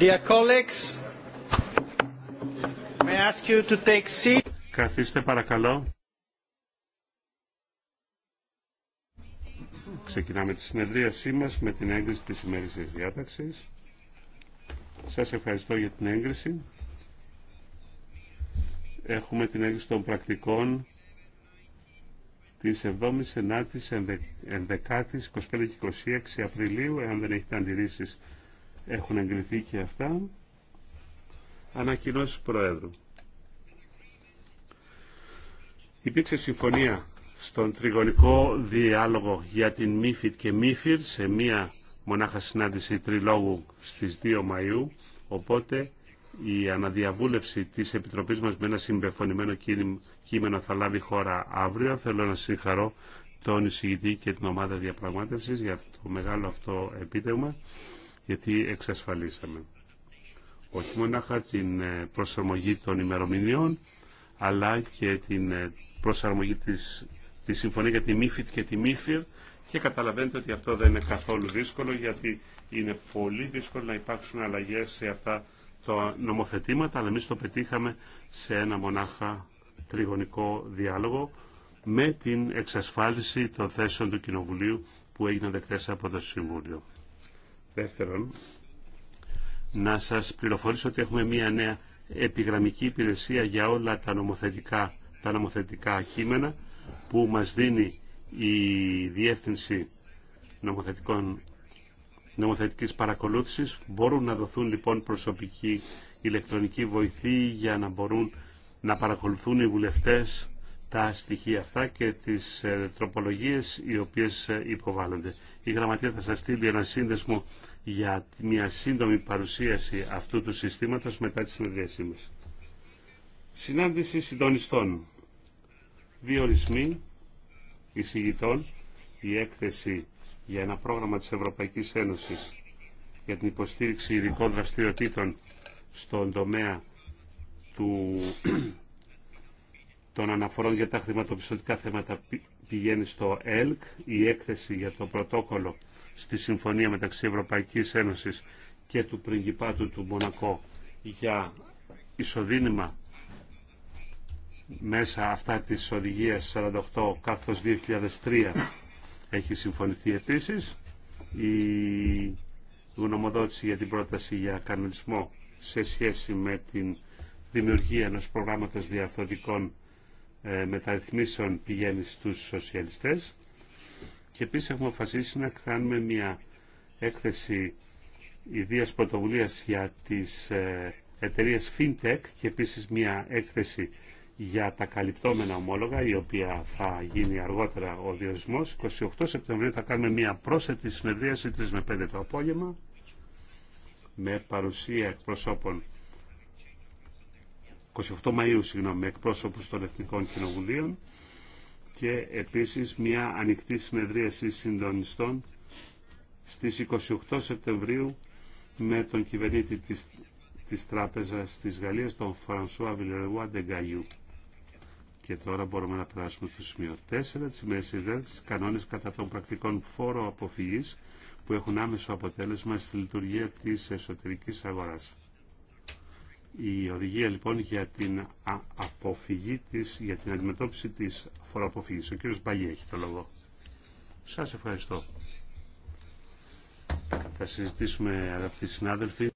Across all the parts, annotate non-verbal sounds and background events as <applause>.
Dear Καθίστε παρακαλώ. Ξεκινάμε τη συνεδρίασή μας με την έγκριση της ημέρησης διάταξης. Σας ευχαριστώ για την έγκριση. Έχουμε την έγκριση των πρακτικών της 7ης, 9ης, 11ης, 25 και 26 Απριλίου, εάν δεν έχετε αντιρρήσεις έχουν εγκριθεί και αυτά. ανακοινώσει Προέδρου. Υπήρξε συμφωνία στον τριγωνικό διάλογο για την ΜΥΦΙΤ και ΜΥΦΙΡ σε μία μονάχα συνάντηση τριλόγου στις 2 Μαΐου, οπότε η αναδιαβούλευση της Επιτροπής μας με ένα συμπεφωνημένο κείμενο θα λάβει χώρα αύριο. Θέλω να συγχαρώ τον εισηγητή και την ομάδα διαπραγμάτευσης για το μεγάλο αυτό επίτευγμα γιατί εξασφαλίσαμε όχι μονάχα την ε, προσαρμογή των ημερομηνιών, αλλά και την ε, προσαρμογή της, της συμφωνία για τη ΜΥΦΙΤ και τη ΜΥΦΙΡ και καταλαβαίνετε ότι αυτό δεν είναι καθόλου δύσκολο γιατί είναι πολύ δύσκολο να υπάρξουν αλλαγές σε αυτά τα νομοθετήματα, αλλά εμεί το πετύχαμε σε ένα μονάχα τριγωνικό διάλογο με την εξασφάλιση των θέσεων του Κοινοβουλίου που έγιναν δεκτές από το Συμβούλιο. Δεύτερον, να σας πληροφορήσω ότι έχουμε μία νέα επιγραμμική υπηρεσία για όλα τα νομοθετικά, τα νομοθετικά κείμενα που μας δίνει η Διεύθυνση νομοθετικών, Νομοθετικής Παρακολούθησης. Μπορούν να δοθούν λοιπόν προσωπική ηλεκτρονική βοηθή για να μπορούν να παρακολουθούν οι βουλευτές τα στοιχεία αυτά και τις ε, τροπολογίες οι οποίες ε, υποβάλλονται. Η Γραμματεία θα σας στείλει ένα σύνδεσμο για μια σύντομη παρουσίαση αυτού του συστήματος μετά τη συνεδρίασή μας. Συνάντηση συντονιστών. Δύο ορισμοί εισηγητών. Η έκθεση για ένα πρόγραμμα της Ευρωπαϊκής Ένωσης για την υποστήριξη ειδικών δραστηριοτήτων στον τομέα του, <clears throat> των αναφορών για τα χρηματοπιστωτικά θέματα πηγαίνει στο ΕΛΚ. Η έκθεση για το πρωτόκολλο στη συμφωνία μεταξύ Ευρωπαϊκής Ένωσης και του πριγκιπάτου του Μονακό για ισοδύνημα μέσα αυτά της οδηγίας 48 κάθος 2003 έχει συμφωνηθεί επίσης η γνωμοδότηση για την πρόταση για κανονισμό σε σχέση με την δημιουργία ενός προγράμματος διαρθωτικών ε, μεταρρυθμίσεων πηγαίνει στους σοσιαλιστές και επίσης έχουμε αποφασίσει να κάνουμε μια έκθεση ιδίας πρωτοβουλία για τις ε, εταιρείε FinTech και επίσης μια έκθεση για τα καλυπτόμενα ομόλογα, η οποία θα γίνει αργότερα ο διορισμός. 28 Σεπτεμβρίου θα κάνουμε μια πρόσθετη συνεδρίαση 3 με 5 το απόγευμα με παρουσία εκπροσώπων 28 Μαΐου, συγγνώμη, εκπρόσωπους των Εθνικών Κοινοβουλίων και επίσης μια ανοιχτή συνεδρίαση συντονιστών στις 28 Σεπτεμβρίου με τον κυβερνήτη της, της Τράπεζας της Γαλλίας, τον Φρανσουά Βιλερουά Ντεγκαγιού. Και τώρα μπορούμε να περάσουμε στο σημείο 4 της Ιδέας, κανόνες κατά των πρακτικών φόρο αποφυγής που έχουν άμεσο αποτέλεσμα στη λειτουργία της εσωτερικής αγοράς. Η οδηγία λοιπόν για την αποφυγή της, για την αντιμετώπιση της φοροαποφυγής. Ο κύριος Μπαγί έχει το λόγο. Σας ευχαριστώ. Θα συζητήσουμε αγαπητοί συνάδελφοι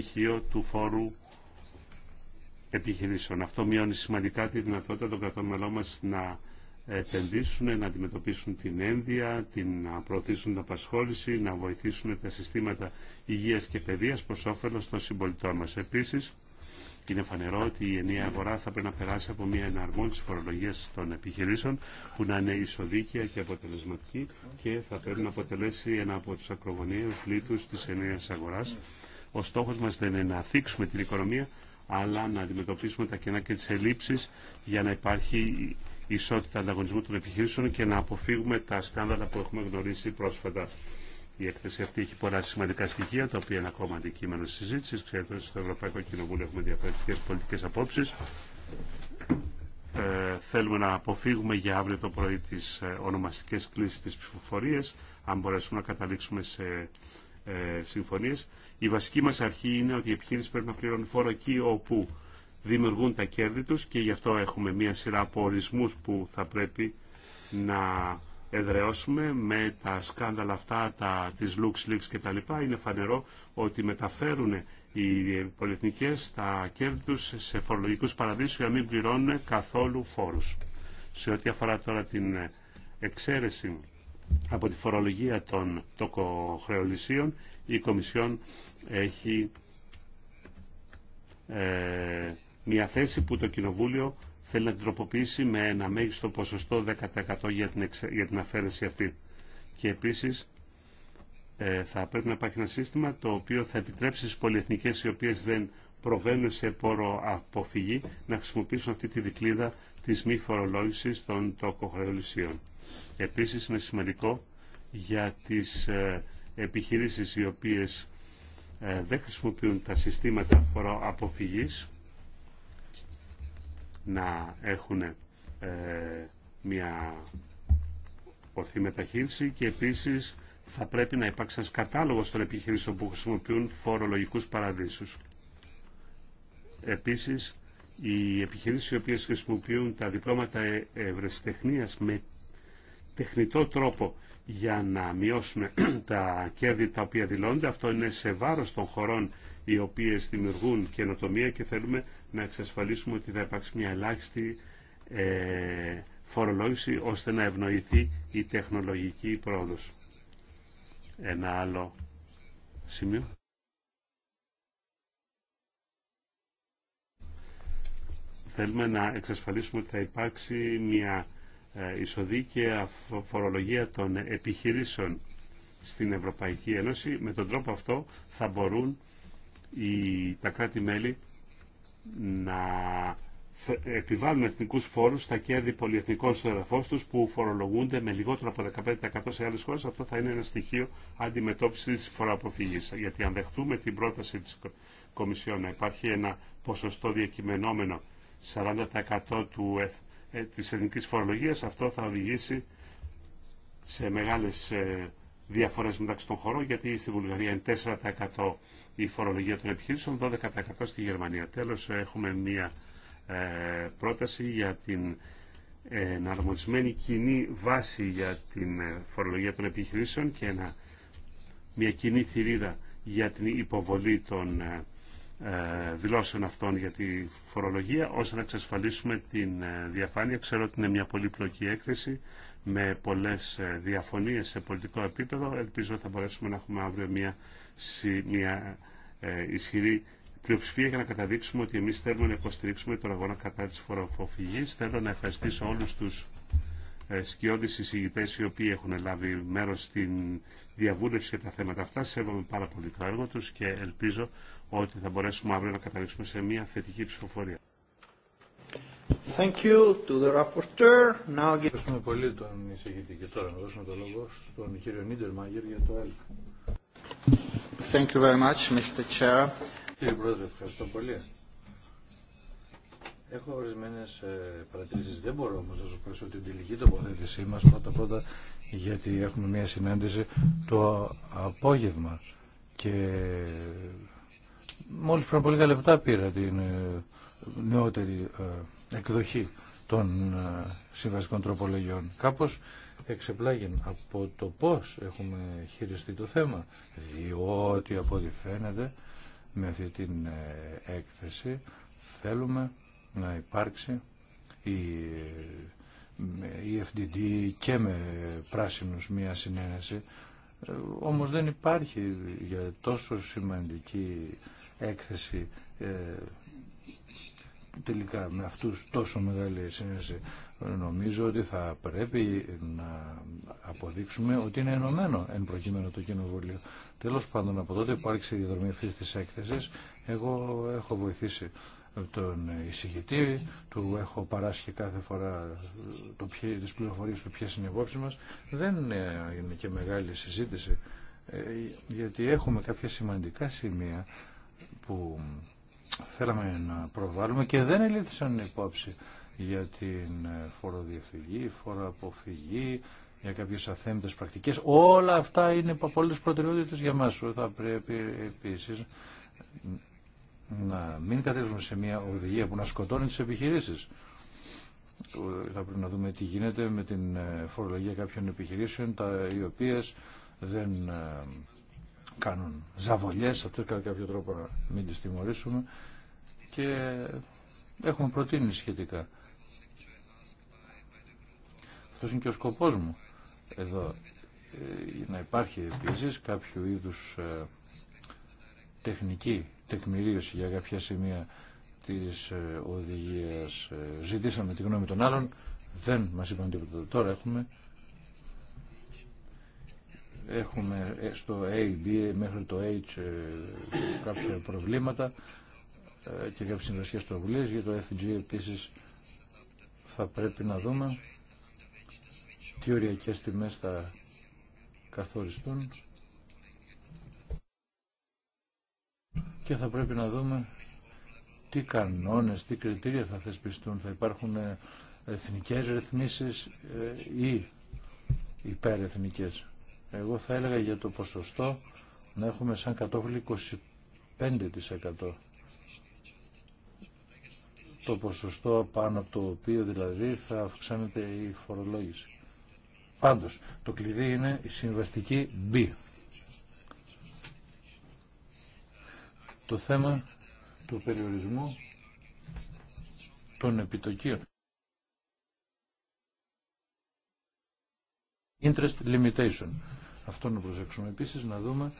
στοιχείο του φόρου επιχειρήσεων. Αυτό μειώνει σημαντικά τη δυνατότητα των κρατών μελών μας να επενδύσουν, να αντιμετωπίσουν την ένδυα, την, να προωθήσουν την απασχόληση, να βοηθήσουν τα συστήματα υγείας και παιδείας προς όφελος των συμπολιτών μας. Επίσης, είναι φανερό ότι η ενιαία αγορά θα πρέπει να περάσει από μια εναρμόνιση φορολογία των επιχειρήσεων που να είναι ισοδίκαια και αποτελεσματική και θα πρέπει να αποτελέσει ένα από του ακρογωνίου Λίθου τη ενιαία αγορά ο στόχο μα δεν είναι να θίξουμε την οικονομία, αλλά να αντιμετωπίσουμε τα κενά και τι ελλείψει για να υπάρχει ισότητα ανταγωνισμού των επιχειρήσεων και να αποφύγουμε τα σκάνδαλα που έχουμε γνωρίσει πρόσφατα. Η έκθεση αυτή έχει πολλά σημαντικά στοιχεία, τα οποία είναι ακόμα αντικείμενο συζήτηση. Ξέρετε ότι στο Ευρωπαϊκό Κοινοβούλιο έχουμε διαφορετικέ πολιτικέ απόψει. Ε, θέλουμε να αποφύγουμε για αύριο το πρωί τι ε, ονομαστικέ κλήσει τη ψηφοφορία, αν μπορέσουμε να καταλήξουμε σε ε, συμφωνίες. Η βασική μας αρχή είναι ότι οι πρέπει να πληρώνουν φόρο εκεί όπου δημιουργούν τα κέρδη τους και γι' αυτό έχουμε μία σειρά από ορισμούς που θα πρέπει να εδραιώσουμε με τα σκάνδαλα αυτά τα, της LuxLeaks και τα λοιπά. Είναι φανερό ότι μεταφέρουν οι πολυεθνικές τα κέρδη τους σε φορολογικούς παραδείσους για να μην πληρώνουν καθόλου φόρους. Σε ό,τι αφορά τώρα την ε, εξαίρεση από τη φορολογία των τοκοχρεολησίων η Κομισιόν έχει ε, μια θέση που το Κοινοβούλιο θέλει να την τροποποιήσει με ένα μέγιστο ποσοστό 10% για την, αφαίρεση αυτή. Και επίσης ε, θα πρέπει να υπάρχει ένα σύστημα το οποίο θα επιτρέψει στις πολυεθνικές οι οποίες δεν προβαίνουν σε πόρο αποφυγή να χρησιμοποιήσουν αυτή τη δικλίδα της μη φορολόγησης των τοκοχρεωλησίων. Επίσης είναι σημαντικό για τις ε, επιχειρήσεις οι οποίες ε, δεν χρησιμοποιούν τα συστήματα φοροαποφυγής να έχουν ε, μια ορθή μεταχείριση και επίσης θα πρέπει να υπάρξει ένας κατάλογος των επιχειρήσεων που χρησιμοποιούν φορολογικούς παραδείσους. Επίσης, οι επιχειρήσεις οι οποίες χρησιμοποιούν τα διπλώματα ευρεσιτεχνίας με τεχνητό τρόπο για να μειώσουμε <clears throat> τα κέρδη τα οποία δηλώνονται. Αυτό είναι σε βάρος των χωρών οι οποίες δημιουργούν καινοτομία και θέλουμε να εξασφαλίσουμε ότι θα υπάρξει μια ελάχιστη ε, φορολόγηση ώστε να ευνοηθεί η τεχνολογική πρόοδος. Ένα άλλο σημείο. Θέλουμε να εξασφαλίσουμε ότι θα υπάρξει μια ε, εισοδή και φορολογία των επιχειρήσεων στην Ευρωπαϊκή Ένωση. Με τον τρόπο αυτό θα μπορούν οι, τα κράτη-μέλη να επιβάλλουν εθνικού φόρου στα κέρδη πολυεθνικών συναδελφών του που φορολογούνται με λιγότερο από 15% σε άλλε χώρε. Αυτό θα είναι ένα στοιχείο αντιμετώπιση τη φοροαποφυγή. Γιατί αν δεχτούμε την πρόταση τη Κομισιόν να υπάρχει ένα ποσοστό διακειμενόμενο 40% του ε, της ελληνικής φορολογίας. Αυτό θα οδηγήσει σε μεγάλες ε, διαφορές μεταξύ των χωρών, γιατί στη Βουλγαρία είναι 4% η φορολογία των επιχειρήσεων, 12% στη Γερμανία. Τέλος, ε, έχουμε μία πρόταση για την εναρμονισμένη κοινή βάση για την φορολογία των επιχειρήσεων και μια κοινή θηρίδα για την υποβολή των ε, δηλώσεων αυτών για τη φορολογία ώστε να εξασφαλίσουμε την ε, διαφάνεια. Ξέρω ότι είναι μια πολύπλοκη έκθεση με πολλές ε, διαφωνίες σε πολιτικό επίπεδο. Ελπίζω ότι θα μπορέσουμε να έχουμε αύριο μια, μια ε, ισχυρή πλειοψηφία για να καταδείξουμε ότι εμείς θέλουμε να υποστηρίξουμε τον αγώνα κατά της φοροφυγής. Θέλω να ευχαριστήσω όλους τους σκιώδεις εισηγητές οι οποίοι έχουν λάβει μέρος στην διαβούλευση για τα θέματα αυτά. Σέβομαι πάρα πολύ το έργο του και ελπίζω ότι θα μπορέσουμε αύριο να καταλήξουμε σε μια θετική ψηφοφορία. Thank you to the Ευχαριστούμε πολύ τον εισηγητή και τώρα να δώσουμε το λόγο στον κύριο Νίτερ Μάγερ για το ΕΛΚ. Thank you very much, Mr. Chair. Κύριε Πρόεδρε, ευχαριστώ πολύ. Έχω ορισμένε παρατηρήσει. Δεν μπορώ όμω να σα πω την τελική τοποθέτησή μα πρώτα-πρώτα, γιατί έχουμε μια συνάντηση το απόγευμα και μόλις πριν από λίγα λεπτά πήρα την ε, νεότερη ε, εκδοχή των ε, συμβασικών τροπολογιών. Κάπως εξεπλάγει από το πώς έχουμε χειριστεί το θέμα, διότι από ό,τι φαίνεται με αυτή την έκθεση θέλουμε να υπάρξει η με και με πράσινους μια συνένεση ε, όμως δεν υπάρχει για τόσο σημαντική έκθεση ε, τελικά με αυτούς τόσο μεγάλη σύνεση. Νομίζω ότι θα πρέπει να αποδείξουμε ότι είναι ενωμένο εν προκειμένου το Κοινοβούλιο. Τέλος πάντων από τότε που άρχισε η διαδρομή αυτής της έκθεσης. Εγώ έχω βοηθήσει τον εισηγητή, του έχω παράσχει κάθε φορά το πληροφορίε τις πληροφορίες του ποιες είναι οι μας. Δεν ε, είναι και μεγάλη συζήτηση, ε, γιατί έχουμε κάποια σημαντικά σημεία που θέλαμε να προβάλλουμε και δεν ελήφθησαν υπόψη για την ε, φοροδιαφυγή, φοροαποφυγή, για κάποιες αθέμητες πρακτικές. Όλα αυτά είναι πολλές προτεραιότητες για μας. Θα πρέπει επίσης να μην κατέβουμε σε μια οδηγία που να σκοτώνει τις επιχειρήσεις. Θα πρέπει να δούμε τι γίνεται με την ε, φορολογία κάποιων επιχειρήσεων, τα οι οποίες δεν ε, κάνουν ζαβολιές, αυτό κατά κάποιο τρόπο να μην τις τιμωρήσουμε και έχουμε προτείνει σχετικά. Αυτός είναι και ο σκοπός μου εδώ ε, να υπάρχει επίσης κάποιο είδους τεχνική τεκμηρίωση για κάποια σημεία της ε, οδηγίας. Ε, ζητήσαμε τη γνώμη των άλλων, δεν μας είπαν τίποτα. Τώρα έχουμε, έχουμε ε, στο A, B μέχρι το H κάποια προβλήματα και κάποιες συνεργασίες προβλίες. Για το FG επίσης θα πρέπει να δούμε τι οριακές τιμές θα καθοριστούν και θα πρέπει να δούμε τι κανόνες, τι κριτήρια θα θεσπιστούν, θα υπάρχουν ε, εθνικές ρυθμίσεις ε, ή υπερεθνικές. Εγώ θα έλεγα για το ποσοστό να έχουμε σαν κατόφλι 25%. Το ποσοστό πάνω από το οποίο δηλαδή θα αυξάνεται η φορολόγηση. Πάντως, το κλειδί είναι η συμβαστική B το θέμα του περιορισμού των επιτοκίων. Interest limitation. Αυτό να προσέξουμε επίσης, να δούμε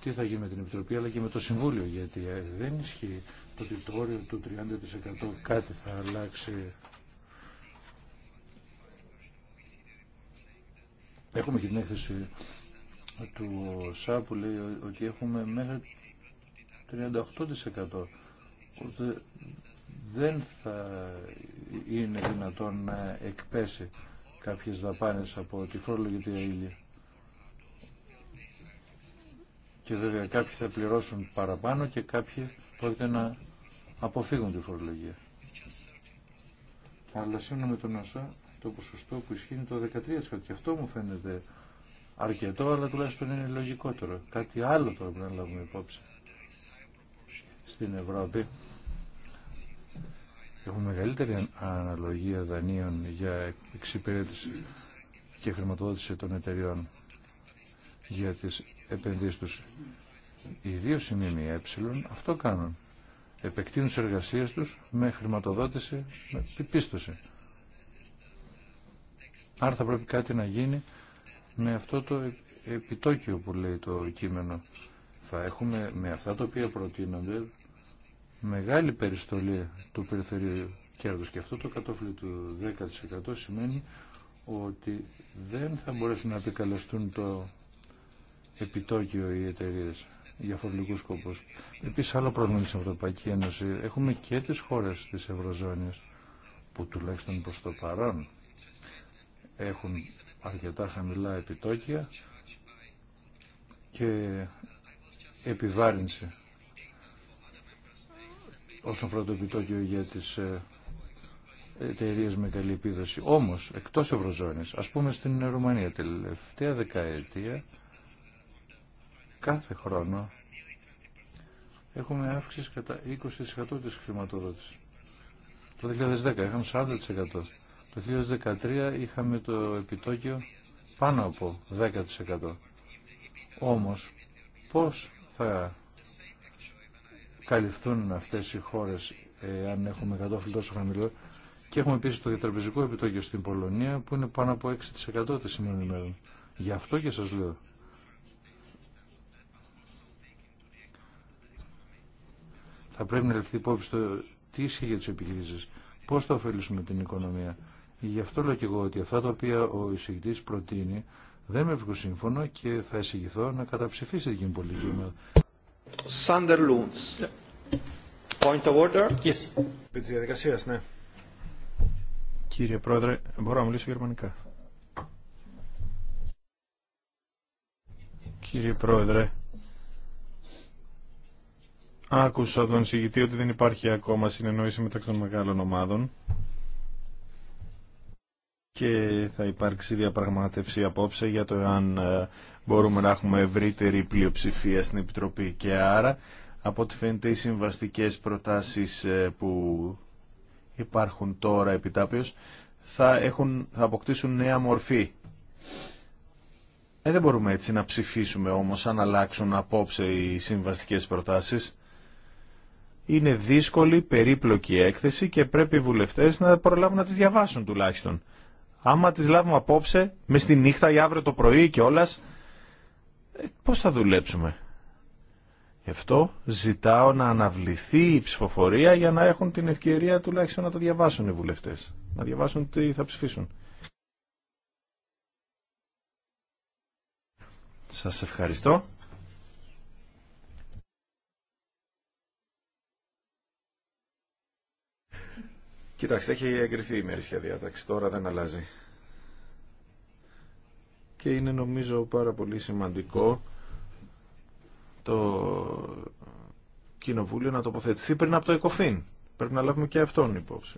τι θα γίνει με την Επιτροπή αλλά και με το Συμβούλιο γιατί ε, δεν ισχύει το ότι του 30% κάτι θα αλλάξει. Έχουμε και την έκθεση του ΣΑΠ που λέει ότι έχουμε μέχρι 38%. ότι δεν θα είναι δυνατόν να εκπέσει κάποιες δαπάνες από τη φορολογική αίλια. Και βέβαια κάποιοι θα πληρώσουν παραπάνω και κάποιοι πρόκειται να αποφύγουν τη φορολογία. Αλλά σύμφωνα με τον ΑΣΑ, το ποσοστό που ισχύει είναι το 13% και αυτό μου φαίνεται αρκετό, αλλά τουλάχιστον είναι λογικότερο. Κάτι άλλο πρέπει να λάβουμε υπόψη στην Ευρώπη. Έχουμε μεγαλύτερη αναλογία δανείων για εξυπηρέτηση και χρηματοδότηση των εταιριών για τις επενδύσεις τους. Οι δύο σημείμοι ε αυτό κάνουν. Επεκτείνουν τις εργασίες τους με χρηματοδότηση, με πίστοση. Άρα θα πρέπει κάτι να γίνει με αυτό το επιτόκιο που λέει το κείμενο. Θα έχουμε με αυτά τα οποία προτείνονται μεγάλη περιστολή του περιθωρίου κέρδους και αυτό το κατόφλι του 10% σημαίνει ότι δεν θα μπορέσουν να επικαλεστούν το επιτόκιο οι εταιρείε για φορολογικού σκόπους. Επίσης, άλλο πρόβλημα στην Ευρωπαϊκή Ένωση. Έχουμε και τις χώρες της Ευρωζώνης που τουλάχιστον προς το παρόν έχουν αρκετά χαμηλά επιτόκια και επιβάρυνση όσον αφορά το επιτόκιο για τις ε, εταιρείε με καλή επίδοση. Όμως, εκτός Ευρωζώνης, ας πούμε στην Ρουμανία, τελευταία δεκαετία, κάθε χρόνο έχουμε αύξηση κατά 20% της χρηματοδότησης. Το 2010 είχαμε 40%. Το 2013 είχαμε το επιτόκιο πάνω από 10%. Όμως, πώς θα καλυφθούν αυτές οι χώρες ε, αν έχουμε κατόφυλλο τόσο χαμηλό. Και έχουμε επίσης το διατραπεζικό επιτόκιο στην Πολωνία που είναι πάνω από 6% τη σημερινή μέρα. Γι' αυτό και σας λέω. Θα πρέπει να λεφθεί υπόψη το τι ισχύει για τις επιχειρήσεις. Πώς θα ωφελήσουμε την οικονομία. Γι' αυτό λέω και εγώ ότι αυτά τα οποία ο εισηγητής προτείνει δεν με βρίσκω σύμφωνο και θα εισηγηθώ να καταψηφίσει την πολιτική μου. Point of order. Yes. Ναι. Κύριε Πρόεδρε, μπορώ να μιλήσω γερμανικά. Κύριε Πρόεδρε, άκουσα τον συγητή ότι δεν υπάρχει ακόμα συνεννόηση μεταξύ των μεγάλων ομάδων και θα υπάρξει διαπραγμάτευση απόψε για το αν ε, μπορούμε να έχουμε ευρύτερη πλειοψηφία στην Επιτροπή και άρα από ό,τι φαίνεται οι συμβαστικές προτάσεις ε, που υπάρχουν τώρα επιτάπιος θα, έχουν, θα αποκτήσουν νέα μορφή. Ε, δεν μπορούμε έτσι να ψηφίσουμε όμως αν αλλάξουν απόψε οι συμβαστικές προτάσεις. Είναι δύσκολη, περίπλοκη έκθεση και πρέπει οι βουλευτές να προλάβουν να τις διαβάσουν τουλάχιστον. Άμα τις λάβουμε απόψε, με στη νύχτα ή αύριο το πρωί και όλας, ε, πώς θα δουλέψουμε. Γι' αυτό ζητάω να αναβληθεί η ψηφοφορία για να έχουν την ευκαιρία τουλάχιστον να το διαβάσουν οι βουλευτές. Να διαβάσουν τι θα ψηφίσουν. Σας ευχαριστώ. Κοιτάξτε, έχει εγκριθεί η ημερήσια διάταξη, τώρα δεν αλλάζει. Και είναι νομίζω πάρα πολύ σημαντικό το κοινοβούλιο να τοποθετηθεί πριν από το ΕΚΟΦΗΝ. Πρέπει να λάβουμε και αυτόν υπόψη.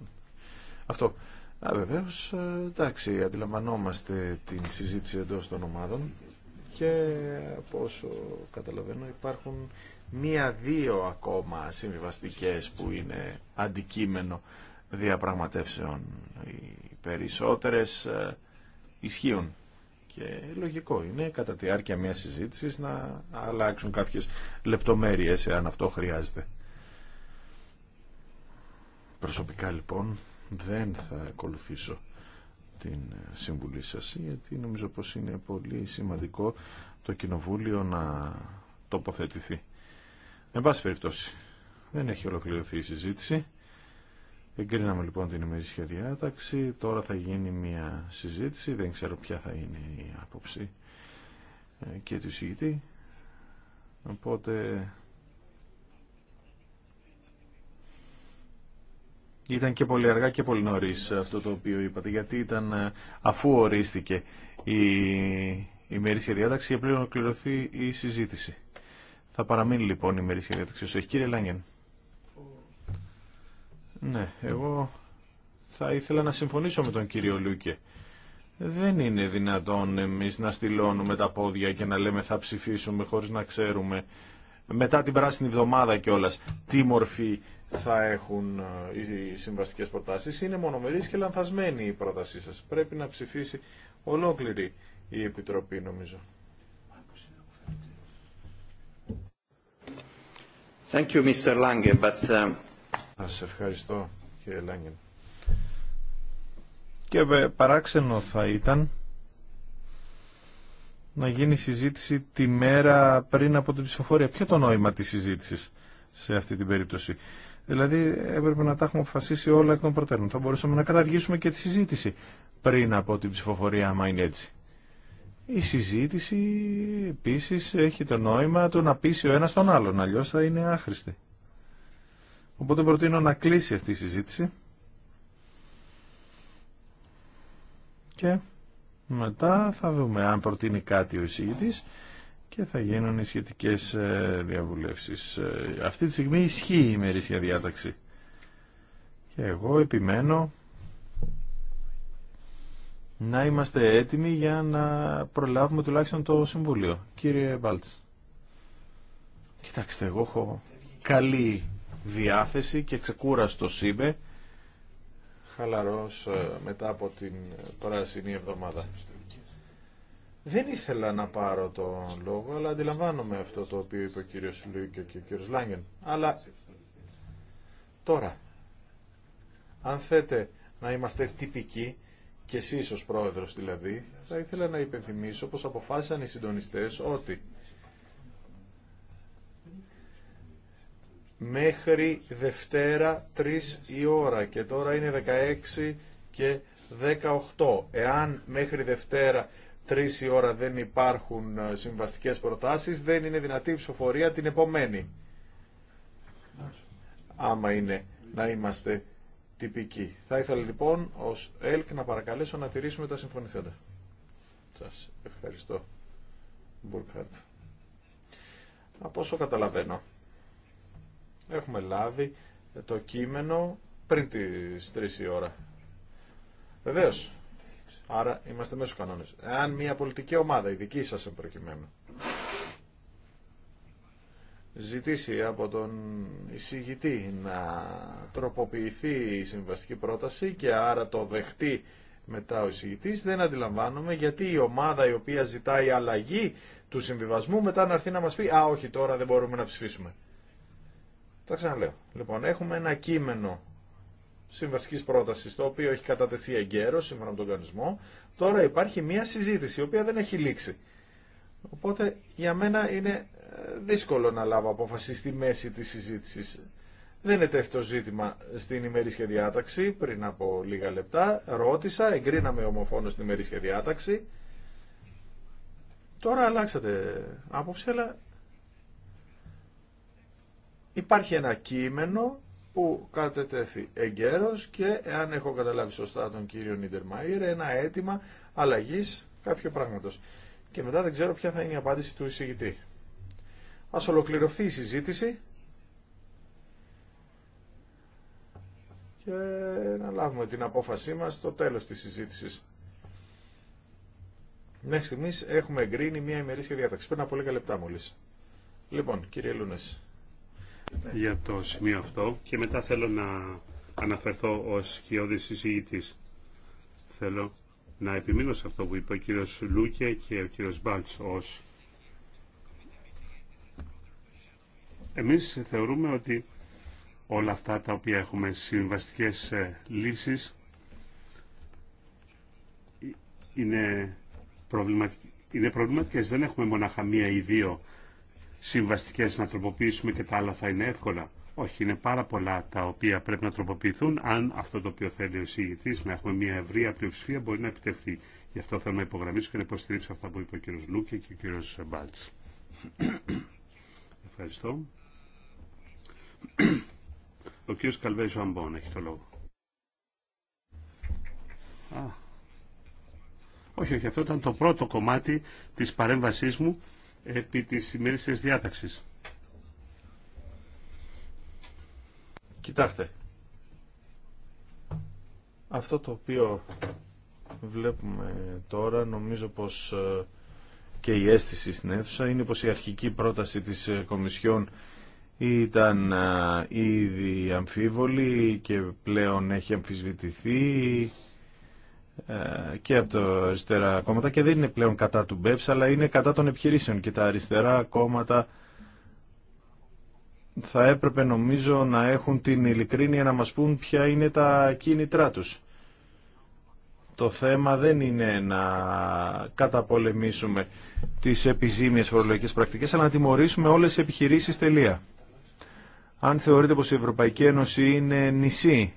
Αυτό. Α, βεβαίως, εντάξει, αντιλαμβανόμαστε την συζήτηση εντό των ομάδων και από όσο καταλαβαίνω υπάρχουν μία-δύο ακόμα συμβιβαστικές που είναι αντικείμενο διαπραγματεύσεων. Οι περισσότερες ε, ισχύουν. Και λογικό είναι κατά τη διάρκεια μιας συζήτησης να αλλάξουν κάποιες λεπτομέρειες εάν αυτό χρειάζεται. Προσωπικά λοιπόν δεν θα ακολουθήσω την συμβουλή σας γιατί νομίζω πως είναι πολύ σημαντικό το Κοινοβούλιο να τοποθετηθεί. Εν πάση περιπτώσει, δεν έχει ολοκληρωθεί η συζήτηση. Εγκρίναμε λοιπόν την ημερήσια διάταξη. Τώρα θα γίνει μια συζήτηση. Δεν ξέρω ποια θα είναι η άποψη ε, και του εισηγητή. Οπότε ήταν και πολύ αργά και πολύ νωρίς αυτό το οποίο είπατε γιατί ήταν ε, αφού ορίστηκε η ημερήσια διάταξη και πλέον ολοκληρωθεί η συζήτηση. Θα παραμείνει λοιπόν η ημερήσια διάταξη. Κύριε Λάγγεν. Ναι, εγώ θα ήθελα να συμφωνήσω με τον κύριο Λούκε. Δεν είναι δυνατόν εμείς να στυλώνουμε τα πόδια και να λέμε θα ψηφίσουμε χωρίς να ξέρουμε μετά την πράσινη εβδομάδα κιόλα τι μορφή θα έχουν ε, οι συμβαστικές προτάσεις. Είναι μονομερής και λανθασμένη η πρότασή σας. Πρέπει να ψηφίσει ολόκληρη η Επιτροπή νομίζω. Thank you, Mr. Lange, um, σας ευχαριστώ κύριε Λάγκεν. Και ε, παράξενο θα ήταν να γίνει συζήτηση τη μέρα πριν από την ψηφοφορία. Ποιο το νόημα της συζήτησης σε αυτή την περίπτωση. Δηλαδή έπρεπε να τα έχουμε αποφασίσει όλα εκ των προτέρων. Θα μπορούσαμε να καταργήσουμε και τη συζήτηση πριν από την ψηφοφορία, άμα είναι έτσι. Η συζήτηση επίσης έχει το νόημα του να πείσει ο ένας τον άλλον, αλλιώς θα είναι άχρηστη. Οπότε προτείνω να κλείσει αυτή η συζήτηση και μετά θα δούμε αν προτείνει κάτι ο εισηγητής και θα γίνουν οι σχετικές ε, διαβουλεύσεις. Ε, αυτή τη στιγμή ισχύει η μερίσια διάταξη. Και εγώ επιμένω να είμαστε έτοιμοι για να προλάβουμε τουλάχιστον το Συμβούλιο. Κύριε Μπάλτς. Κοιτάξτε, εγώ έχω καλή διάθεση και στο είμαι χαλαρός ε, μετά από την πράσινη εβδομάδα. Δεν ήθελα να πάρω τον λόγο, αλλά αντιλαμβάνομαι αυτό το οποίο είπε ο κύριος Λούικ και ο κύριος Λάγκεν. Αλλά τώρα, αν θέτε να είμαστε τυπικοί, και εσείς ως πρόεδρος δηλαδή, θα ήθελα να υπενθυμίσω πως αποφάσισαν οι συντονιστές ότι μέχρι Δευτέρα 3 η ώρα και τώρα είναι 16 και 18. Εάν μέχρι Δευτέρα 3 η ώρα δεν υπάρχουν ε, συμβαστικές προτάσεις, δεν είναι δυνατή η ψηφοφορία την επομένη. Άμα είναι να είμαστε τυπικοί. Θα ήθελα λοιπόν ως ΕΛΚ να παρακαλέσω να τηρήσουμε τα συμφωνηθέντα. Σας ευχαριστώ. Μπουρκάρτ Από όσο καταλαβαίνω, Έχουμε λάβει το κείμενο πριν τις 3 η ώρα. Βεβαίως. Άρα είμαστε μέσω στους κανόνες. Αν μια πολιτική ομάδα, η δική σας προκειμένου, ζητήσει από τον εισηγητή να τροποποιηθεί η συμβαστική πρόταση και άρα το δεχτεί μετά ο εισηγητή, δεν αντιλαμβάνομαι γιατί η ομάδα η οποία ζητάει αλλαγή του συμβιβασμού μετά να έρθει να μας πει «Α, όχι, τώρα δεν μπορούμε να ψηφίσουμε». Τα ξαναλέω. Λοιπόν, έχουμε ένα κείμενο συμβαστική πρόταση, το οποίο έχει κατατεθεί εγκαίρω σύμφωνα με τον κανονισμό. Τώρα υπάρχει μια συζήτηση, η οποία δεν έχει λήξει. Οπότε για μένα είναι ε, δύσκολο να λάβω απόφαση στη μέση της συζήτησης. Δεν είναι τέτοιο ζήτημα στην ημερήσια διάταξη πριν από λίγα λεπτά. Ρώτησα, εγκρίναμε ομοφόνο στην ημερήσια διάταξη. Τώρα αλλάξατε άποψη, αλλά Υπάρχει ένα κείμενο που κατετέθη εγκαίρως και εάν έχω καταλάβει σωστά τον κύριο Μάιρ, ένα αίτημα αλλαγής κάποιο πράγματος. Και μετά δεν ξέρω ποια θα είναι η απάντηση του εισηγητή. Ας ολοκληρωθεί η συζήτηση και να λάβουμε την απόφασή μας στο τέλος της συζήτησης. Μέχρι στιγμής έχουμε εγκρίνει μια ημερήσια διάταξη. Πριν από λίγα λεπτά μόλις. Λοιπόν, κύριε Λούνες για το σημείο αυτό και μετά θέλω να αναφερθώ ως χειώδης συζήτης. Θέλω να επιμείνω σε αυτό που είπε ο κύριος Λούκε και ο κύριος Μπάλτς ως Εμείς θεωρούμε ότι όλα αυτά τα οποία έχουμε συμβαστικές ε, λύσεις είναι, προβληματικές. Δεν έχουμε μοναχα μία ή δύο Συμβαστικέ να τροποποιήσουμε και τα άλλα θα είναι εύκολα. Όχι, είναι πάρα πολλά τα οποία πρέπει να τροποποιηθούν. Αν αυτό το οποίο θέλει ο εισηγητή να έχουμε μια ευρεία πλειοψηφία μπορεί να επιτευχθεί. Γι' αυτό θέλω να υπογραμμίσω και να υποστηρίξω αυτά που είπε ο κ. Λούκε και ο κ. Μπάλτ. <coughs> Ευχαριστώ. <coughs> Ο κ. Καλβέζο Ζαμπόν έχει το λόγο. Όχι, όχι, αυτό ήταν το πρώτο κομμάτι της παρέμβασής μου επί της ημερήσιας διάταξης. Κοιτάξτε, αυτό το οποίο βλέπουμε τώρα νομίζω πως ε, και η αίσθηση στην αίθουσα είναι πως η αρχική πρόταση της ε, Κομισιόν ήταν ε, ήδη αμφίβολη και πλέον έχει αμφισβητηθεί ε, και από τα αριστερά κόμματα και δεν είναι πλέον κατά του ΜΠΕΦΣ αλλά είναι κατά των επιχειρήσεων και τα αριστερά κόμματα θα έπρεπε νομίζω να έχουν την ειλικρίνεια να μας πούν ποια είναι τα κίνητρά τους. Το θέμα δεν είναι να καταπολεμήσουμε τις επιζήμιες φορολογικές πρακτικές αλλά να τιμωρήσουμε όλες τις επιχειρήσεις τελεία. Αν θεωρείτε πως η Ευρωπαϊκή Ένωση είναι νησί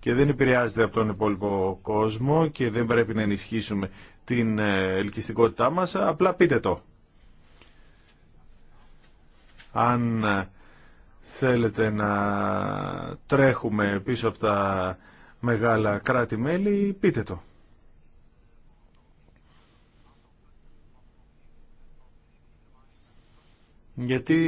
και δεν επηρεάζεται από τον υπόλοιπο κόσμο και δεν πρέπει να ενισχύσουμε την ε, ελκυστικότητά μας, απλά πείτε το. Αν ε, θέλετε να τρέχουμε πίσω από τα μεγάλα κράτη-μέλη, πείτε το. Γιατί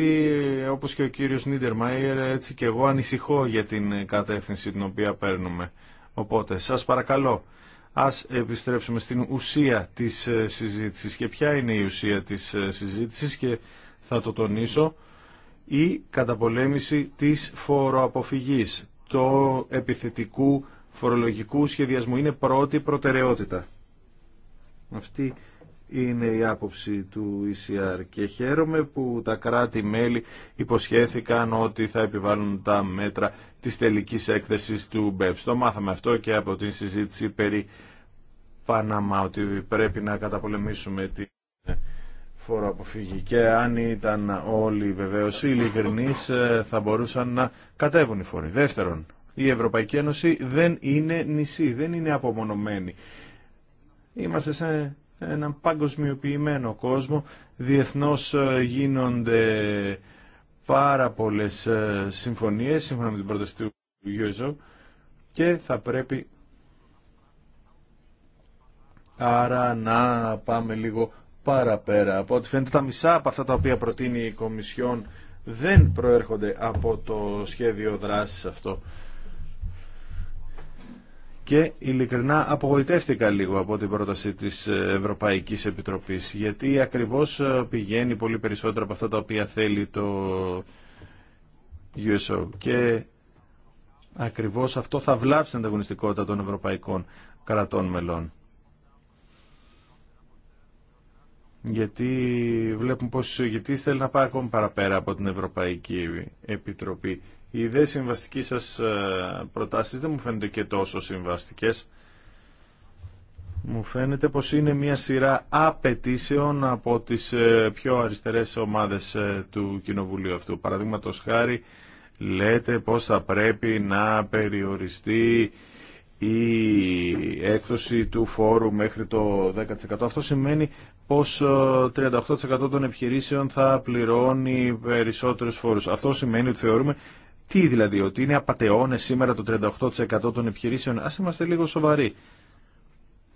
όπως και ο κύριος Νίτερμαϊερ έτσι και εγώ ανησυχώ για την κατεύθυνση την οποία παίρνουμε. Οπότε σας παρακαλώ ας επιστρέψουμε στην ουσία της ε, συζήτησης και ποια είναι η ουσία της ε, συζήτησης και θα το τονίσω η καταπολέμηση της φοροαποφυγής, το επιθετικού φορολογικού σχεδιασμού είναι πρώτη προτεραιότητα. Αυτή είναι η άποψη του ECR και χαίρομαι που τα κράτη-μέλη υποσχέθηκαν ότι θα επιβάλλουν τα μέτρα της τελικής έκθεσης του BEPS. Το μάθαμε αυτό και από την συζήτηση περί Πάναμα ότι πρέπει να καταπολεμήσουμε τη φοροαποφυγή και αν ήταν όλοι οι ειλικρινείς ε, θα μπορούσαν να κατέβουν οι φόροι. Δεύτερον, η Ευρωπαϊκή Ένωση δεν είναι νησί, δεν είναι απομονωμένη. Είμαστε σε έναν παγκοσμιοποιημένο κόσμο. Διεθνώς ε, γίνονται πάρα πολλές ε, συμφωνίες, σύμφωνα με την πρόταση του USO, και θα πρέπει άρα να πάμε λίγο παραπέρα. Από ό,τι φαίνεται τα μισά από αυτά τα οποία προτείνει η Κομισιόν δεν προέρχονται από το σχέδιο δράσης αυτό και ειλικρινά απογοητεύτηκα λίγο από την πρόταση της Ευρωπαϊκής Επιτροπής γιατί ακριβώς ε, πηγαίνει πολύ περισσότερο από αυτά τα οποία θέλει το USO και ακριβώς αυτό θα βλάψει την ανταγωνιστικότητα των ευρωπαϊκών κρατών μελών. Γιατί βλέπουμε πως ο θέλει να πάει ακόμη παραπέρα από την Ευρωπαϊκή Επιτροπή οι ιδέες συμβαστικής σας ε, προτάσεις δεν μου φαίνονται και τόσο συμβαστικές. Μου φαίνεται πως είναι μια σειρά απαιτήσεων από τις ε, πιο αριστερές ομάδες ε, του Κοινοβουλίου αυτού. Παραδείγματο χάρη λέτε πως θα πρέπει να περιοριστεί η έκδοση του φόρου μέχρι το 10%. Αυτό σημαίνει πως 38% των επιχειρήσεων θα πληρώνει περισσότερους φόρους. Αυτό σημαίνει ότι θεωρούμε τι δηλαδή, ότι είναι απαταιώνε σήμερα το 38% των επιχειρήσεων. Α είμαστε λίγο σοβαροί.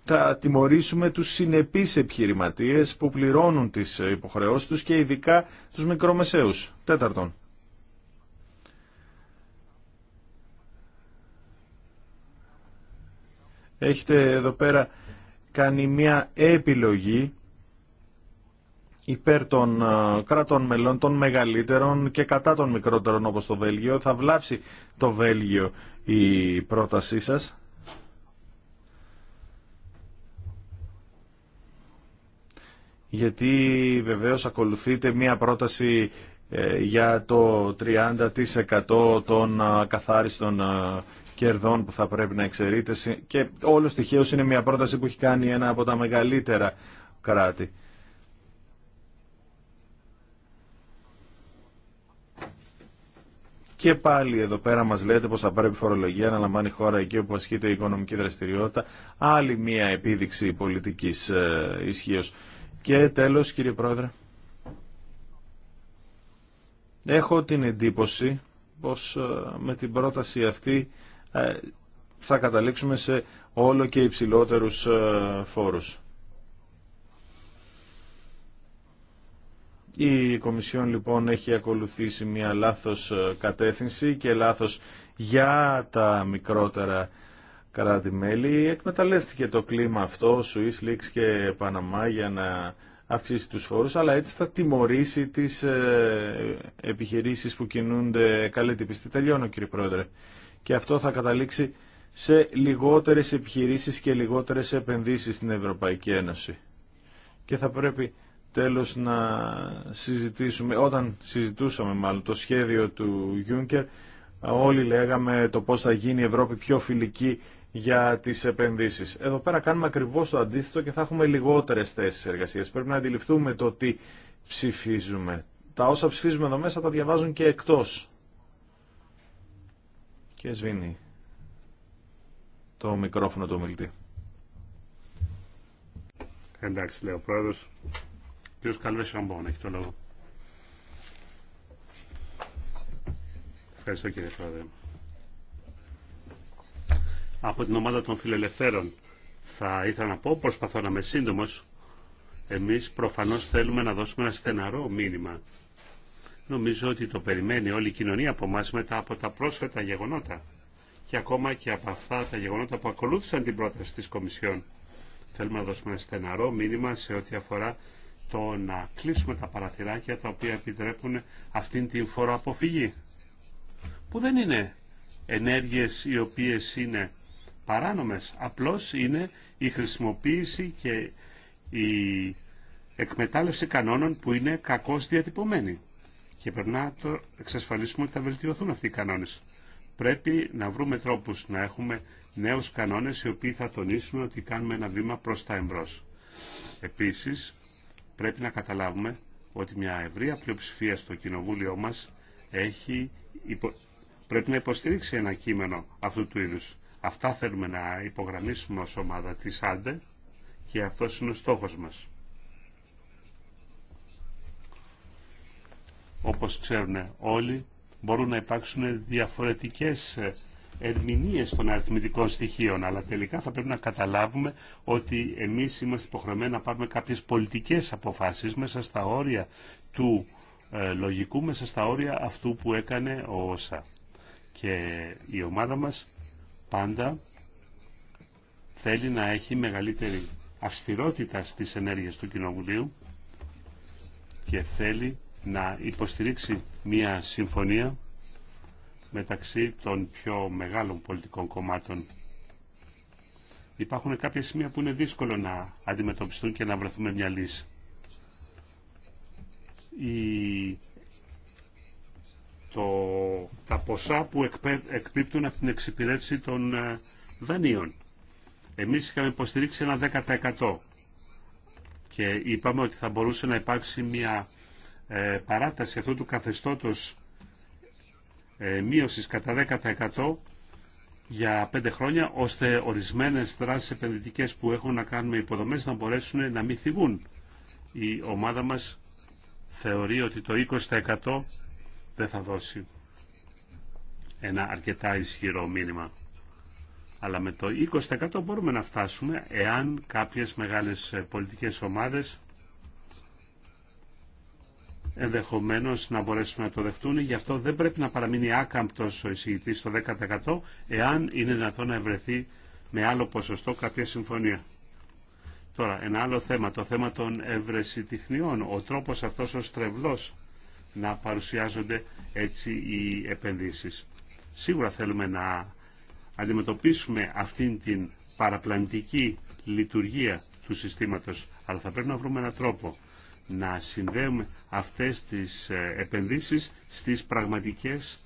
Θα τιμωρήσουμε τους συνεπεί επιχειρηματίε που πληρώνουν τις υποχρεώσεις τους και ειδικά τους μικρομεσαίους. Τέταρτον. Έχετε εδώ πέρα κάνει μια επιλογή υπέρ των ε, κρατών μελών, των μεγαλύτερων και κατά των μικρότερων όπως το Βέλγιο. Θα βλάψει το Βέλγιο η πρότασή σας. Γιατί βεβαίως ακολουθείτε μία πρόταση ε, για το 30% των ε, καθάριστων κερδών που θα πρέπει να εξαιρείτε και όλο τυχαίως είναι μία πρόταση που έχει κάνει ένα από τα μεγαλύτερα κράτη. και πάλι εδώ πέρα μας λέτε πως θα πρέπει φορολογία να λαμβάνει χώρα εκεί όπου ασχείται η οικονομική δραστηριότητα. Άλλη μία επίδειξη πολιτικής ε, ισχύω. Και τέλος κύριε Πρόεδρε. Έχω την εντύπωση πως ε, με την πρόταση αυτή ε, θα καταλήξουμε σε όλο και υψηλότερους ε, φόρους. Η Κομισιόν λοιπόν έχει ακολουθήσει μια λάθος ε, κατεύθυνση και λάθος για τα μικρότερα κράτη-μέλη. Εκμεταλλεύτηκε το κλίμα αυτό, Σουίς, Λίξ και Παναμά για να αυξήσει τους φόρους, αλλά έτσι θα τιμωρήσει τις ε, επιχειρήσεις που κινούνται καλή τυπιστή. Τελειώνω κύριε Πρόεδρε. Και αυτό θα καταλήξει σε λιγότερες επιχειρήσεις και λιγότερες επενδύσεις στην Ευρωπαϊκή Ένωση. Και θα πρέπει τέλος να συζητήσουμε, όταν συζητούσαμε μάλλον το σχέδιο του Γιούνκερ, όλοι λέγαμε το πώς θα γίνει η Ευρώπη πιο φιλική για τις επενδύσεις. Εδώ πέρα κάνουμε ακριβώς το αντίθετο και θα έχουμε λιγότερες θέσεις εργασίας. Πρέπει να αντιληφθούμε το τι ψηφίζουμε. Τα όσα ψηφίζουμε εδώ μέσα τα διαβάζουν και εκτός. Και σβήνει το μικρόφωνο του ομιλητή. Εντάξει, λέει ο πρόεδρος. Καλβέ Σαμπόν έχει το λόγο. Ευχαριστώ κύριε Πρόεδρε. Από την ομάδα των φιλελευθέρων θα ήθελα να πω, προσπαθώ να είμαι σύντομο. Εμεί προφανώ θέλουμε να δώσουμε ένα στεναρό μήνυμα. Νομίζω ότι το περιμένει όλη η κοινωνία από εμά μετά από τα πρόσφατα γεγονότα και ακόμα και από αυτά τα γεγονότα που ακολούθησαν την πρόταση τη Κομισιόν. Θέλουμε να δώσουμε ένα στεναρό μήνυμα σε ό,τι αφορά το να κλείσουμε τα παραθυράκια τα οποία επιτρέπουν αυτήν την αποφυγή. που δεν είναι ενέργειες οι οποίες είναι παράνομες απλώς είναι η χρησιμοποίηση και η εκμετάλλευση κανόνων που είναι κακώς διατυπωμένοι και πρέπει να το εξασφαλίσουμε ότι θα βελτιωθούν αυτοί οι κανόνες πρέπει να βρούμε τρόπους να έχουμε νέους κανόνες οι οποίοι θα τονίσουν ότι κάνουμε ένα βήμα προς τα εμπρός. Επίσης, πρέπει να καταλάβουμε ότι μια ευρεία πλειοψηφία στο κοινοβούλιο μας έχει πρέπει να υποστηρίξει ένα κείμενο αυτού του είδους. Αυτά θέλουμε να υπογραμμίσουμε ως ομάδα της ΑΝΤΕ και αυτός είναι ο στόχος μας. Όπως ξέρουν όλοι, μπορούν να υπάρξουν διαφορετικές ε, ερμηνείες των αριθμητικών στοιχείων, αλλά τελικά θα πρέπει να καταλάβουμε ότι εμείς είμαστε υποχρεωμένοι να πάρουμε κάποιες πολιτικές αποφάσεις μέσα στα όρια του ε, λογικού, μέσα στα όρια αυτού που έκανε ο ΩΣΑ. Και η ομάδα μας πάντα θέλει να έχει μεγαλύτερη αυστηρότητα στις ενέργειες του Κοινοβουλίου και θέλει να υποστηρίξει μια συμφωνία μεταξύ των πιο μεγάλων πολιτικών κομμάτων. Υπάρχουν κάποια σημεία που είναι δύσκολο να αντιμετωπιστούν και να βρεθούμε μια λύση. Η... Το... Τα ποσά που εκπέ... εκπίπτουν από την εξυπηρέτηση των ε, δανείων. Εμείς είχαμε υποστηρίξει ένα 10% και είπαμε ότι θα μπορούσε να υπάρξει μια ε, παράταση αυτού του καθεστώτος ε, μείωση κατά 10% για πέντε χρόνια, ώστε ορισμένες δράσει επενδυτικέ που έχουν να κάνουν με υποδομές να μπορέσουν να μην θυγούν. Η ομάδα μας θεωρεί ότι το 20% δεν θα δώσει ένα αρκετά ισχυρό μήνυμα. Αλλά με το 20% μπορούμε να φτάσουμε εάν κάποιες μεγάλες πολιτικές ομάδες ενδεχομένως να μπορέσουν να το δεχτούν. Γι' αυτό δεν πρέπει να παραμείνει άκαμπτος ο εισηγητή στο 10% εάν είναι δυνατόν να ευρεθεί με άλλο ποσοστό κάποια συμφωνία. Τώρα, ένα άλλο θέμα, το θέμα των ευρεσιτεχνιών. Ο τρόπος αυτός ο στρεβλός να παρουσιάζονται έτσι οι επενδύσεις. Σίγουρα θέλουμε να αντιμετωπίσουμε αυτήν την παραπλανητική λειτουργία του συστήματος, αλλά θα πρέπει να βρούμε έναν τρόπο να συνδέουμε αυτές τις ε, επενδύσεις στις πραγματικές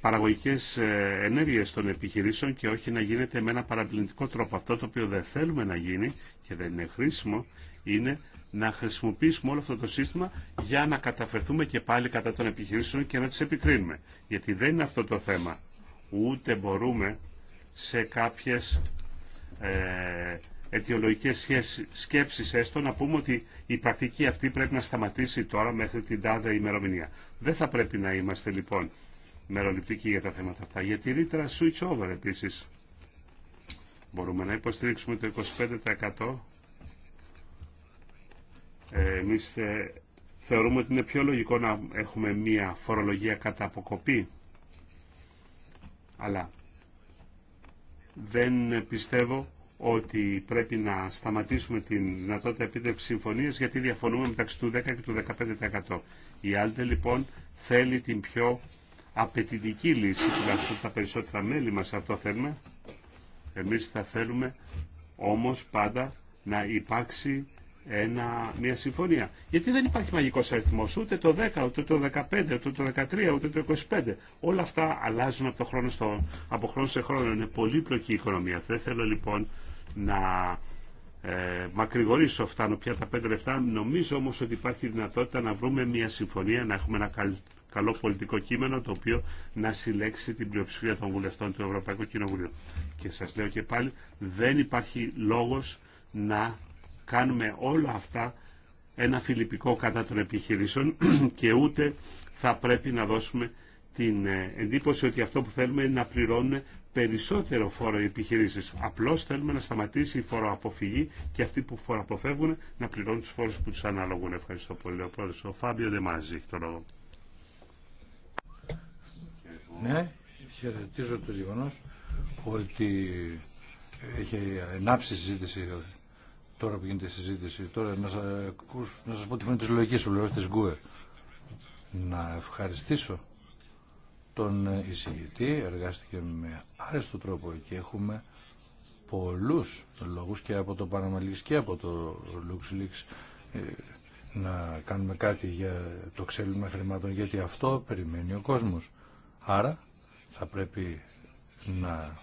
παραγωγικές ε, ενέργειες των επιχειρήσεων και όχι να γίνεται με ένα παραπληκτικό τρόπο. Αυτό το οποίο δεν θέλουμε να γίνει και δεν είναι χρήσιμο είναι να χρησιμοποιήσουμε όλο αυτό το σύστημα για να καταφερθούμε και πάλι κατά των επιχειρήσεων και να τις επικρίνουμε. Γιατί δεν είναι αυτό το θέμα. Ούτε μπορούμε σε κάποιες ε, αιτιολογικές σκέψεις έστω να πούμε ότι η πρακτική αυτή πρέπει να σταματήσει τώρα μέχρι την τάδε ημερομηνία. Δεν θα πρέπει να είμαστε λοιπόν μεροληπτικοί για τα θέματα αυτά. Γιατί τη ρήτρα switch over επίσης. Μπορούμε να υποστηρίξουμε το 25% εμείς ε, θεωρούμε ότι είναι πιο λογικό να έχουμε μία φορολογία κατά αποκοπή. Αλλά δεν πιστεύω ότι πρέπει να σταματήσουμε την δυνατότητα επίτευξη συμφωνίας γιατί διαφωνούμε μεταξύ του 10% και του 15%. Η Άλτε λοιπόν θέλει την πιο απαιτητική λύση, τουλάχιστον τα περισσότερα μέλη μας αυτό θέλουμε. Εμείς θα θέλουμε όμως πάντα να υπάρξει ένα, μια συμφωνία. Γιατί δεν υπάρχει μαγικό αριθμό. ούτε το 10, ούτε το 15, ούτε το 13, ούτε το 25. Όλα αυτά αλλάζουν από, το χρόνο στο, από χρόνο σε χρόνο. Είναι πολύπλοκη η οικονομία. Δεν θέλω λοιπόν να ε, μακρηγορήσω, φτάνω πια τα 5 λεπτά. Νομίζω όμω ότι υπάρχει δυνατότητα να βρούμε μια συμφωνία, να έχουμε ένα καλό πολιτικό κείμενο το οποίο να συλλέξει την πλειοψηφία των βουλευτών του Ευρωπαϊκού Κοινοβουλίου. Και σα λέω και πάλι, δεν υπάρχει λόγο να κάνουμε όλα αυτά ένα φιλιππικό κατά των επιχειρήσεων <clears throat> και ούτε θα πρέπει να δώσουμε την ε, εντύπωση ότι αυτό που θέλουμε είναι να πληρώνουν περισσότερο φόρο οι επιχειρήσει. Απλώ θέλουμε να σταματήσει η φοροαποφυγή και αυτοί που φοροαποφεύγουν να πληρώνουν του φόρου που του αναλογούν. Ευχαριστώ πολύ. Ο πρόεδρο, ο Φάμπιο Ντεμάζη, έχει το Ναι, χαιρετίζω το γεγονό ότι έχει συζήτηση τώρα που γίνεται η συζήτηση. Τώρα να σας, πω τη φωνή της λογική σου, τη Γκουε. Να ευχαριστήσω τον ε, εισηγητή, εργάστηκε με άριστο τρόπο και έχουμε πολλούς λόγους και από το Panama και από το LuxLeaks ε, να κάνουμε κάτι για το ξέλιμα χρημάτων γιατί αυτό περιμένει ο κόσμος. Άρα θα πρέπει να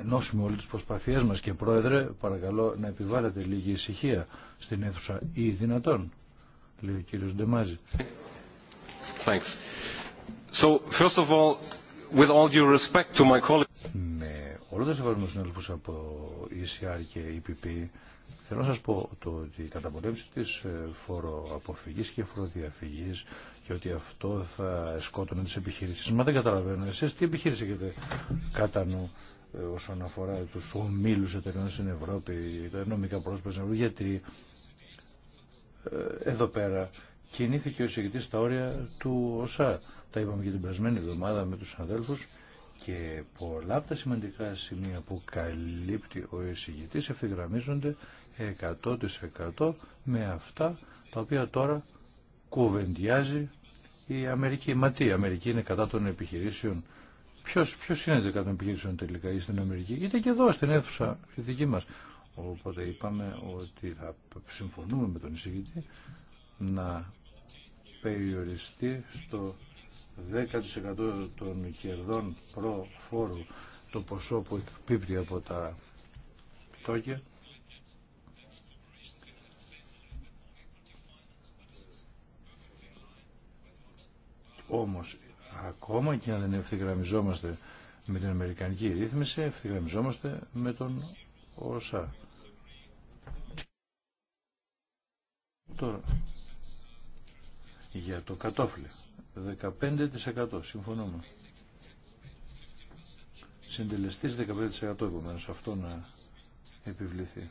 ενώσουμε όλες τις προσπαθίες μας και πρόεδρε παρακαλώ να επιβάλλετε λίγη ησυχία στην αίθουσα ή δυνατόν λέει ο κύριος Ντεμάζη Thanks. So, first of all, with all due respect to my colleagues... Με όλο το σεβασμό στους συνέλφους από ECR και EPP θέλω να σας πω το ότι η καταπολέμηση της ε, φοροαποφυγής και φοροδιαφυγής και ότι αυτό θα σκότωνε τις επιχειρήσεις. Μα δεν καταλαβαίνω. Εσείς τι επιχείρηση έχετε κατά νου όσον αφορά του ομιλου εταιρεών στην Ευρώπη, τα νομικά πρόσωπα στην Ευρώπη, γιατί ε, εδώ πέρα κινήθηκε ο εισηγητή στα όρια του ΟΣΑ. Τα είπαμε και την περασμένη εβδομάδα με του αδέλφους και πολλά από τα σημαντικά σημεία που καλύπτει ο εισηγητής ευθυγραμμίζονται 100% με αυτά τα οποία τώρα κουβεντιάζει η Αμερική. Μα τι, η Αμερική είναι κατά των επιχειρήσεων Ποιος, ποιος είναι το 100 τελικά ή στην Αμερική, είτε και εδώ στην αίθουσα στη δική μας. Οπότε είπαμε ότι θα συμφωνούμε με τον εισηγητή να περιοριστεί στο 10% των κερδών προφόρου το ποσό που εκπίπτει από τα πτώκια. Όμως ακόμα και αν δεν ευθυγραμμιζόμαστε με την Αμερικανική ρύθμιση, ευθυγραμμιζόμαστε με τον ΩΣΑ. Τώρα, για το κατόφλι, 15% συμφωνούμε. Συντελεστής 15% επομένως αυτό να επιβληθεί.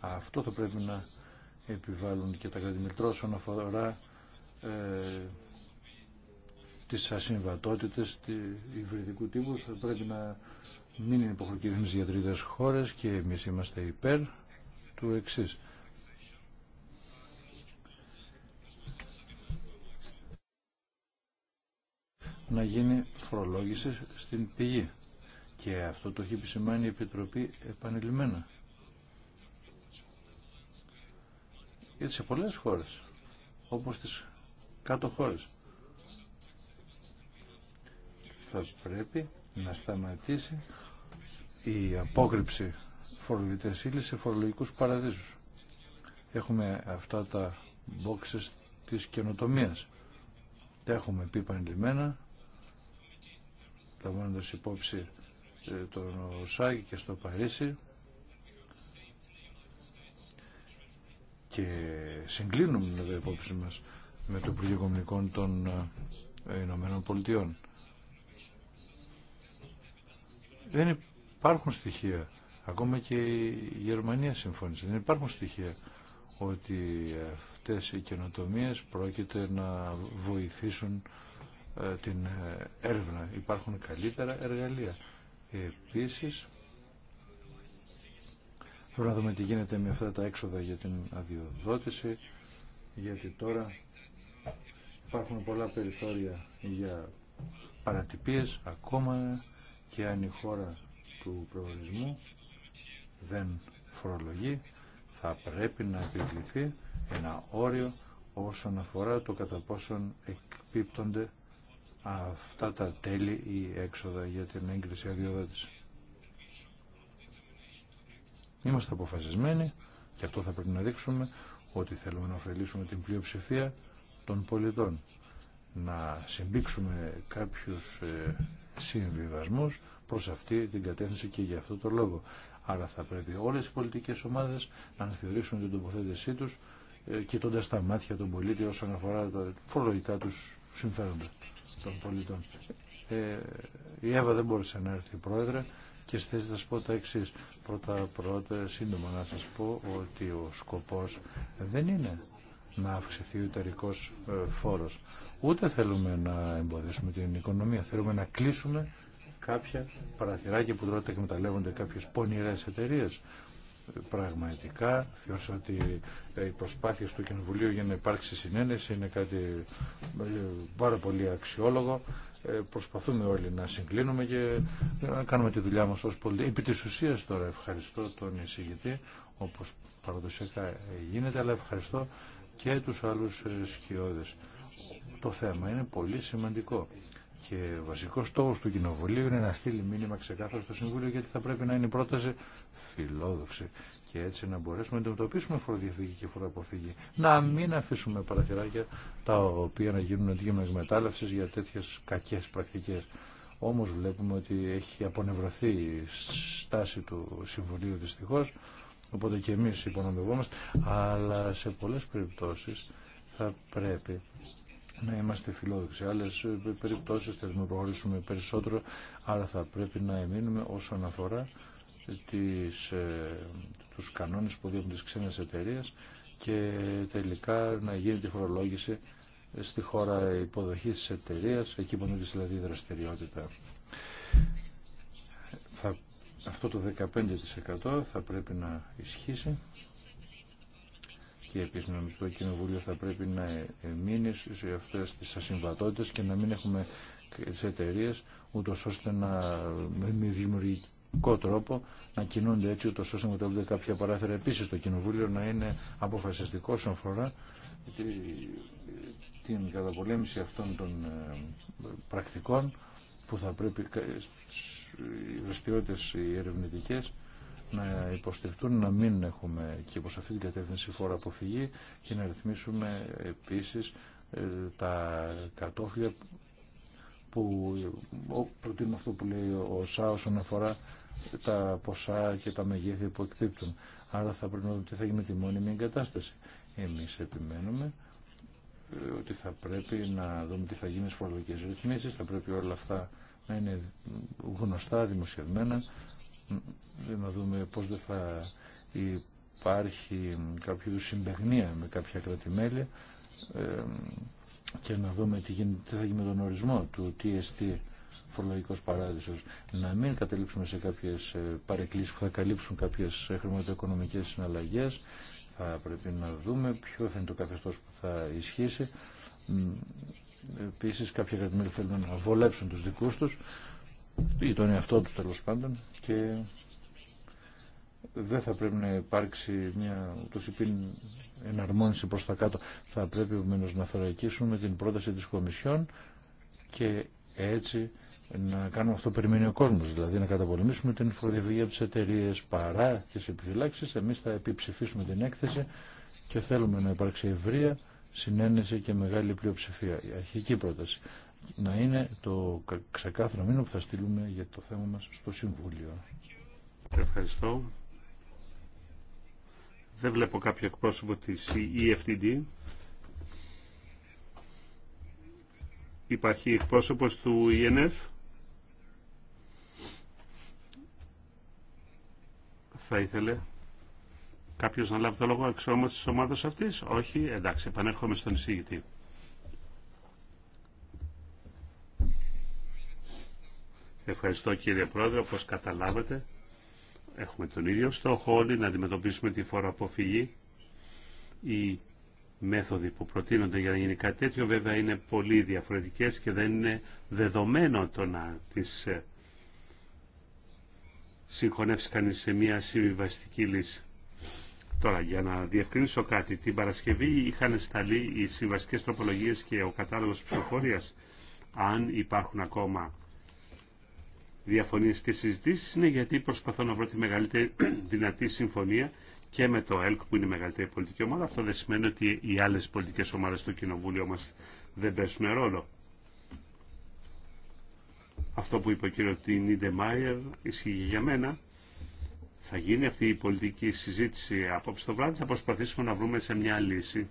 Αυτό θα πρέπει να επιβάλλουν και τα κρατημετρό όσον αφορά ε, τις ασυμβατότητες του υβριδικού τύπου θα πρέπει να μην είναι υποχρεωτική για τρίτες χώρες και εμείς είμαστε υπέρ του εξή. να γίνει φορολόγηση στην πηγή. Και αυτό το έχει επισημάνει η Επιτροπή επανειλημμένα. Γιατί σε πολλές χώρες, όπως τις κάτω χώρες, θα πρέπει να σταματήσει η απόκρυψη φορολογητές ύλης σε φορολογικούς παραδείσους. Έχουμε αυτά τα boxes της καινοτομίας. Τα έχουμε πει πανελειμμένα, λαμβάνοντας υπόψη ε, τον Σάκη και στο Παρίσι και συγκλίνουμε τα υπόψη μας με το Υπουργείο των ε, Ηνωμένων Πολιτειών. Δεν υπάρχουν στοιχεία, ακόμα και η Γερμανία συμφώνησε, δεν υπάρχουν στοιχεία ότι αυτές οι καινοτομίες πρόκειται να βοηθήσουν ε, την ε, έρευνα. Υπάρχουν καλύτερα εργαλεία. Επίσης, πρέπει να δούμε τι γίνεται με αυτά τα έξοδα για την αδειοδότηση, γιατί τώρα υπάρχουν πολλά περιθώρια για παρατυπίες ακόμα και αν η χώρα του προορισμού δεν φορολογεί θα πρέπει να επιβληθεί ένα όριο όσον αφορά το κατά πόσον εκπίπτονται αυτά τα τέλη ή έξοδα για την έγκριση αδειοδότηση. Είμαστε αποφασισμένοι και αυτό θα πρέπει να δείξουμε ότι θέλουμε να ωφελήσουμε την πλειοψηφία των πολιτών. Να συμπήξουμε κάποιους ε, συμβιβασμούς προς αυτή την κατεύθυνση και για αυτό το λόγο. Άρα θα πρέπει όλες οι πολιτικές ομάδες να αναθεωρήσουν την τοποθέτησή τους ε, κοιτώντας τα μάτια των πολίτη όσον αφορά τα φορολογικά τους συμφέροντα των πολιτών. Ε, η Εύα δεν μπόρεσε να έρθει πρόεδρε και στη θέση θα πω τα εξή. Πρώτα πρώτα σύντομα να σας πω ότι ο σκοπός δεν είναι να αυξηθεί ο εταιρικός ε, φόρος. Ούτε θέλουμε να εμποδίσουμε την οικονομία. Θέλουμε να κλείσουμε κάποια παραθυράκια που τώρα τα εκμεταλλεύονται κάποιες πονηρές εταιρείε. Πραγματικά θεωρώ ότι οι προσπάθειε του Κοινοβουλίου για να υπάρξει συνένεση είναι κάτι ε, πάρα πολύ αξιόλογο. Ε, προσπαθούμε όλοι να συγκλίνουμε και να κάνουμε τη δουλειά μας ως πολιτικοί. Επί της ουσίας τώρα ευχαριστώ τον εισηγητή, όπως παραδοσιακά γίνεται, αλλά ευχαριστώ και τους άλλους ε, σκιώδες το θέμα. Είναι πολύ σημαντικό. Και βασικό στόχο του Κοινοβουλίου είναι να στείλει μήνυμα ξεκάθαρο στο Συμβούλιο γιατί θα πρέπει να είναι η πρόταση φιλόδοξη. Και έτσι να μπορέσουμε να αντιμετωπίσουμε φοροδιαφυγή και φοροαποφυγή. Να μην αφήσουμε παραθυράκια τα οποία να γίνουν αντικείμενα εκμετάλλευση για τέτοιε κακέ πρακτικέ. Όμω βλέπουμε ότι έχει απονευρωθεί η στάση του Συμβουλίου δυστυχώ. Οπότε και εμεί υπονομευόμαστε. Αλλά σε πολλέ περιπτώσει θα πρέπει να είμαστε φιλόδοξοι. Άλλε ε, περιπτώσει θέλουμε να προχωρήσουμε περισσότερο, άρα θα πρέπει να εμείνουμε όσον αφορά τις, ε, τους κανόνες που δίνουν τις ξένες εταιρείες και τελικά να γίνει τη φορολόγηση στη χώρα υποδοχής τη εταιρεία, εκεί που είναι δηλαδή η δραστηριότητα. αυτό το 15% θα πρέπει να ισχύσει και επίσης νομίζω το Κοινοβούλιο θα πρέπει να μείνει σε αυτές τις ασυμβατότητες και να μην έχουμε τι εταιρείε ούτως ώστε να με δημιουργικό τρόπο να κινούνται έτσι ούτως ώστε να μεταβούνται κάποια παράθυρα επίσης το Κοινοβούλιο να είναι αποφασιστικό όσον αφορά την καταπολέμηση αυτών των ε, πρακτικών που θα πρέπει οι δραστηριότητε οι ερευνητικέ να υποστηριχτούν να μην έχουμε και προς αυτή την κατεύθυνση φόρα αποφυγή και να ρυθμίσουμε επίσης ε, τα κατόφλια που προτείνω αυτό που λέει ο ΣΑΟΣ όσον αφορά τα ποσά και τα μεγέθη που εκτύπτουν. Άρα θα πρέπει να δούμε τι θα γίνει με τη μόνιμη εγκατάσταση. Εμείς επιμένουμε ε, ότι θα πρέπει να δούμε τι θα γίνει στις φορολογικές ρυθμίσεις, θα πρέπει όλα αυτά να είναι γνωστά, δημοσιευμένα, να δούμε πώς δεν θα υπάρχει κάποιο συμπεγνία με κάποια κρατημέλη ε, και να δούμε τι, τι θα γίνει με τον ορισμό του TST φορολογικός παράδεισος να μην καταλήξουμε σε κάποιες ε, παρεκκλήσεις που θα καλύψουν κάποιες ε, χρηματοοικονομικές συναλλαγές θα πρέπει να δούμε ποιο θα είναι το καθεστώς που θα ισχύσει Επίση, κάποια κρατημέλη θέλουν να βολέψουν τους δικούς τους ή τον εαυτό του τέλο πάντων και δεν θα πρέπει να υπάρξει μια ούτως πριν εναρμόνιση προς τα κάτω. Θα πρέπει επομένω να θωρακίσουμε την πρόταση της Κομισιόν και έτσι να κάνουμε αυτό που περιμένει ο κόσμος, δηλαδή να καταπολεμήσουμε την φοροδιαφυγή από τις εταιρείε παρά τις επιφυλάξεις. Εμείς θα επιψηφίσουμε την έκθεση και θέλουμε να υπάρξει ευρεία συνένεση και μεγάλη πλειοψηφία. Η αρχική πρόταση να είναι το ξεκάθαρο μήνυμα που θα στείλουμε για το θέμα μας στο Συμβούλιο. Ευχαριστώ. Δεν βλέπω κάποιο εκπρόσωπο της EFTD. Υπάρχει εκπρόσωπος του ENF. Θα ήθελε κάποιος να λάβει το λόγο εξ όμως της ομάδας αυτής. Όχι, εντάξει, επανέρχομαι στον εισηγητή. Ευχαριστώ κύριε Πρόεδρε, όπως καταλάβατε έχουμε τον ίδιο στόχο όλοι να αντιμετωπίσουμε τη φόρα αποφυγή. Οι μέθοδοι που προτείνονται για να γίνει κάτι τέτοιο βέβαια είναι πολύ διαφορετικές και δεν είναι δεδομένο το να τις ε, συγχωνεύσει κανείς σε μια συμβιβαστική λύση. Τώρα, για να διευκρινίσω κάτι, την Παρασκευή είχαν σταλεί οι συμβαστικέ τροπολογίε και ο κατάλογο ψηφοφορία. Αν υπάρχουν ακόμα Διαφωνίε και συζητήσει είναι γιατί προσπαθώ να βρω τη μεγαλύτερη <clears throat> δυνατή συμφωνία και με το ΕΛΚ που είναι η μεγαλύτερη πολιτική ομάδα. Αυτό δεν σημαίνει ότι οι άλλε πολιτικέ ομάδε στο κοινοβούλιο μα δεν παίζουν ρόλο. Αυτό που είπε ο κύριο Τινίντε Μάιερ ισχύει για μένα. Θα γίνει αυτή η πολιτική συζήτηση απόψε το βράδυ. Θα προσπαθήσουμε να βρούμε σε μια λύση.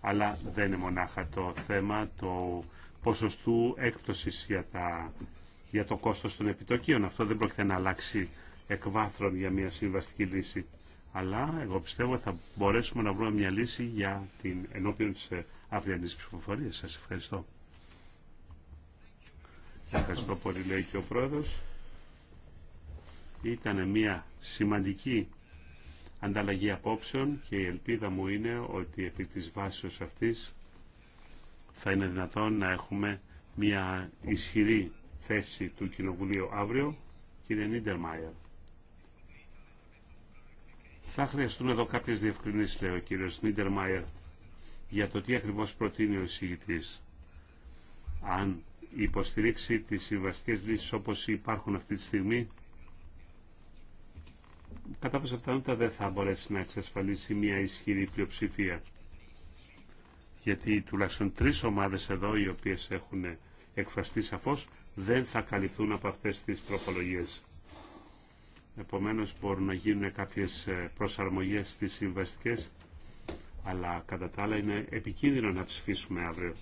Αλλά δεν είναι μονάχα το θέμα του ποσοστού έκπτωσης για τα για το κόστος των επιτοκίων. Αυτό δεν πρόκειται να αλλάξει εκ για μια συμβαστική λύση. Αλλά εγώ πιστεύω θα μπορέσουμε να βρούμε μια λύση για την ενώπιον της ε, αυριανής ψηφοφορία. Σας ευχαριστώ. Ευχαριστώ πολύ λέει και ο Πρόεδρος. Ήταν μια σημαντική ανταλλαγή απόψεων και η ελπίδα μου είναι ότι επί της βάσης αυτής θα είναι δυνατόν να έχουμε μια ισχυρή θέση του Κοινοβουλίου αύριο, κύριε Νίντερμαϊερ. Θα χρειαστούν εδώ κάποιε διευκρινήσεις, λέει ο κύριο Νίτερ για το τι ακριβώς προτείνει ο εισηγητής. Αν υποστηρίξει τις συμβαστικέ λύσει όπως υπάρχουν αυτή τη στιγμή, κατά πάσα πιθανότητα δεν θα μπορέσει να εξασφαλίσει μια ισχυρή πλειοψηφία. Γιατί τουλάχιστον τρεις ομάδες εδώ, οι οποίες έχουν εκφραστεί σαφώς, δεν θα καλυφθούν από αυτές τις τροπολογίες. Επομένως μπορούν να γίνουν κάποιες ε, προσαρμογές στις συμβαστικές, αλλά κατά τα άλλα είναι επικίνδυνο να ψηφίσουμε αύριο.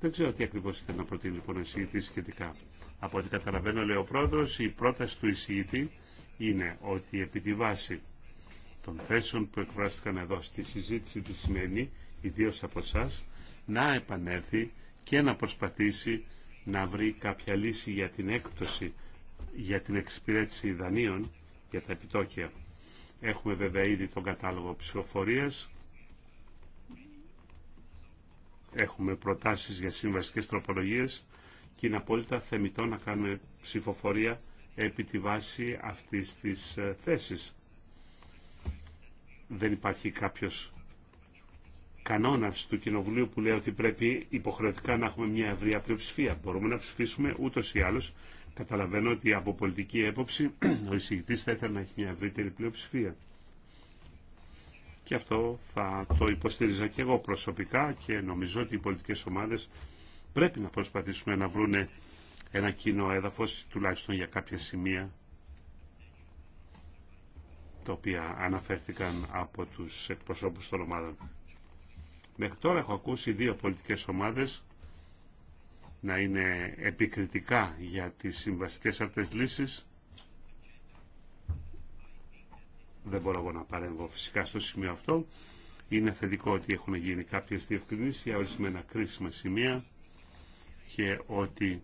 Δεν ξέρω τι ακριβώς θέλει να προτείνει λοιπόν ο σχετικά. Από ό,τι καταλαβαίνω, λέει ο πρόεδρος, η πρόταση του εισηγητή είναι ότι επί τη βάση των θέσεων που εκφράστηκαν εδώ στη συζήτηση τη σημαίνει, ιδίω από εσά, να επανέλθει και να προσπαθήσει να βρει κάποια λύση για την έκπτωση, για την εξυπηρέτηση δανείων, για τα επιτόκια. Έχουμε βέβαια ήδη τον κατάλογο ψηφοφορίας. Έχουμε προτάσεις για σύμβασικες τροπολογίες και είναι απόλυτα θεμητό να κάνουμε ψηφοφορία επί τη βάση αυτής της ε, θέσης. Δεν υπάρχει κάποιος Κανόνα του Κοινοβουλίου που λέει ότι πρέπει υποχρεωτικά να έχουμε μια ευρεία πλειοψηφία. Μπορούμε να ψηφίσουμε ούτω ή άλλω. Καταλαβαίνω ότι από πολιτική έποψη <clears throat> ο εισηγητή θα ήθελε να έχει μια ευρύτερη πλειοψηφία. Και αυτό θα το υποστήριζα και εγώ προσωπικά και νομίζω ότι οι πολιτικέ ομάδε πρέπει να προσπαθήσουμε να βρουν ένα κοινό έδαφο τουλάχιστον για κάποια σημεία τα οποία αναφέρθηκαν από τους εκπροσώπους των ομάδων. Μέχρι τώρα έχω ακούσει δύο πολιτικές ομάδες να είναι επικριτικά για τις συμβαστικές αυτές λύσεις. Δεν μπορώ εγώ να παρέμβω φυσικά στο σημείο αυτό. Είναι θετικό ότι έχουν γίνει κάποιες διευκρινήσεις για ορισμένα κρίσιμα σημεία και ότι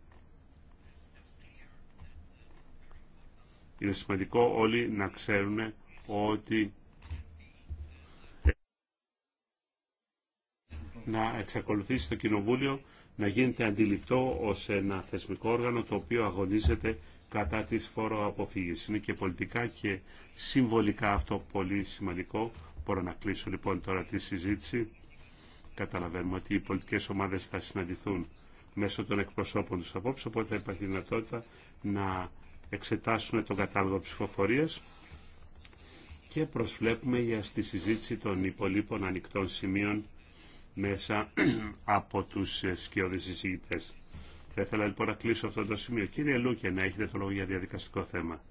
είναι σημαντικό όλοι να ξέρουν ότι να εξακολουθήσει το Κοινοβούλιο να γίνεται αντιληπτό ως ένα θεσμικό όργανο το οποίο αγωνίζεται κατά της φοροαποφύγης. Είναι και πολιτικά και συμβολικά αυτό πολύ σημαντικό. Μπορώ να κλείσω λοιπόν τώρα τη συζήτηση. Καταλαβαίνουμε ότι οι πολιτικές ομάδες θα συναντηθούν μέσω των εκπροσώπων τους απόψε, οπότε θα υπάρχει δυνατότητα να εξετάσουν τον κατάλογο ψηφοφορία και προσβλέπουμε για στη συζήτηση των υπολείπων ανοιχτών σημείων μέσα <clears throat> από τους ε, σκιώδεις εισηγητές. Θα ήθελα λοιπόν να κλείσω αυτό το σημείο. Κύριε Λούκε, να έχετε το λόγο για διαδικαστικό θέμα.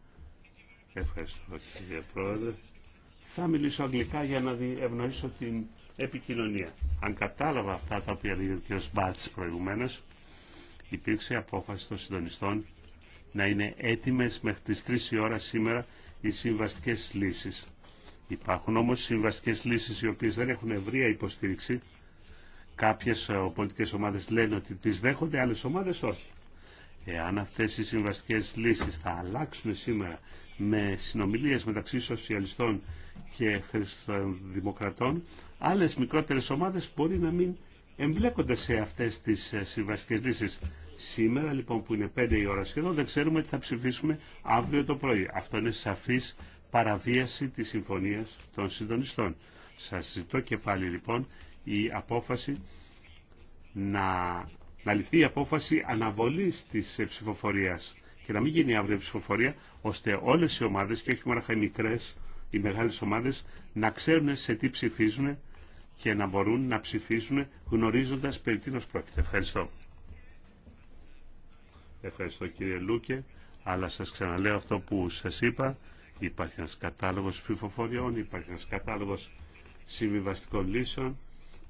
Ευχαριστώ κύριε Πρόεδρε. Θα μιλήσω αγγλικά για να ευνοήσω την επικοινωνία. Αν κατάλαβα αυτά τα οποία λέγεται ο κ. Μπάτς προηγουμένως, υπήρξε απόφαση των συντονιστών να είναι έτοιμες μέχρι τις 3 η ώρα σήμερα οι συμβαστικές λύσεις. Υπάρχουν όμως συμβαστικέ λύσεις οι οποίες δεν έχουν ευρεία υποστήριξη Κάποιες ε, πολιτικές ομάδες λένε ότι τις δέχονται, άλλες ομάδες όχι. Εάν αυτές οι συμβαστικές λύσεις θα αλλάξουν σήμερα με συνομιλίες μεταξύ σοσιαλιστών και δημοκρατών, άλλες μικρότερες ομάδες μπορεί να μην εμπλέκονται σε αυτές τις ε, συμβαστικές λύσεις. Σήμερα λοιπόν που είναι 5 η ώρα σχεδόν δεν ξέρουμε τι θα ψηφίσουμε αύριο το πρωί. Αυτό είναι σαφής παραβίαση της συμφωνίας των συντονιστών. Σας ζητώ και πάλι λοιπόν η απόφαση να, να ληφθεί η απόφαση αναβολής της ψηφοφορίας και να μην γίνει αύριο ψηφοφορία, ώστε όλες οι ομάδες και όχι μόνο οι μικρές, οι μεγάλες ομάδες, να ξέρουν σε τι ψηφίζουν και να μπορούν να ψηφίζουν γνωρίζοντας περί τίνος πρόκειται. Ευχαριστώ. Ευχαριστώ κύριε Λούκε, αλλά σας ξαναλέω αυτό που σας είπα. Υπάρχει ένας κατάλογος ψηφοφοριών, υπάρχει ένας κατάλογος συμβιβαστικών λύσεων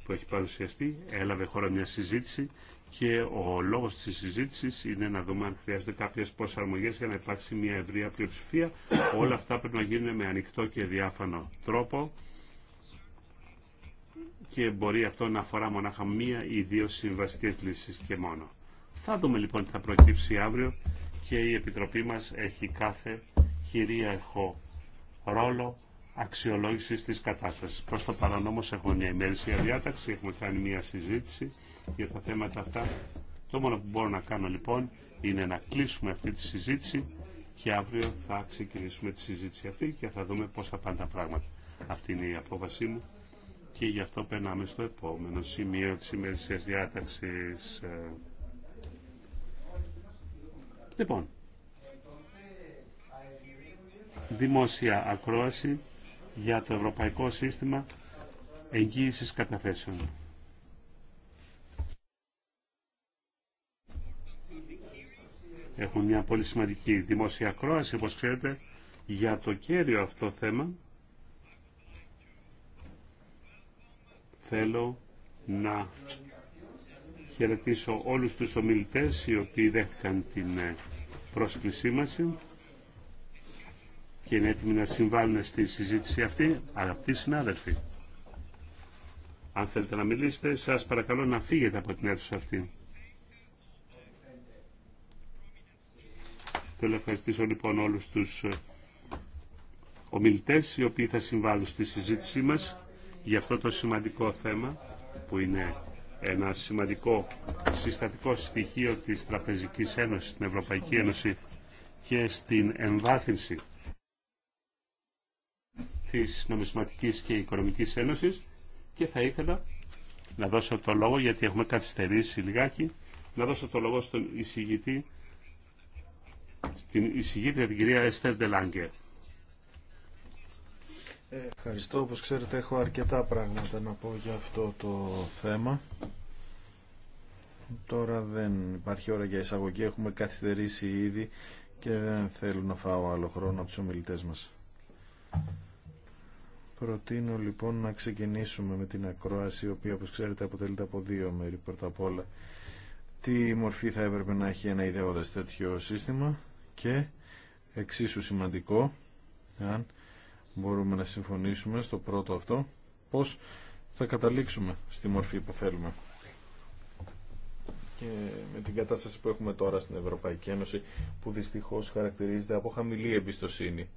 που έχει παρουσιαστεί, έλαβε χώρα μια συζήτηση και ο λόγος της συζήτησης είναι να δούμε αν χρειάζονται κάποιες προσαρμογές για να υπάρξει μια ευρεία πλειοψηφία. Όλα αυτά πρέπει να γίνουν με ανοιχτό και διάφανο τρόπο και μπορεί αυτό να αφορά μονάχα μία ή δύο συμβαστικές λύσεις και μόνο. Θα δούμε λοιπόν τι θα προκύψει αύριο και η Επιτροπή μας έχει κάθε κυρίαρχο ρόλο Αξιολόγηση τη κατάσταση. Προς το παρόν όμω έχουμε μια ημέρησια διάταξη, έχουμε κάνει μια συζήτηση για τα θέματα αυτά. Το μόνο που μπορώ να κάνω λοιπόν είναι να κλείσουμε αυτή τη συζήτηση και αύριο θα ξεκινήσουμε τη συζήτηση αυτή και θα δούμε πώς θα πάνε τα πράγματα. Αυτή είναι η απόφασή μου και γι' αυτό περνάμε στο επόμενο σημείο τη ημερησίας διάταξη. Λοιπόν, δημόσια ακρόαση για το Ευρωπαϊκό Σύστημα Εγγύησης Καταθέσεων. Έχουμε μια πολύ σημαντική δημόσια ακρόαση, όπως ξέρετε, για το κέριο αυτό θέμα. Θέλω να χαιρετήσω όλους τους ομιλητές οι οποίοι δέχτηκαν την ε, πρόσκλησή μας και είναι έτοιμοι να συμβάλλουν στη συζήτηση αυτή. Αγαπητοί συνάδελφοι, αν θέλετε να μιλήσετε, σας παρακαλώ να φύγετε από την αίθουσα αυτή. Θέλω να ευχαριστήσω λοιπόν όλους τους ε, ομιλητές οι οποίοι θα συμβάλλουν στη συζήτησή μας για αυτό το σημαντικό θέμα που είναι ένα σημαντικό συστατικό στοιχείο της Τραπεζικής Ένωσης στην Ευρωπαϊκή Ένωση και στην εμβάθυνση της Νομισματικής και Οικονομικής Ένωσης και θα ήθελα να δώσω το λόγο, γιατί έχουμε καθυστερήσει λιγάκι, να δώσω το λόγο στον εισηγητή, στην εισηγήτρια την κυρία Εστέρ Ντελάγκε. Ευχαριστώ. Όπως ξέρετε έχω αρκετά πράγματα να πω για αυτό το θέμα. Τώρα δεν υπάρχει ώρα για εισαγωγή. Έχουμε καθυστερήσει ήδη και δεν θέλω να φάω άλλο χρόνο από τους ομιλητές μας. Προτείνω λοιπόν να ξεκινήσουμε με την ακρόαση, η οποία όπως ξέρετε αποτελείται από δύο μέρη πρώτα απ' όλα. Τι μορφή θα έπρεπε να έχει ένα ιδεώδες τέτοιο σύστημα και εξίσου σημαντικό, αν μπορούμε να συμφωνήσουμε στο πρώτο αυτό, πώς θα καταλήξουμε στη μορφή που θέλουμε. Και με την κατάσταση που έχουμε τώρα στην Ευρωπαϊκή Ένωση, που δυστυχώς χαρακτηρίζεται από χαμηλή εμπιστοσύνη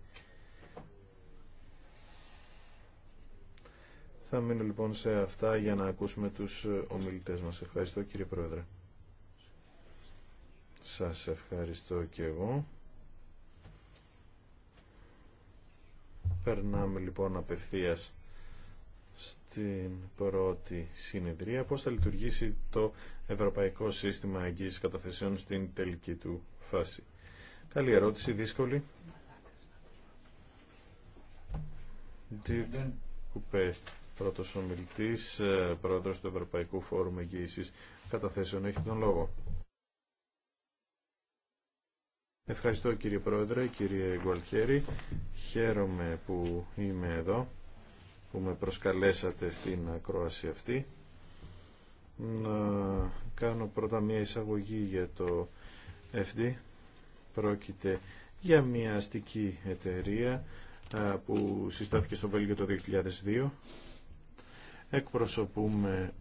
Θα μείνω λοιπόν σε αυτά για να ακούσουμε τους ε, ομιλητές μας. Ευχαριστώ κύριε Πρόεδρε. Σας ευχαριστώ και εγώ. Περνάμε λοιπόν απευθείας στην πρώτη συνεδρία πώς θα λειτουργήσει το Ευρωπαϊκό Σύστημα Αγγίσης Καταθεσιών στην τελική του φάση. Καλή ερώτηση, δύσκολη. Δεν κουπέ Πρώτος ομιλητής, ε, πρόεδρος του Ευρωπαϊκού Φόρουμ Εγγύησης Καταθέσεων, έχει τον λόγο. Ευχαριστώ κύριε Πρόεδρε, κύριε Γκουαλχέρη. Χαίρομαι που είμαι εδώ, που με προσκαλέσατε στην ακρόαση αυτή. Να κάνω πρώτα μια εισαγωγή για το FD. Πρόκειται για μια αστική εταιρεία που συστάθηκε στο Βέλγιο το 2002 εκπροσωπούμε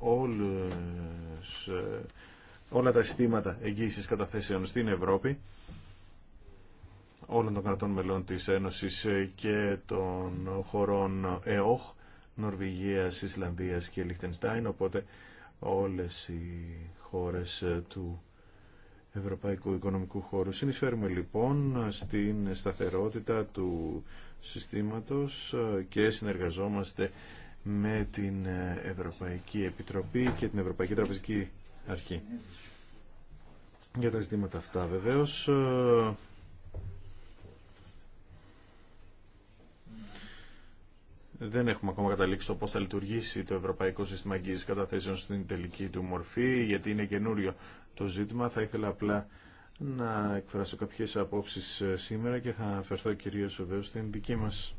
ε, όλα τα συστήματα εγγύησης καταθέσεων στην Ευρώπη όλων των κρατών μελών της Ένωσης ε, και των χωρών ΕΟΧ, Νορβηγίας, Ισλανδίας και Λιχτενστάιν, οπότε όλες οι χώρες ε, του Ευρωπαϊκού Οικονομικού Χώρου. Συνεισφέρουμε λοιπόν στην σταθερότητα του συστήματος και συνεργαζόμαστε με την Ευρωπαϊκή Επιτροπή και την Ευρωπαϊκή Τραπεζική Αρχή. Για τα ζητήματα αυτά βεβαίως ε, δεν έχουμε ακόμα καταλήξει το πώς θα λειτουργήσει το Ευρωπαϊκό Σύστημα Αγγίζης Καταθέσεων στην τελική του μορφή, γιατί είναι καινούριο το ζήτημα. Θα ήθελα απλά να εκφράσω κάποιες απόψεις ε, σήμερα και θα αφαιρθώ κυρίως βεβαίως στην δική μας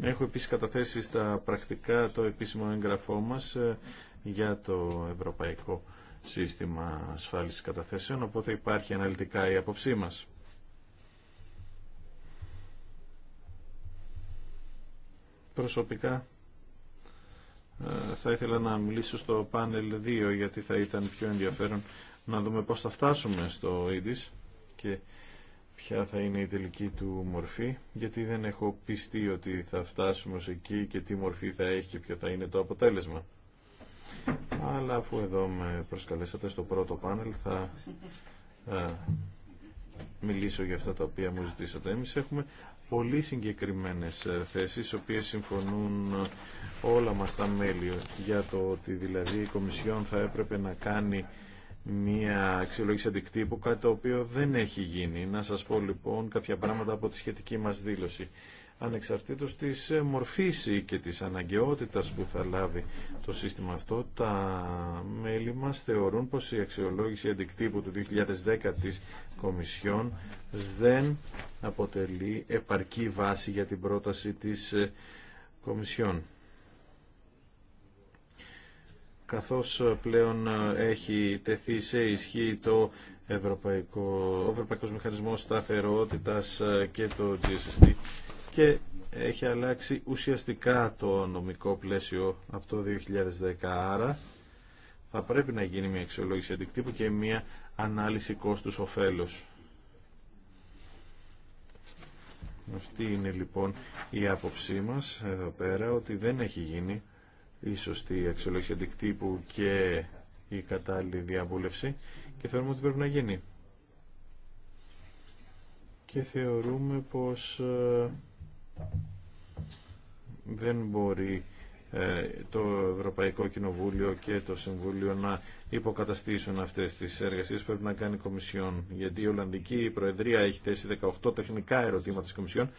Έχω επίσης καταθέσει στα πρακτικά το επίσημο έγγραφό μας ε, για το Ευρωπαϊκό Σύστημα Ασφάλισης Καταθέσεων, οπότε υπάρχει αναλυτικά η απόψή μας. Προσωπικά ε, θα ήθελα να μιλήσω στο πάνελ 2 γιατί θα ήταν πιο ενδιαφέρον να δούμε πώς θα φτάσουμε στο ΙΔΙΣ και ποια θα είναι η τελική του μορφή, γιατί δεν έχω πιστεί ότι θα φτάσουμε ως εκεί και τι μορφή θα έχει και ποιο θα είναι το αποτέλεσμα. Αλλά αφού εδώ με προσκαλέσατε στο πρώτο πάνελ θα μιλήσω για αυτά τα οποία μου ζητήσατε. Εμείς έχουμε πολύ συγκεκριμένες ε, θέσεις, οι οποίες συμφωνούν ε, όλα μας τα μέλη για το ότι δηλαδή η Κομισιόν θα έπρεπε να κάνει μια αξιολόγηση αντικτύπου, κάτι το οποίο δεν έχει γίνει. Να σας πω λοιπόν κάποια πράγματα από τη σχετική μας δήλωση. Ανεξαρτήτως της μορφής και της αναγκαιότητας που θα λάβει το σύστημα αυτό, τα μέλη μας θεωρούν πως η αξιολόγηση αντικτύπου του 2010 της Κομισιόν δεν αποτελεί επαρκή βάση για την πρόταση της Κομισιόν καθώς πλέον έχει τεθεί σε ισχύ το Ευρωπαϊκό, ο Ευρωπαϊκός Σταθερότητας και το GSST και έχει αλλάξει ουσιαστικά το νομικό πλαίσιο από το 2010 άρα θα πρέπει να γίνει μια αξιολόγηση αντικτύπου και μια ανάλυση κόστους ωφέλους. Αυτή είναι λοιπόν η άποψή μας εδώ πέρα ότι δεν έχει γίνει η σωστή αξιολόγηση αντικτύπου και η κατάλληλη διαβούλευση και θεωρούμε ότι πρέπει να γίνει. Και θεωρούμε πως ε, δεν μπορεί ε, το Ευρωπαϊκό Κοινοβούλιο και το Συμβούλιο να υποκαταστήσουν αυτές τις εργασίες πρέπει να κάνει η Κομισιόν γιατί η Ολλανδική Προεδρία έχει θέσει 18 τεχνικά ερωτήματα της Κομισιόν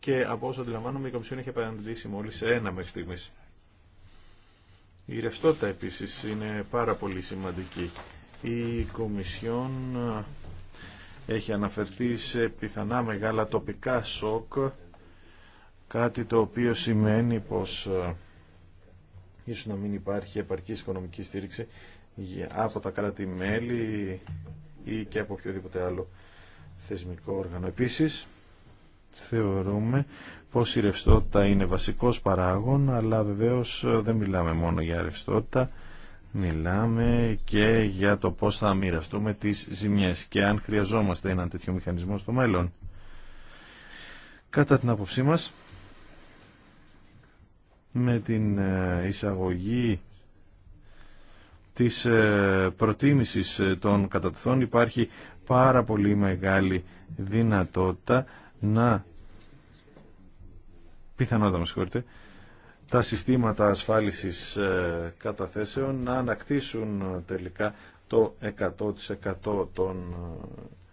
και από όσο αντιλαμβάνομαι η Κομισιόν έχει απαντήσει μόλις σε ένα μέχρι στιγμής. Η ρευστότητα επίσης είναι πάρα πολύ σημαντική. Η Κομισιόν έχει αναφερθεί σε πιθανά μεγάλα τοπικά σοκ, κάτι το οποίο σημαίνει πως ίσως να μην υπάρχει επαρκής οικονομική στήριξη από τα κράτη-μέλη ή και από οποιοδήποτε άλλο θεσμικό όργανο. Επίσης, θεωρούμε πως η ρευστότητα είναι βασικός παράγων, αλλά βεβαίως ε, δεν μιλάμε μόνο για ρευστότητα, μιλάμε και για το πώς θα μοιραστούμε τις ζημιές και αν χρειαζόμαστε έναν τέτοιο μηχανισμό στο μέλλον. Κατά την άποψή μας, με την ε, εισαγωγή της ε, προτίμησης των κατατεθών υπάρχει πάρα πολύ μεγάλη δυνατότητα να πιθανότατα συγχωρείτε, τα συστήματα ασφάλισης ε, καταθέσεων να ανακτήσουν ε, τελικά το 100% των ε,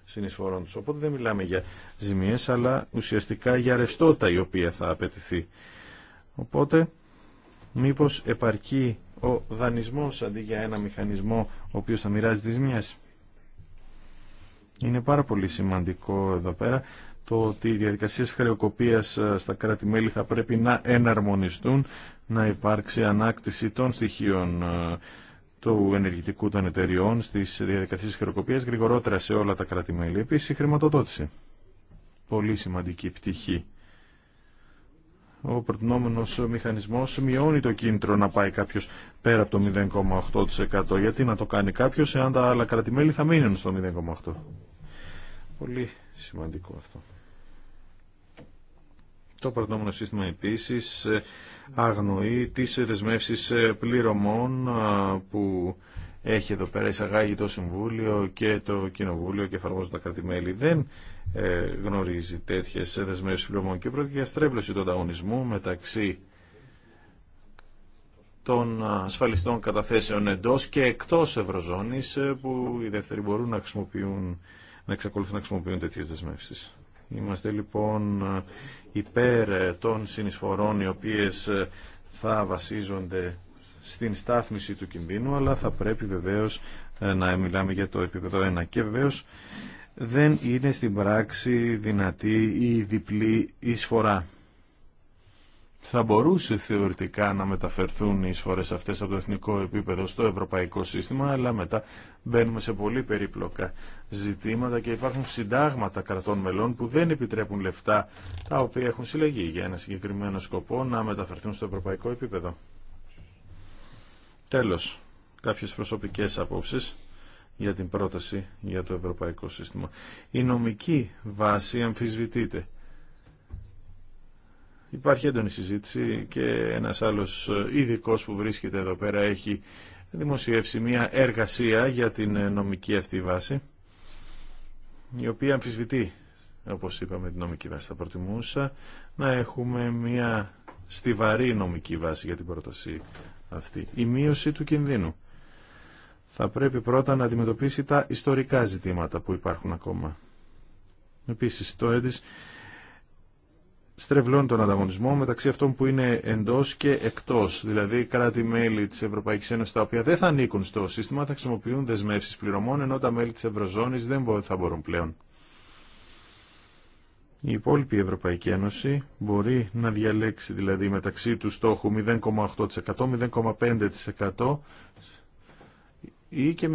συνεισφορών τους. Οπότε δεν μιλάμε για ζημίες, αλλά ουσιαστικά για ρευστότητα η οποία θα απαιτηθεί. Οπότε, μήπως επαρκεί ο δανεισμός αντί για ένα μηχανισμό ο οποίος θα μοιράζει τις ζημιές. Είναι πάρα πολύ σημαντικό εδώ πέρα το ότι οι διαδικασίε χρεοκοπία ε, στα κράτη-μέλη θα πρέπει να εναρμονιστούν, να υπάρξει ανάκτηση των στοιχείων ε, του ενεργητικού των εταιριών στι διαδικασίε χρεοκοπία, γρηγορότερα σε όλα τα κράτη-μέλη. Επίση, η χρηματοδότηση. Πολύ σημαντική πτυχή. Ο προτινόμενο μηχανισμό μειώνει το κίνητρο να πάει κάποιο πέρα από το 0,8%. Γιατί να το κάνει κάποιο εάν τα άλλα κράτη-μέλη θα μείνουν στο 0,8%. Πολύ σημαντικό αυτό. Το παρατηνόμενο σύστημα επίσης ε, αγνοεί τις δεσμεύσεις ε, πληρωμών ε, που έχει εδώ πέρα εισαγάγει το Συμβούλιο και το Κοινοβούλιο και εφαρμόζουν τα κρατημέλη. Δεν γνωρίζει τέτοιε δεσμεύσει πληρωμών και πρόκειται για στρέβλωση του ανταγωνισμού μεταξύ των ασφαλιστών καταθέσεων εντός και εκτός Ευρωζώνης που οι δεύτεροι μπορούν να να εξακολουθούν να χρησιμοποιούν τέτοιε δεσμεύσει. Είμαστε λοιπόν υπέρ ε, των συνεισφορών οι οποίες ε, θα βασίζονται στην στάθμιση του κινδύνου, αλλά θα πρέπει βεβαίως ε, να μιλάμε για το επίπεδο 1. Και βεβαίως δεν είναι στην πράξη δυνατή η διπλή εισφορά θα μπορούσε θεωρητικά να μεταφερθούν οι εισφορές αυτές από το εθνικό επίπεδο στο ευρωπαϊκό σύστημα, αλλά μετά μπαίνουμε σε πολύ περίπλοκα ζητήματα και υπάρχουν συντάγματα κρατών μελών που δεν επιτρέπουν λεφτά τα οποία έχουν συλλεγεί για ένα συγκεκριμένο σκοπό να μεταφερθούν στο ευρωπαϊκό επίπεδο. Τέλος, κάποιες προσωπικές απόψεις για την πρόταση για το ευρωπαϊκό σύστημα. Η νομική βάση αμφισβητείται. Υπάρχει έντονη συζήτηση και ένας άλλος ειδικό που βρίσκεται εδώ πέρα έχει δημοσιεύσει μια εργασία για την νομική αυτή βάση η οποία αμφισβητεί όπως είπαμε την νομική βάση θα προτιμούσα να έχουμε μια στιβαρή νομική βάση για την πρόταση αυτή η μείωση του κινδύνου θα πρέπει πρώτα να αντιμετωπίσει τα ιστορικά ζητήματα που υπάρχουν ακόμα επίσης το έντις στρεβλώνει τον ανταγωνισμό μεταξύ αυτών που είναι εντό και εκτό. δηλαδη δηλαδή κράτη-μέλη τη Ευρωπαϊκή Ένωση τα οποία δεν θα ανήκουν στο σύστημα θα χρησιμοποιούν δεσμεύσει πληρωμών ενώ τα μέλη τη Ευρωζώνης δεν θα μπορούν πλέον. Η υπόλοιπη Ευρωπαϊκή Ένωση μπορεί να διαλέξει δηλαδή μεταξύ του στόχου 0,8%, 0,5% ή και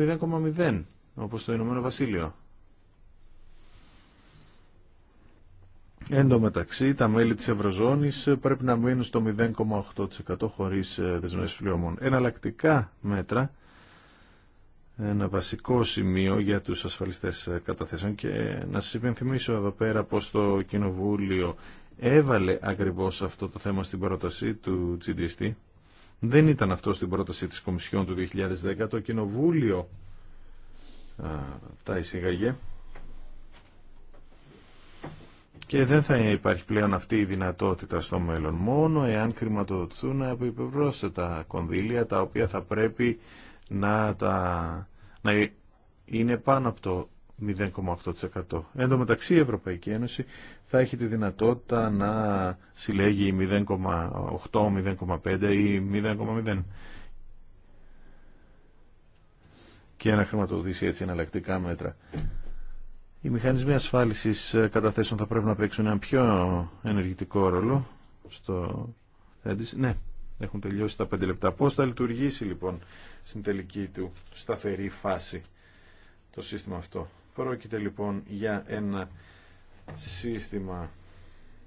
0,0% όπως το Ηνωμένο Βασίλειο. Εν τω μεταξύ, τα μέλη της Ευρωζώνης πρέπει να μείνουν στο 0,8% χωρίς ε, δεσμεύσεις Ένα Εναλλακτικά μέτρα, ένα βασικό σημείο για τους ασφαλιστές ε, καταθέσεων και ε, να σας υπενθυμίσω εδώ πέρα πως το Κοινοβούλιο έβαλε ακριβώς αυτό το θέμα στην πρόταση του GDST. Δεν ήταν αυτό στην πρόταση της Κομισιόν του 2010. Το Κοινοβούλιο τα εισήγαγε και δεν θα υπάρχει πλέον αυτή η δυνατότητα στο μέλλον. Μόνο εάν χρηματοδοτηθούν από επιπρόσθετα κονδύλια τα οποία θα πρέπει να, τα... να είναι πάνω από το 0,8%. Εν τω μεταξύ η Ευρωπαϊκή Ένωση θα έχει τη δυνατότητα να συλλέγει 0,8, 0,5 ή 0,0 και να χρηματοδοτήσει έτσι εναλλακτικά μέτρα. Οι μηχανισμοί ασφάλισης ε, καταθέσεων θα πρέπει να παίξουν έναν πιο ενεργητικό ρόλο στο Ναι, έχουν τελειώσει τα πέντε λεπτά. Πώς θα λειτουργήσει λοιπόν στην τελική του σταθερή φάση το σύστημα αυτό. Πρόκειται λοιπόν για ένα σύστημα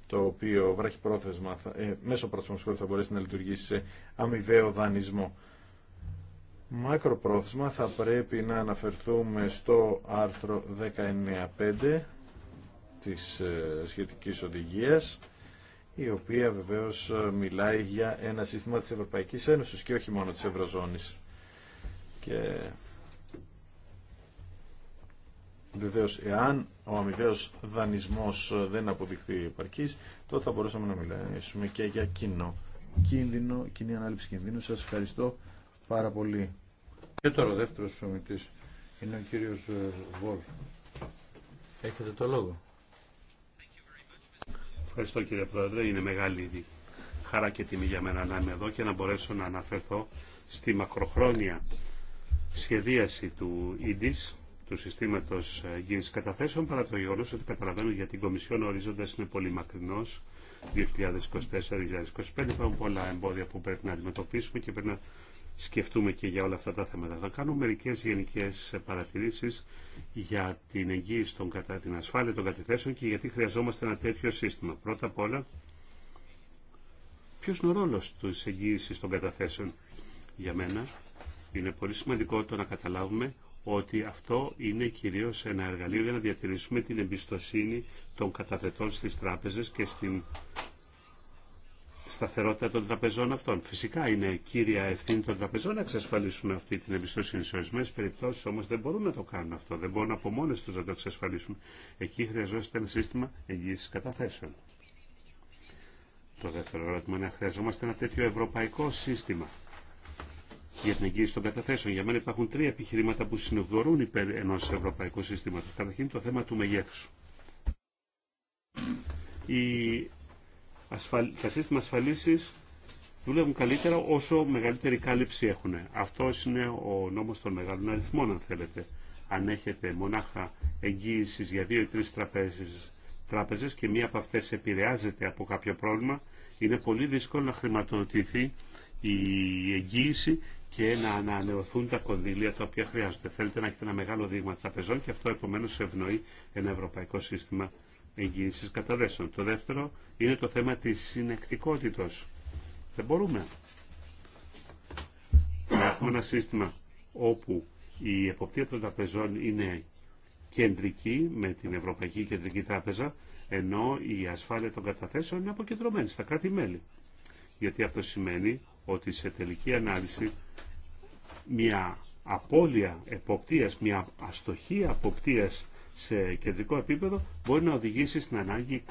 το οποίο βράχει πρόθεσμα, ε, μέσω πρόθεσμα θα μπορέσει να λειτουργήσει σε αμοιβαίο δανεισμό. Μακροπρόθεσμα θα πρέπει να αναφερθούμε στο άρθρο 19.5 της ε, σχετικής οδηγίας η οποία βεβαίως ε, μιλάει για ένα σύστημα της Ευρωπαϊκής Ένωσης και όχι μόνο της Ευρωζώνης. Και βεβαίως εάν ο αμοιβαίος δανεισμός ε, δεν αποδειχθεί επαρκής τότε θα μπορούσαμε να μιλήσουμε και για κοινό κίνδυνο, κοινή ανάληψη κινδύνου. Σας ευχαριστώ πάρα πολύ. Και τώρα ο δεύτερος σωμητής είναι ο κύριος ε, Βόλ. Έχετε το λόγο. Ευχαριστώ κύριε Πρόεδρε. Είναι μεγάλη χαρά και τιμή για μένα να είμαι εδώ και να μπορέσω να αναφερθώ στη μακροχρόνια σχεδίαση του ΙΝΤΙΣ, του συστήματος ε, γίνησης καταθέσεων, παρά το γεγονό ότι καταλαβαίνω για την Κομισιόν ορίζοντας είναι πολύ μακρινός, 2024-2025 υπάρχουν πολλά εμπόδια που πρέπει να αντιμετωπίσουμε και πρέπει να σκεφτούμε και για όλα αυτά τα θέματα. Θα κάνω μερικέ γενικέ παρατηρήσει για την εγγύηση, των, κατά την ασφάλεια των κατηθέσεων και γιατί χρειαζόμαστε ένα τέτοιο σύστημα. Πρώτα απ' όλα, ποιο είναι ο ρόλο τη εγγύηση των καταθέσεων για μένα. Είναι πολύ σημαντικό το να καταλάβουμε ότι αυτό είναι κυρίως ένα εργαλείο για να διατηρήσουμε την εμπιστοσύνη των καταθετών στις τράπεζες και στην σταθερότητα των τραπεζών αυτών. Φυσικά είναι κύρια ευθύνη των τραπεζών να εξασφαλίσουν αυτή την εμπιστοσύνη. Σε ορισμένε περιπτώσει όμω δεν μπορούν να το κάνουν αυτό. Δεν μπορούν από μόνε του να το εξασφαλίσουν. Εκεί χρειαζόμαστε ένα σύστημα εγγύηση καταθέσεων. Το δεύτερο ερώτημα είναι να χρειαζόμαστε ένα τέτοιο ευρωπαϊκό σύστημα για την εγγύηση των καταθέσεων. Για μένα υπάρχουν τρία επιχειρήματα που συνοδορούν υπέρ ενό ευρωπαϊκού συστήματο. Καταρχήν το θέμα του μεγέθου. Η τα σύστημα ασφαλίσεις δουλεύουν καλύτερα όσο μεγαλύτερη κάλυψη έχουν. Αυτό είναι ο νόμος των μεγάλων αριθμών, αν θέλετε. Αν έχετε μονάχα εγγύηση για δύο ή τρεις τραπέζες, τράπεζες και μία από αυτές επηρεάζεται από κάποιο πρόβλημα, είναι πολύ δύσκολο να χρηματοδοτηθεί η εγγύηση και να ανανεωθούν τα κονδύλια τα οποία χρειάζονται. Θέλετε να έχετε ένα μεγάλο δείγμα τραπεζών και αυτό επομένως ευνοεί ένα ευρωπαϊκό σύστημα εγγύησης καταδέσεων. Το δεύτερο είναι το θέμα της συνεκτικότητας. Δεν μπορούμε να έχουμε ένα σύστημα όπου η εποπτεία των τραπεζών είναι κεντρική με την Ευρωπαϊκή Κεντρική Τράπεζα, ενώ η ασφάλεια των καταθέσεων είναι αποκεντρωμένη στα κράτη-μέλη. Γιατί αυτό σημαίνει ότι σε τελική ανάλυση μια απώλεια εποπτείας, μια αστοχή εποπτείας σε κεντρικό επίπεδο μπορεί να οδηγήσει στην ανάγκη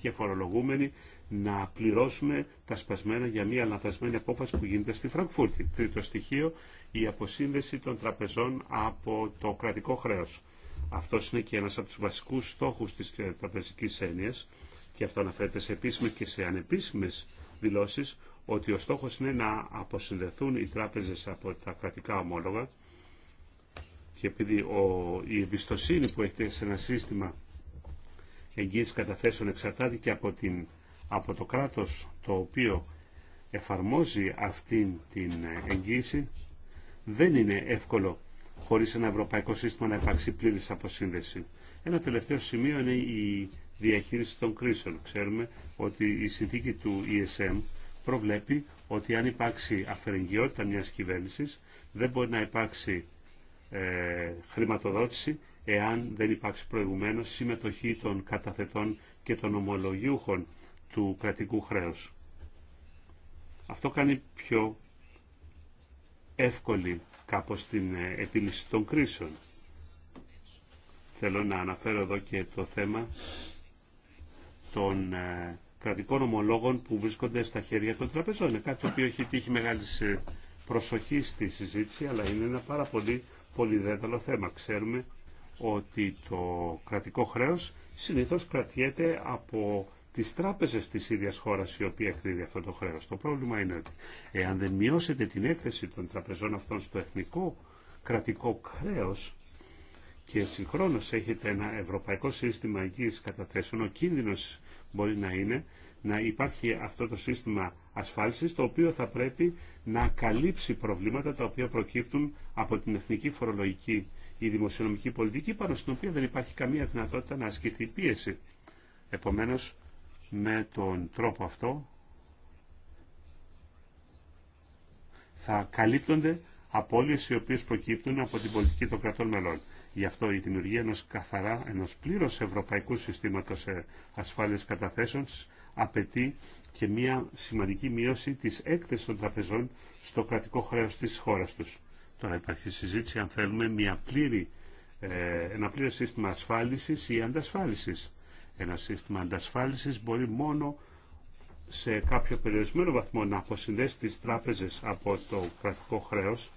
και φορολογούμενοι να πληρώσουμε τα σπασμένα για μια λανθασμένη απόφαση που γίνεται στη Φραγκφούρτη. Τρίτο στοιχείο, η αποσύνδεση των τραπεζών από το κρατικό χρέος. Αυτό είναι και ένας από τους βασικούς στόχους της τραπεζικής έννοιας και αυτό αναφέρεται σε επίσημες και σε ανεπίσημες δηλώσεις ότι ο στόχος είναι να αποσυνδεθούν οι τράπεζες από τα κρατικά ομόλογα και επειδή η εμπιστοσύνη που έχετε σε ένα σύστημα εγγύησης καταθέσεων εξαρτάται και από, την, από το κράτος το οποίο εφαρμόζει αυτήν την εγγύηση, δεν είναι εύκολο χωρίς ένα ευρωπαϊκό σύστημα να υπάρξει πλήρης αποσύνδεση. Ένα τελευταίο σημείο είναι η διαχείριση των κρίσεων. Ξέρουμε ότι η συνθήκη του ESM προβλέπει ότι αν υπάρξει αφαιρεγγιότητα μιας κυβέρνησης δεν μπορεί να υπάρξει ε, χρηματοδότηση εάν δεν υπάρξει προηγουμένως συμμετοχή των καταθετών και των ομολογιούχων του κρατικού χρέους. Αυτό κάνει πιο εύκολη κάπως την ε, επίλυση των κρίσεων. Θέλω να αναφέρω εδώ και το θέμα των ε, κρατικών ομολόγων που βρίσκονται στα χέρια των τραπεζών. Είναι κάτι το οποίο έχει τύχει μεγάλη ε, προσοχή στη συζήτηση, αλλά είναι ένα πάρα πολύ Πολυδέταλο θέμα. Ξέρουμε ότι το κρατικό χρέος συνήθως κρατιέται από τις τράπεζες της ίδιας χώρας η οποία εκδίδει αυτό το χρέος. Το πρόβλημα είναι ότι εάν δεν μειώσετε την έκθεση των τραπεζών αυτών στο εθνικό κρατικό χρέος και συγχρόνως έχετε ένα ευρωπαϊκό σύστημα υγιής καταθέσεων, ο κίνδυνος μπορεί να είναι να υπάρχει αυτό το σύστημα ασφάλισης το οποίο θα πρέπει να καλύψει προβλήματα τα οποία προκύπτουν από την εθνική φορολογική ή δημοσιονομική πολιτική πάνω στην οποία δεν υπάρχει καμία δυνατότητα να ασκηθεί πίεση. Επομένως, με τον τρόπο αυτό θα καλύπτονται απώλειες οι οποίες προκύπτουν από την πολιτική των κρατών μελών. Γι' αυτό η δημιουργία ενός καθαρά, ενός πλήρως ευρωπαϊκού συστήματος ε, ασφάλειας καταθέσεων απαιτεί και μια σημαντική μείωση της έκθεσης των τραπεζών στο κρατικό χρέος της χώρας τους. Τώρα υπάρχει συζήτηση αν θέλουμε μια πλήρη, ε, ένα πλήρες σύστημα ασφάλισης ή αντασφάλισης. Ένα σύστημα αντασφάλισης μπορεί μόνο σε κάποιο περιορισμένο βαθμό να αποσυνδέσει τις τράπεζες από το κρατικό χρέος,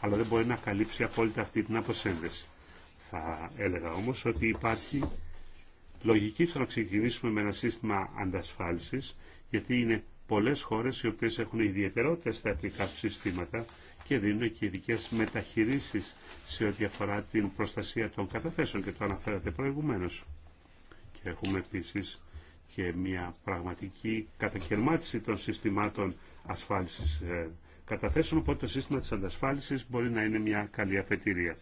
αλλά δεν μπορεί να καλύψει απόλυτα αυτή την αποσύνδεση. Θα έλεγα όμως ότι υπάρχει λογική θα να ξεκινήσουμε με ένα σύστημα αντασφάλισης, γιατί είναι πολλές χώρες οι οποίες έχουν ιδιαιτερότητε στα εθνικά συστήματα και δίνουν και ειδικέ μεταχειρήσεις σε ό,τι αφορά την προστασία των καταθέσεων και το αναφέρατε προηγουμένως. Και έχουμε επίσης και μια πραγματική κατακαιρμάτιση των συστημάτων ασφάλισης ε, καταθέσεων, οπότε το σύστημα της αντασφάλισης μπορεί να είναι μια καλή αφετηρία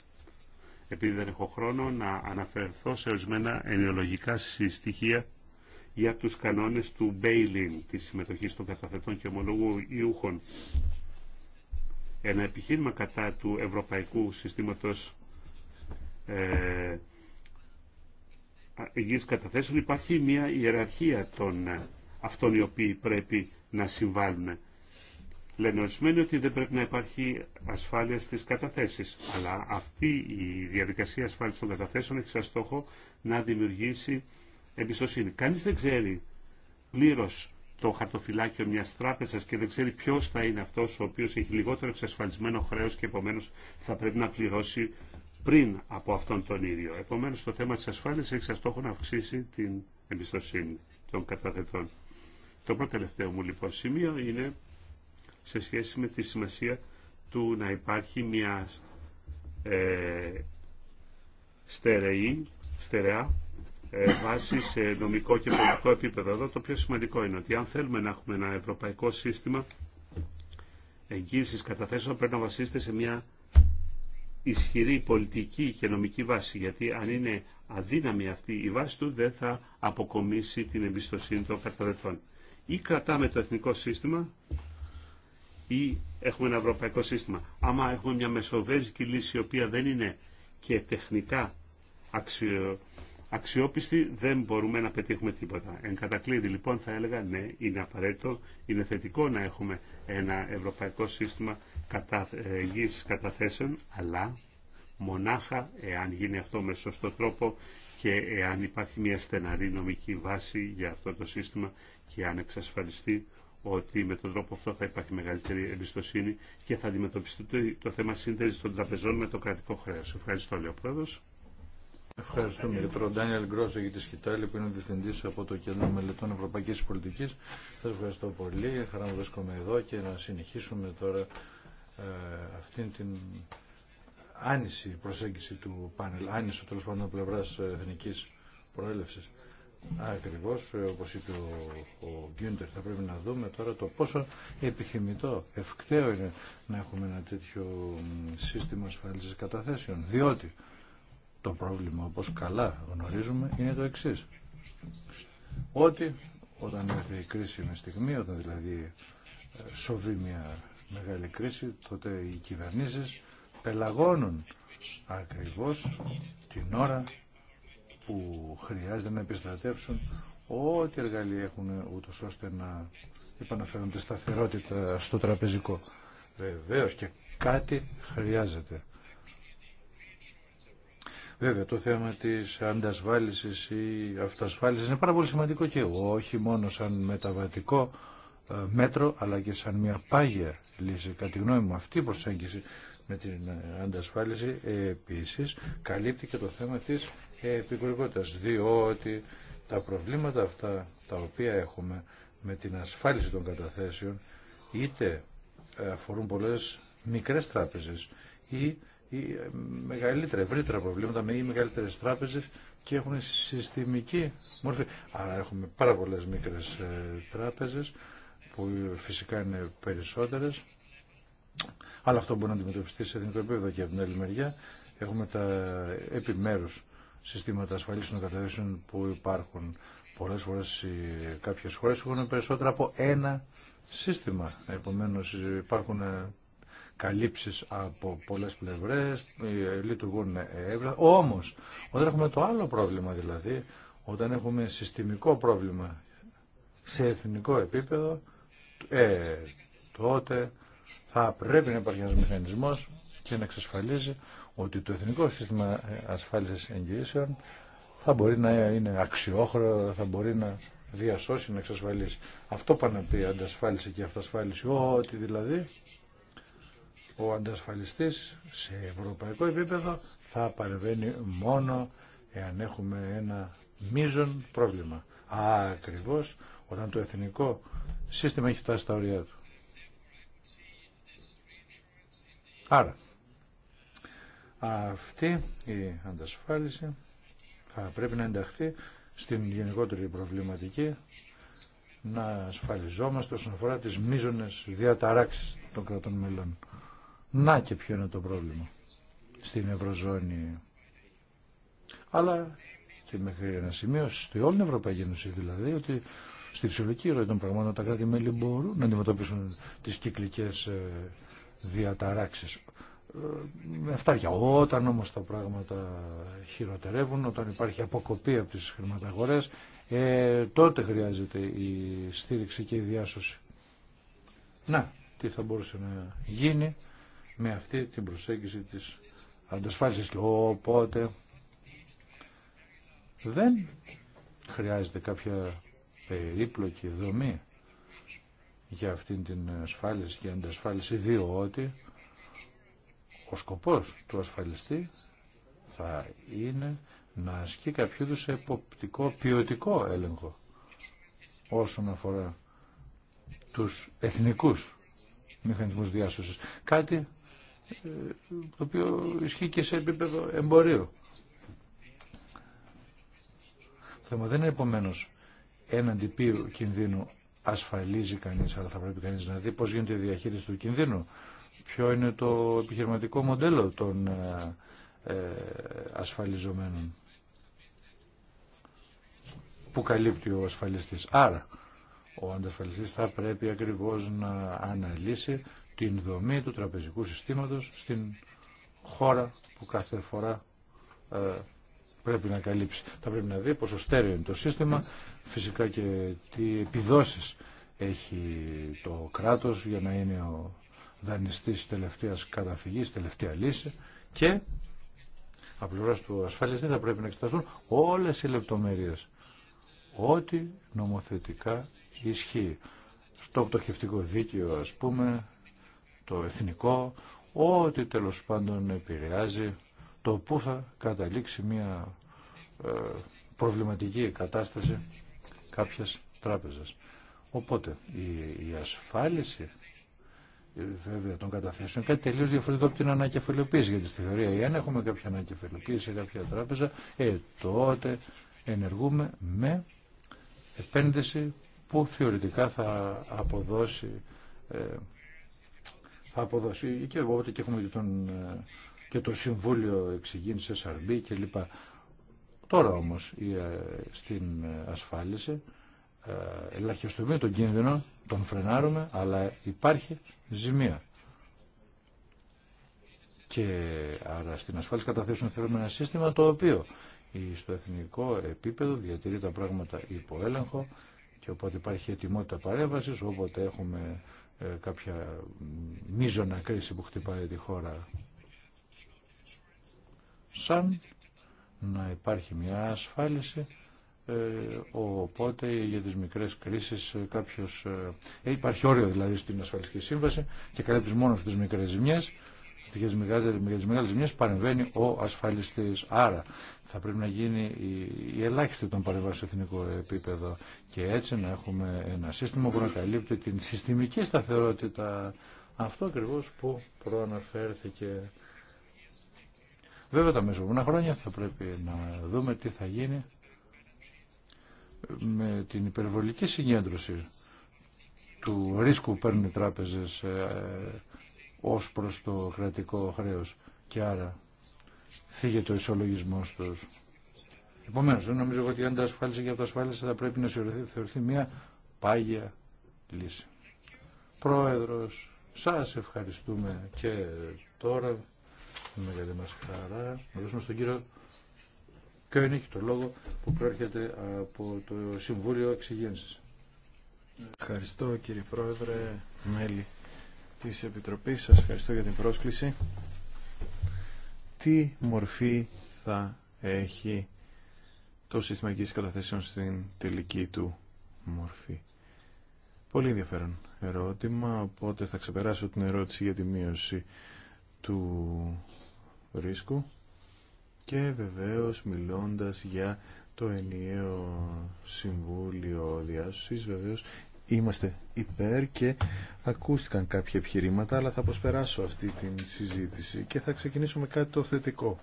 επειδή δεν έχω χρόνο, να αναφερθώ σε ορισμένα ενοιολογικά στοιχεία για τους κανόνες του Μπέιλιν, της συμμετοχής των καταθετών και ομολόγου ιούχων. Ένα επιχείρημα κατά του ευρωπαϊκού συστήματος ε, καταθέσεων υπάρχει μια ιεραρχία των ε, αυτών οι οποίοι πρέπει να συμβάλλουν. Λένε ορισμένοι ότι δεν πρέπει να υπάρχει ασφάλεια στις καταθέσεις, αλλά αυτή η διαδικασία ασφάλειας των καταθέσεων έχει σαν στόχο να δημιουργήσει εμπιστοσύνη. Κανείς δεν ξέρει πλήρω το χαρτοφυλάκιο μιας τράπεζας και δεν ξέρει ποιος θα είναι αυτός ο οποίος έχει λιγότερο εξασφαλισμένο χρέος και επομένως θα πρέπει να πληρώσει πριν από αυτόν τον ίδιο. Επομένως το θέμα της ασφάλειας έχει σαν στόχο να αυξήσει την εμπιστοσύνη των καταθετών. Το πρώτο τελευταίο μου λοιπόν σημείο είναι σε σχέση με τη σημασία του να υπάρχει μια ε, στερεή, στερεά ε, βάση σε νομικό και πολιτικό επίπεδο. Εδώ το πιο σημαντικό είναι ότι αν θέλουμε να έχουμε ένα ευρωπαϊκό σύστημα εγγύησης καταθέσεων πρέπει να βασίζεται σε μια ισχυρή πολιτική και νομική βάση, γιατί αν είναι αδύναμη αυτή η βάση του, δεν θα αποκομίσει την εμπιστοσύνη των καταδετών. Ή κρατάμε το εθνικό σύστημα ή έχουμε ένα ευρωπαϊκό σύστημα. Άμα έχουμε μια μεσοβέζικη λύση η οποία δεν είναι και τεχνικά αξιο... αξιόπιστη, δεν μπορούμε να πετύχουμε τίποτα. Εν κατακλείδη λοιπόν θα έλεγα ναι, είναι απαραίτητο, είναι θετικό να έχουμε ένα ευρωπαϊκό σύστημα κατα... εγγύησης καταθέσεων, αλλά μονάχα εάν γίνει αυτό με σωστό τρόπο και εάν υπάρχει μια μεσοβεζικη λυση η οποια δεν ειναι και τεχνικα αξιοπιστη δεν μπορουμε να πετυχουμε τιποτα εν κατακλειδη λοιπον θα ελεγα ναι ειναι απαραιτητο ειναι θετικο να εχουμε ενα ευρωπαικο συστημα κατα βάση για αυτό το σύστημα και αν εξασφαλιστεί ότι με τον τρόπο αυτό θα υπάρχει μεγαλύτερη εμπιστοσύνη και θα αντιμετωπιστεί το θέμα σύνδεση των τραπεζών με το κρατικό χρέο. Ευχαριστώ, λέει ο πρόεδρο. Ευχαριστούμε τον Ντάνιελ Γκρόζο για τη Σκητάλη που είναι διευθυντή από το Κέντρο Μελετών Ευρωπαϊκή Πολιτική. Σα ευχαριστώ πολύ. Χαρά βρίσκομαι εδώ και να συνεχίσουμε τώρα ε, αυτήν την άνηση προσέγγιση του πάνελ, Άνηση, τέλο πάντων πλευρά ε, εθνική προέλευση. Ακριβώς, ε, όπω είπε ο, ο Γκίντερ, θα πρέπει να δούμε τώρα το πόσο επιθυμητό, ευκταίο είναι να έχουμε ένα τέτοιο σύστημα ασφάλιση καταθέσεων. Διότι το πρόβλημα, όπως καλά γνωρίζουμε, είναι το εξής. Ότι όταν έρθει η με στιγμή, όταν δηλαδή ε, σοβεί μια μεγάλη κρίση, τότε οι κυβερνήσεις πελαγώνουν ακριβώ την ώρα που χρειάζεται να επιστρατεύσουν ό,τι εργαλεία έχουν ούτω ώστε να επαναφέρονται σταθερότητα στο τραπεζικό. Βεβαίω, και κάτι χρειάζεται. Βέβαια, το θέμα της αντασφάλιση ή αυτασφάλιση είναι πάρα πολύ σημαντικό και όχι μόνο σαν μεταβατικό ε, μέτρο, αλλά και σαν μια πάγια λύση. Κατά τη γνώμη μου αυτή η προσέγγιση με την αντασφάλιση επίσης καλύπτει και το θέμα της επικουρικότητας διότι τα προβλήματα αυτά τα οποία έχουμε με την ασφάλιση των καταθέσεων είτε αφορούν πολλές μικρές τράπεζες ή, μεγαλύτερα, ευρύτερα προβλήματα με ή μεγαλύτερες τράπεζες και έχουν συστημική μόρφη. Άρα έχουμε πάρα πολλές μικρές ε, τράπεζες που φυσικά είναι περισσότερες αλλά αυτό μπορεί να αντιμετωπιστεί σε εθνικό επίπεδο και από την άλλη μεριά έχουμε τα επιμέρου συστήματα ασφαλής των καταθέσεων που υπάρχουν πολλές φορές κάποιες χώρες έχουν περισσότερα από ένα σύστημα. Επομένως υπάρχουν ε, καλύψεις από πολλές πλευρές, ε, λειτουργούν έβρα. Όμως, όταν έχουμε το άλλο πρόβλημα δηλαδή, όταν έχουμε συστημικό πρόβλημα σε εθνικό επίπεδο, ε, τότε θα πρέπει να υπάρχει ένας μηχανισμός και να εξασφαλίζει ότι το Εθνικό Σύστημα Ασφάλισης Εγγυήσεων θα μπορεί να είναι αξιόχρονο, θα μπορεί να διασώσει, να εξασφαλίσει. Αυτό πάνε να πει αντασφάλιση και αυτασφάλιση. Ότι δηλαδή ο αντασφαλιστής σε ευρωπαϊκό επίπεδο θα παρεμβαίνει μόνο εάν έχουμε ένα μείζον πρόβλημα. Ακριβώς όταν το εθνικό σύστημα έχει φτάσει στα ωριά του. Άρα, αυτή η αντασφάλιση θα πρέπει να ενταχθεί στην γενικότερη προβληματική να ασφαλιζόμαστε όσον αφορά τις μείζονες διαταράξεις των κρατών μελών. Να και ποιο είναι το πρόβλημα στην Ευρωζώνη. Αλλά και μέχρι ένα σημείο στη όλη Ευρωπαϊκή Ένωση δηλαδή ότι στη φυσιολογική ροή των πραγμάτων τα κράτη-μέλη μπορούν να αντιμετωπίσουν τις κυκλικές ε, διαταράξεις. Ε, με αυτά για όταν όμως τα πράγματα χειροτερεύουν, όταν υπάρχει αποκοπή από τις χρηματαγορές, ε, τότε χρειάζεται η στήριξη και η διάσωση. Να, τι θα μπορούσε να γίνει με αυτή την προσέγγιση της αντασφάλισης και οπότε δεν χρειάζεται κάποια περίπλοκη δομή για αυτήν την ασφάλιση και αντασφάλιση διότι ο σκοπός του ασφαλιστή θα είναι να ασκεί κάποιο είδου εποπτικό ποιοτικό έλεγχο όσον αφορά τους εθνικούς μηχανισμούς διάσωσης. Κάτι ε, το οποίο ισχύει και σε επίπεδο εμπορίου. Το θέμα δεν είναι επομένως έναντι ποιου κινδύνου ασφαλίζει κανείς, αλλά θα πρέπει κανείς να δει πώς γίνεται η διαχείριση του κινδύνου. Ποιο είναι το επιχειρηματικό μοντέλο των ε, ε, ασφαλιζομένων που καλύπτει ο ασφαλιστής. Άρα, ο αντασφαλιστής θα πρέπει ακριβώς να αναλύσει την δομή του τραπεζικού συστήματος στην χώρα που κάθε φορά ε, πρέπει να καλύψει. Θα πρέπει να δει πόσο στέρεο είναι το σύστημα, φυσικά και τι επιδόσεις έχει το κράτος για να είναι ο δανειστής τελευταίας καταφυγής, τελευταία λύση και από του ασφαλιστή θα πρέπει να εξεταστούν όλες οι λεπτομέρειες. Ό,τι νομοθετικά ισχύει. Στο πτωχευτικό δίκαιο ας πούμε, το εθνικό, ό,τι τέλος πάντων επηρεάζει το πού θα καταλήξει μια ε, προβληματική κατάσταση κάποιας τράπεζας. Οπότε η, ασφάλιση ε, βέβαια των καταθέσεων είναι κάτι τελείως διαφορετικό από την ανακεφαλαιοποίηση γιατί στη θεωρία εάν έχουμε κάποια ανακεφαλαιοποίηση σε κάποια τράπεζα ε, τότε ενεργούμε με επένδυση που θεωρητικά θα αποδώσει ε, θα αποδώσει και εγώ και έχουμε και τον και το Συμβούλιο Σαρμπή και λοιπά. Τώρα όμως ε, στην ασφάλιση ε, ελαχιστούμε τον κίνδυνο, τον φρενάρουμε, αλλά υπάρχει ζημία. Και άρα στην ασφάλιση καταθέσουμε θέλουμε ένα σύστημα το οποίο στο εθνικό επίπεδο διατηρεί τα πράγματα υπό έλεγχο και οπότε υπάρχει ετοιμότητα παρέμβαση όποτε έχουμε ε, κάποια μίζωνα κρίση που χτυπάει τη χώρα σαν να υπάρχει μια ασφάλιση ε, οπότε για τις μικρές κρίσεις ε, κάποιος, ε, ε, υπάρχει όριο δηλαδή στην ασφαλιστική σύμβαση και καλύπτεις μόνο στις μικρές ζημιές για τις μεγάλες ζημιές παρεμβαίνει ο ασφαλιστής. Άρα θα πρέπει να γίνει η, η ελάχιστη των παρεμβάσεων σε εθνικό επίπεδο και έτσι να έχουμε ένα σύστημα που να καλύπτει την συστημική σταθερότητα αυτό ακριβώ που προαναφέρθηκε. Βέβαια τα μεσοβούνα χρόνια θα πρέπει να δούμε τι θα γίνει με την υπερβολική συγκέντρωση του ρίσκου που παίρνουν οι τράπεζες ε, ως προς το κρατικό χρέος και άρα θίγεται το ισολογισμός τους. Επομένως, δεν νομίζω ότι αν τα ασφάλισε και από τα ασφάλισε θα πρέπει να θεωρηθεί μια πάγια λύση. Πρόεδρος, σας ευχαριστούμε και τώρα για μεγάλη μας χαρά να δώσουμε στον κύριο το λόγο που προέρχεται από το Συμβούλιο Εξυγένσης. Ευχαριστώ κύριε Πρόεδρε, μέλη της Επιτροπής. Σας ευχαριστώ για την πρόσκληση. Τι μορφή θα έχει το σύστημα εγγύησης καταθέσεων στην τελική του μορφή. Πολύ ενδιαφέρον ερώτημα, οπότε θα ξεπεράσω την ερώτηση για τη μείωση του ρίσκου και βεβαίως μιλώντας για το ενιαίο Συμβούλιο Διάσωσης βεβαίως είμαστε υπέρ και ακούστηκαν κάποια επιχειρήματα αλλά θα προσπεράσω αυτή την συζήτηση και θα ξεκινήσω με κάτι το θετικό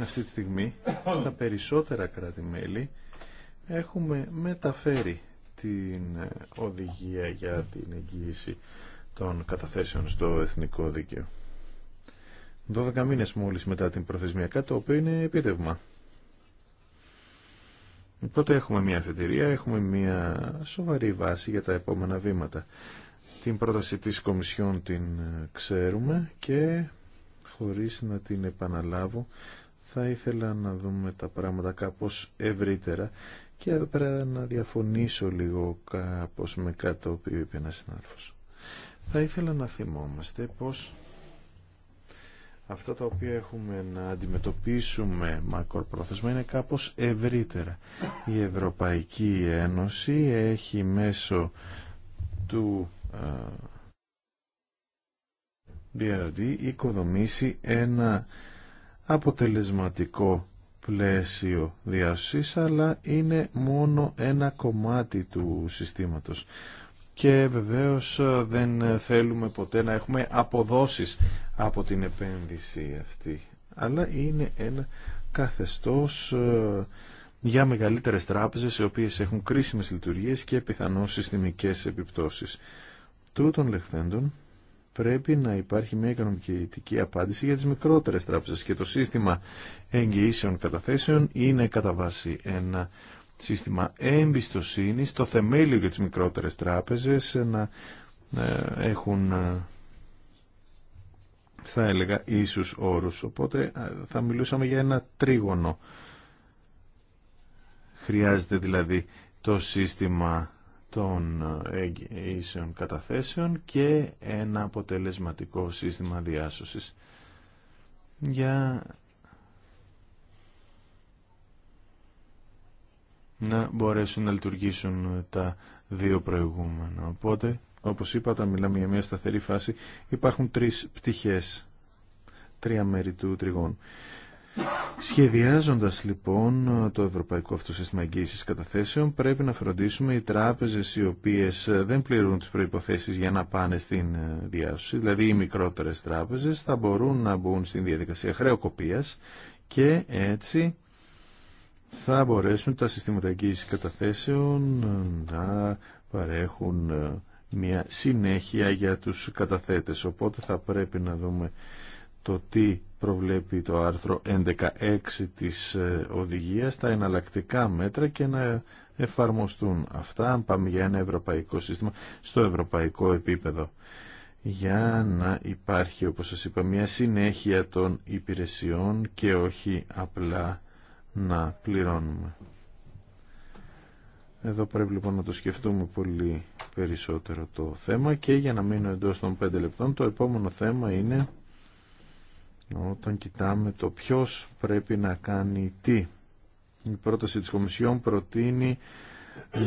αυτή τη στιγμή στα περισσότερα κράτη-μέλη έχουμε μεταφέρει την ε, οδηγία για την εγγύηση των καταθέσεων στο εθνικό δίκαιο. 12 μήνες μόλις μετά την προθεσμιακά, το οποίο είναι επίτευγμα. Οπότε έχουμε μια αφετηρία, έχουμε μια σοβαρή βάση για τα επόμενα βήματα. Την πρόταση της Κομισιόν την ξέρουμε και χωρίς να την επαναλάβω θα ήθελα να δούμε τα πράγματα κάπως ευρύτερα και εδώ να διαφωνήσω λίγο κάπως με κάτι το οποίο είπε ένας θα ήθελα να θυμόμαστε πως αυτά τα οποία έχουμε να αντιμετωπίσουμε μακροπρόθεσμα είναι κάπως ευρύτερα. Η Ευρωπαϊκή Ένωση έχει μέσω του BRD οικοδομήσει ένα αποτελεσματικό πλαίσιο διάσωσης αλλά είναι μόνο ένα κομμάτι του συστήματος και βεβαίως ε, δεν θέλουμε ποτέ να έχουμε αποδόσεις από την επένδυση αυτή. Αλλά είναι ένα καθεστώς ε, για μεγαλύτερες τράπεζες οι οποίες έχουν κρίσιμες λειτουργίες και πιθανώς συστημικές επιπτώσεις. Τούτων λεχθέντων πρέπει να υπάρχει μια οικονομική απάντηση για τις μικρότερες τράπεζες και το σύστημα εγγυήσεων καταθέσεων είναι κατά βάση ένα σύστημα εμπιστοσύνης, το θεμέλιο για τις μικρότερες τράπεζες να ε, έχουν ε, θα έλεγα ίσους όρους οπότε ε, θα μιλούσαμε για ένα τρίγωνο χρειάζεται δηλαδή το σύστημα των ίσεων καταθέσεων και ένα αποτελεσματικό σύστημα διάσωσης για να μπορέσουν να λειτουργήσουν τα δύο προηγούμενα. Οπότε, όπως είπα, όταν μιλάμε για μια σταθερή φάση, υπάρχουν τρεις πτυχές, τρία μέρη του τριγών. Σχεδιάζοντας λοιπόν το Ευρωπαϊκό Αυτοσύστημα Εγγύησης Καταθέσεων πρέπει να φροντίσουμε οι τράπεζες οι οποίες δεν πληρούν τις προϋποθέσεις για να πάνε στην ε, διάσωση, δηλαδή οι μικρότερες τράπεζες θα μπορούν να μπουν στην διαδικασία χρεοκοπία και έτσι θα μπορέσουν τα συστήματα εγγύηση καταθέσεων ε, να παρέχουν ε, μια συνέχεια για τους καταθέτες. Οπότε θα πρέπει να δούμε το τι προβλέπει το άρθρο 11.6 της ε, οδηγίας, τα εναλλακτικά μέτρα και να εφαρμοστούν αυτά, αν πάμε για ένα ευρωπαϊκό σύστημα, στο ευρωπαϊκό επίπεδο. Για να υπάρχει, όπως σας είπα, μια συνέχεια των υπηρεσιών και όχι απλά να πληρώνουμε. Εδώ πρέπει λοιπόν να το σκεφτούμε πολύ περισσότερο το θέμα και για να μείνω εντός των πέντε λεπτών το επόμενο θέμα είναι όταν κοιτάμε το ποιος πρέπει να κάνει τι. Η πρόταση της Κομισιόν προτείνει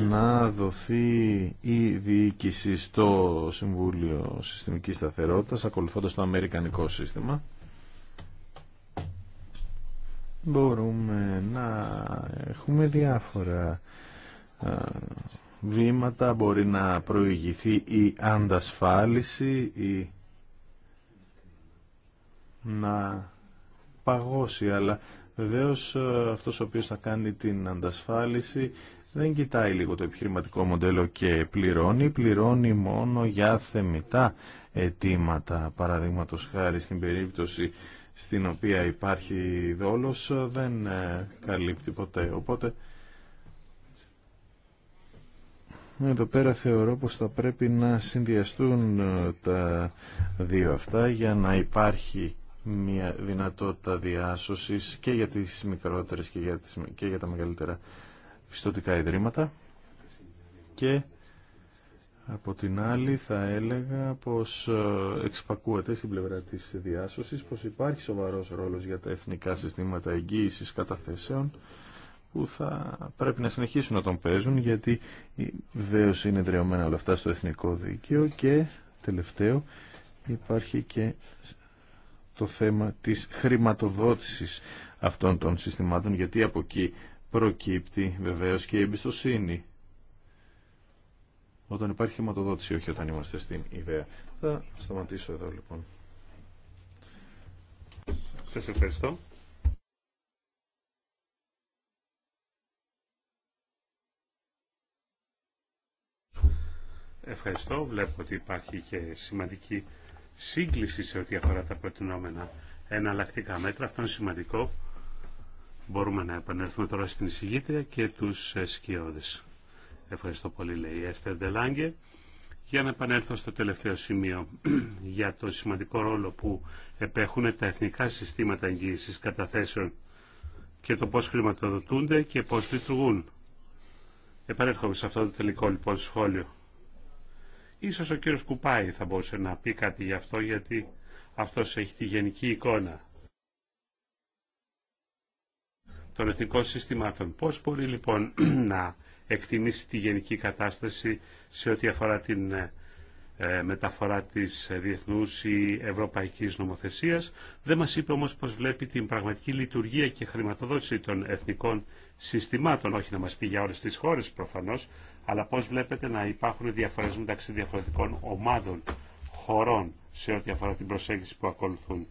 να δοθεί η διοίκηση στο Συμβούλιο Συστημικής Σταθερότητας ακολουθώντας το Αμερικανικό σύστημα μπορούμε να έχουμε διάφορα βήματα, μπορεί να προηγηθεί η αντασφάλιση ή να παγώσει, αλλά βεβαίως αυτός ο οποίος θα κάνει την αντασφάλιση δεν κοιτάει λίγο το επιχειρηματικό μοντέλο και πληρώνει, πληρώνει μόνο για θεμητά αιτήματα, παραδείγματος χάρη στην περίπτωση στην οποία υπάρχει δόλος ε, δεν ε, καλύπτει ποτέ. Οπότε εδώ πέρα θεωρώ πως θα πρέπει να συνδυαστούν ε, τα δύο αυτά για να υπάρχει μια δυνατότητα διάσωσης και για τις μικρότερες και για, και για τα μεγαλύτερα πιστωτικά ιδρύματα και από την άλλη θα έλεγα πως ε, εξπακούεται στην πλευρά της διάσωσης πως υπάρχει σοβαρός ρόλος για τα εθνικά συστήματα εγγύησης καταθέσεων που θα πρέπει να συνεχίσουν να τον παίζουν γιατί βεβαίω είναι δρεωμένα όλα αυτά στο εθνικό δίκαιο και τελευταίο υπάρχει και το θέμα της χρηματοδότησης αυτών των συστημάτων γιατί από εκεί προκύπτει βεβαίως και η εμπιστοσύνη όταν υπάρχει χρηματοδότηση, όχι όταν είμαστε στην ιδέα. Θα σταματήσω εδώ λοιπόν. Σας ευχαριστώ. Ευχαριστώ. Βλέπω ότι υπάρχει και σημαντική σύγκληση σε ό,τι αφορά τα προτινόμενα εναλλακτικά μέτρα. Αυτό είναι σημαντικό. Μπορούμε να επανέλθουμε τώρα στην εισηγήτρια και τους σκιώδες. Ευχαριστώ πολύ, λέει η Έστερ Ντελάγκε. Για να επανέλθω στο τελευταίο σημείο <clears throat> για το σημαντικό ρόλο που επέχουν τα εθνικά συστήματα εγγύησης καταθέσεων και το πώς χρηματοδοτούνται και πώς λειτουργούν. Επανέρχομαι σε αυτό το τελικό λοιπόν σχόλιο. Ίσως ο κύριος Κουπάη θα μπορούσε να πει κάτι γι' αυτό γιατί αυτός έχει τη γενική εικόνα των εθνικών συστημάτων. Πώς μπορεί λοιπόν <clears throat> να εκτιμήσει τη γενική κατάσταση σε ό,τι αφορά την ε, ε, μεταφορά της ε, διεθνούς ή ευρωπαϊκής νομοθεσίας. Δεν μας είπε όμως πως βλέπει την πραγματική λειτουργία και χρηματοδότηση των εθνικών συστημάτων, όχι να μας πει για όλες τις χώρες προφανώς, αλλά πώς βλέπετε να υπάρχουν διαφορές μεταξύ διαφορετικών ομάδων χωρών σε ό,τι αφορά την προσέγγιση που ακολουθούν.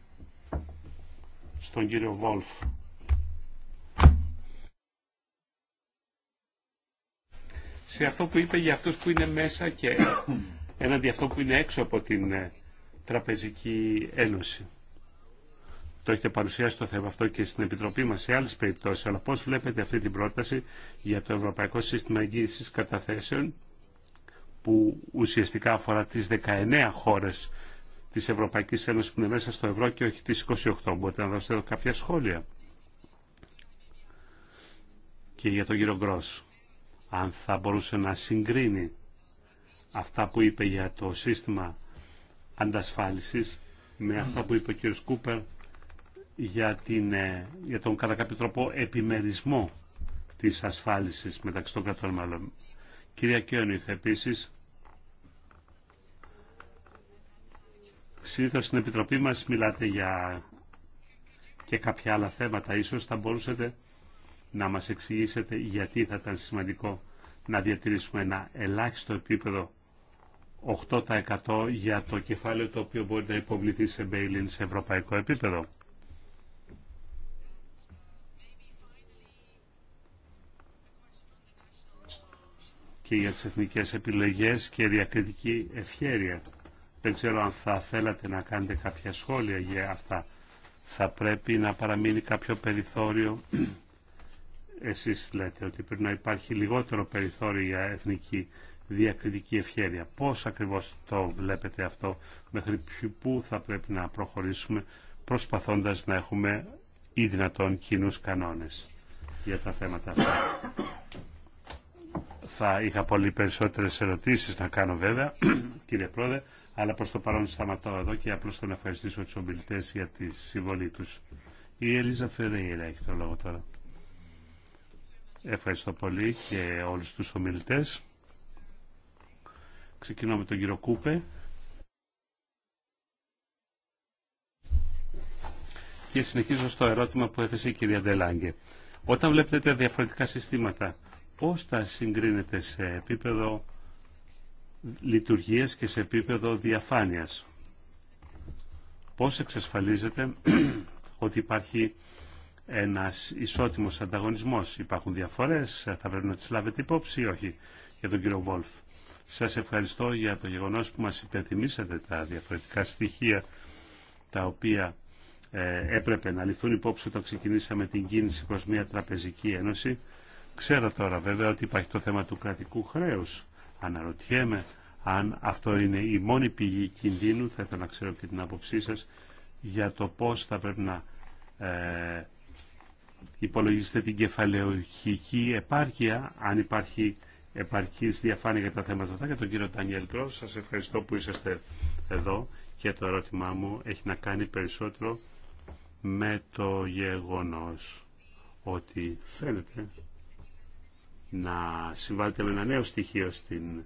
Στον κύριο Βόλφ σε αυτό που είπε για αυτούς που είναι μέσα και <coughs> έναντι αυτό που είναι έξω από την ε, Τραπεζική Ένωση. Το έχετε παρουσιάσει το θέμα αυτό και στην Επιτροπή μας σε άλλες περιπτώσεις, αλλά πώς βλέπετε αυτή την πρόταση για το Ευρωπαϊκό Σύστημα Εγγύησης Καταθέσεων που ουσιαστικά αφορά τις 19 χώρες της Ευρωπαϊκής Ένωσης που είναι μέσα στο ευρώ και όχι τις 28. Μπορείτε να δώσετε εδώ κάποια σχόλια. Και για τον κύριο Γκρός αν θα μπορούσε να συγκρίνει αυτά που είπε για το σύστημα αντασφάλισης με αυτά που είπε ο κ. Κούπερ για, την, ε, για τον κατά κάποιο τρόπο επιμερισμό της ασφάλισης μεταξύ των κρατών μάλλον. Κυρία Κιόνιχ, επίσης, συνήθως στην Επιτροπή μας μιλάτε για και κάποια άλλα θέματα. Ίσως θα μπορούσατε να μας εξηγήσετε γιατί θα ήταν σημαντικό να διατηρήσουμε ένα ελάχιστο επίπεδο 8% για το κεφάλαιο το οποίο μπορεί να υποβληθεί σε Μπέιλιν σε ευρωπαϊκό επίπεδο. και για τις εθνικές επιλογές και διακριτική ευχέρεια. Δεν ξέρω αν θα θέλατε να κάνετε κάποια σχόλια για αυτά. Θα πρέπει να παραμείνει κάποιο περιθώριο εσείς λέτε ότι πρέπει να υπάρχει λιγότερο περιθώριο για εθνική διακριτική ευχέρεια. Πώς ακριβώς το βλέπετε αυτό, μέχρι πού θα πρέπει να προχωρήσουμε προσπαθώντας να έχουμε ή δυνατόν κοινού κανόνες για τα θέματα αυτά. Θα είχα πολύ περισσότερες ερωτήσεις να κάνω βέβαια, <clears throat> κύριε Πρόεδρε, αλλά προς το παρόν σταματώ εδώ και απλώς να ευχαριστήσω τους ομιλητές για τη συμβολή τους. Η Ελίζα Φερέιρα έχει το λόγο τώρα. Ευχαριστώ πολύ και όλους τους ομιλητές. Ξεκινώ με τον κύριο Κούπε. Και συνεχίζω στο ερώτημα που έθεσε η κυρία Ντελάγκε. Όταν βλέπετε διαφορετικά συστήματα, πώς τα συγκρίνετε σε επίπεδο λειτουργίας και σε επίπεδο διαφάνειας. Πώς εξασφαλίζετε <clears throat> ότι υπάρχει ένας ισότιμος ανταγωνισμός. Υπάρχουν διαφορές, θα πρέπει να τις λάβετε υπόψη ή όχι για τον κύριο Βόλφ. Σας ευχαριστώ για το γεγονός που μας υπενθυμίσατε τα διαφορετικά στοιχεία τα οποία ε, έπρεπε να ληφθούν υπόψη όταν ξεκινήσαμε την κίνηση προς μια τραπεζική ένωση. Ξέρω τώρα βέβαια ότι υπάρχει το θέμα του κρατικού χρέους. Αναρωτιέμαι αν αυτό είναι η μόνη πηγή κινδύνου, θα ήθελα να ξέρω και την άποψή σα για το πώς θα πρέπει να ε, υπολογίζετε την κεφαλαιοχική επάρκεια, αν υπάρχει επαρκή διαφάνεια για τα θέματα αυτά. Και τον κύριο Τανιέλ Κρός, σας ευχαριστώ που είσαστε εδώ. Και το ερώτημά μου έχει να κάνει περισσότερο με το γεγονός ότι φαίνεται να συμβάλλετε με ένα νέο στοιχείο στην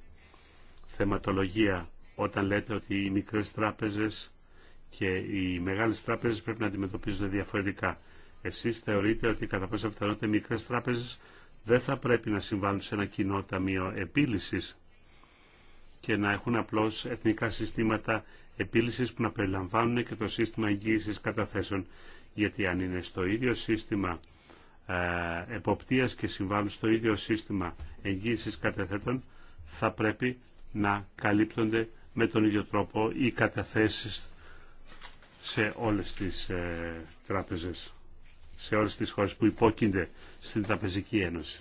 θεματολογία όταν λέτε ότι οι μικρές τράπεζες και οι μεγάλες τράπεζες πρέπει να αντιμετωπίζονται διαφορετικά. Εσείς θεωρείτε ότι κατά πόσα πιθανότητα οι μικρές τράπεζες δεν θα πρέπει να συμβάλλουν σε ένα κοινό ταμείο επίλυσης και να έχουν απλώς εθνικά συστήματα επίλυσης που να περιλαμβάνουν και το σύστημα εγγύησης καταθέσεων. Γιατί αν είναι στο ίδιο σύστημα ε, εποπτείας και συμβάλλουν στο ίδιο σύστημα εγγύησης καταθέτων, θα πρέπει να καλύπτονται με τον ίδιο τρόπο οι καταθέσεις σε όλες τις ε, τράπεζες σε όλες τις χώρες που υπόκεινται στην Τραπεζική Ένωση.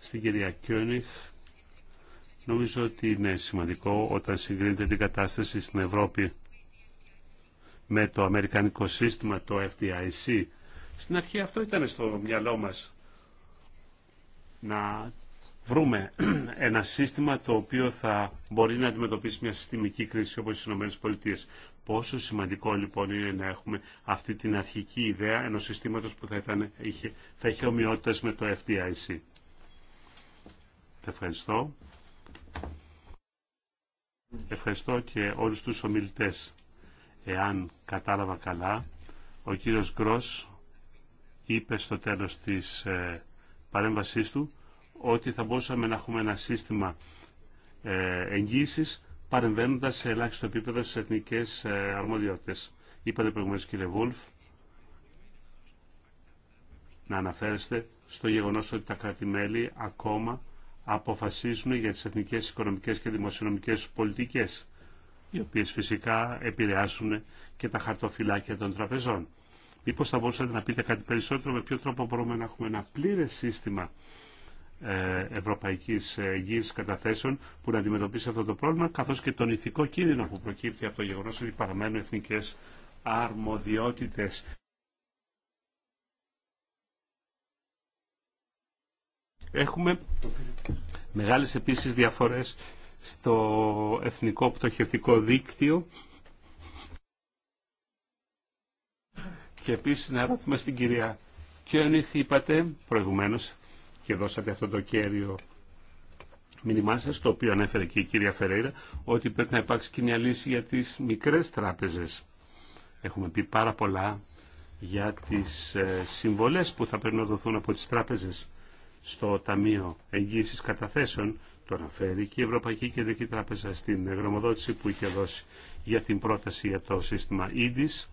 Στην κυρία Κιόνιχ, νομίζω ότι είναι σημαντικό όταν συγκρίνεται την κατάσταση στην Ευρώπη με το Αμερικανικό σύστημα, το FDIC. Στην αρχή αυτό ήταν στο μυαλό μας να βρούμε ένα σύστημα το οποίο θα μπορεί να αντιμετωπίσει μια συστημική κρίση όπως οι ΗΠΑ. Πόσο σημαντικό λοιπόν είναι να έχουμε αυτή την αρχική ιδέα ενός συστήματος που θα, ήταν, είχε, θα είχε ομοιότητες με το FDIC. Ευχαριστώ. Ευχαριστώ και όλους τους ομιλητές. Εάν κατάλαβα καλά, ο κύριος Γκρός είπε στο τέλος της ε, παρέμβασής του ότι θα μπορούσαμε να έχουμε ένα σύστημα ε, εγγύησης παρεμβαίνοντα σε ελάχιστο επίπεδο στι εθνικέ ε, αρμοδιότητε. Είπατε προηγουμένω, κύριε Βούλφ, να αναφέρεστε στο γεγονό ότι τα κράτη-μέλη ακόμα αποφασίζουν για τι εθνικέ οικονομικέ και δημοσιονομικέ πολιτικέ, οι οποίε φυσικά επηρεάσουν και τα χαρτοφυλάκια των τραπεζών. Μήπω θα μπορούσατε να πείτε κάτι περισσότερο, με ποιο τρόπο μπορούμε να έχουμε ένα πλήρε σύστημα ε, ευρωπαϊκής ε, γη καταθέσεων που να αντιμετωπίσει αυτό το πρόβλημα, καθώς και τον ηθικό κίνδυνο που προκύπτει από το γεγονός ότι παραμένουν εθνικές αρμοδιότητες. Έχουμε μεγάλες επίσης διαφορές στο εθνικό πτωχευτικό δίκτυο και επίσης να ρωτήσουμε στην κυρία Κιόνιχ είπατε προηγουμένως και δώσατε αυτό το κέριο μήνυμά σα, το οποίο ανέφερε και η κυρία Φερέιρα, ότι πρέπει να υπάρξει και μια λύση για τις μικρές τράπεζες. Έχουμε πει πάρα πολλά για τις ε, συμβολές που θα πρέπει να δοθούν από τι τράπεζες στο Ταμείο Εγγύησης Καταθέσεων, το αναφέρει και η Ευρωπαϊκή Κεντρική Τράπεζα στην γνωμοδότηση που είχε δώσει για την πρόταση για το σύστημα EDIS.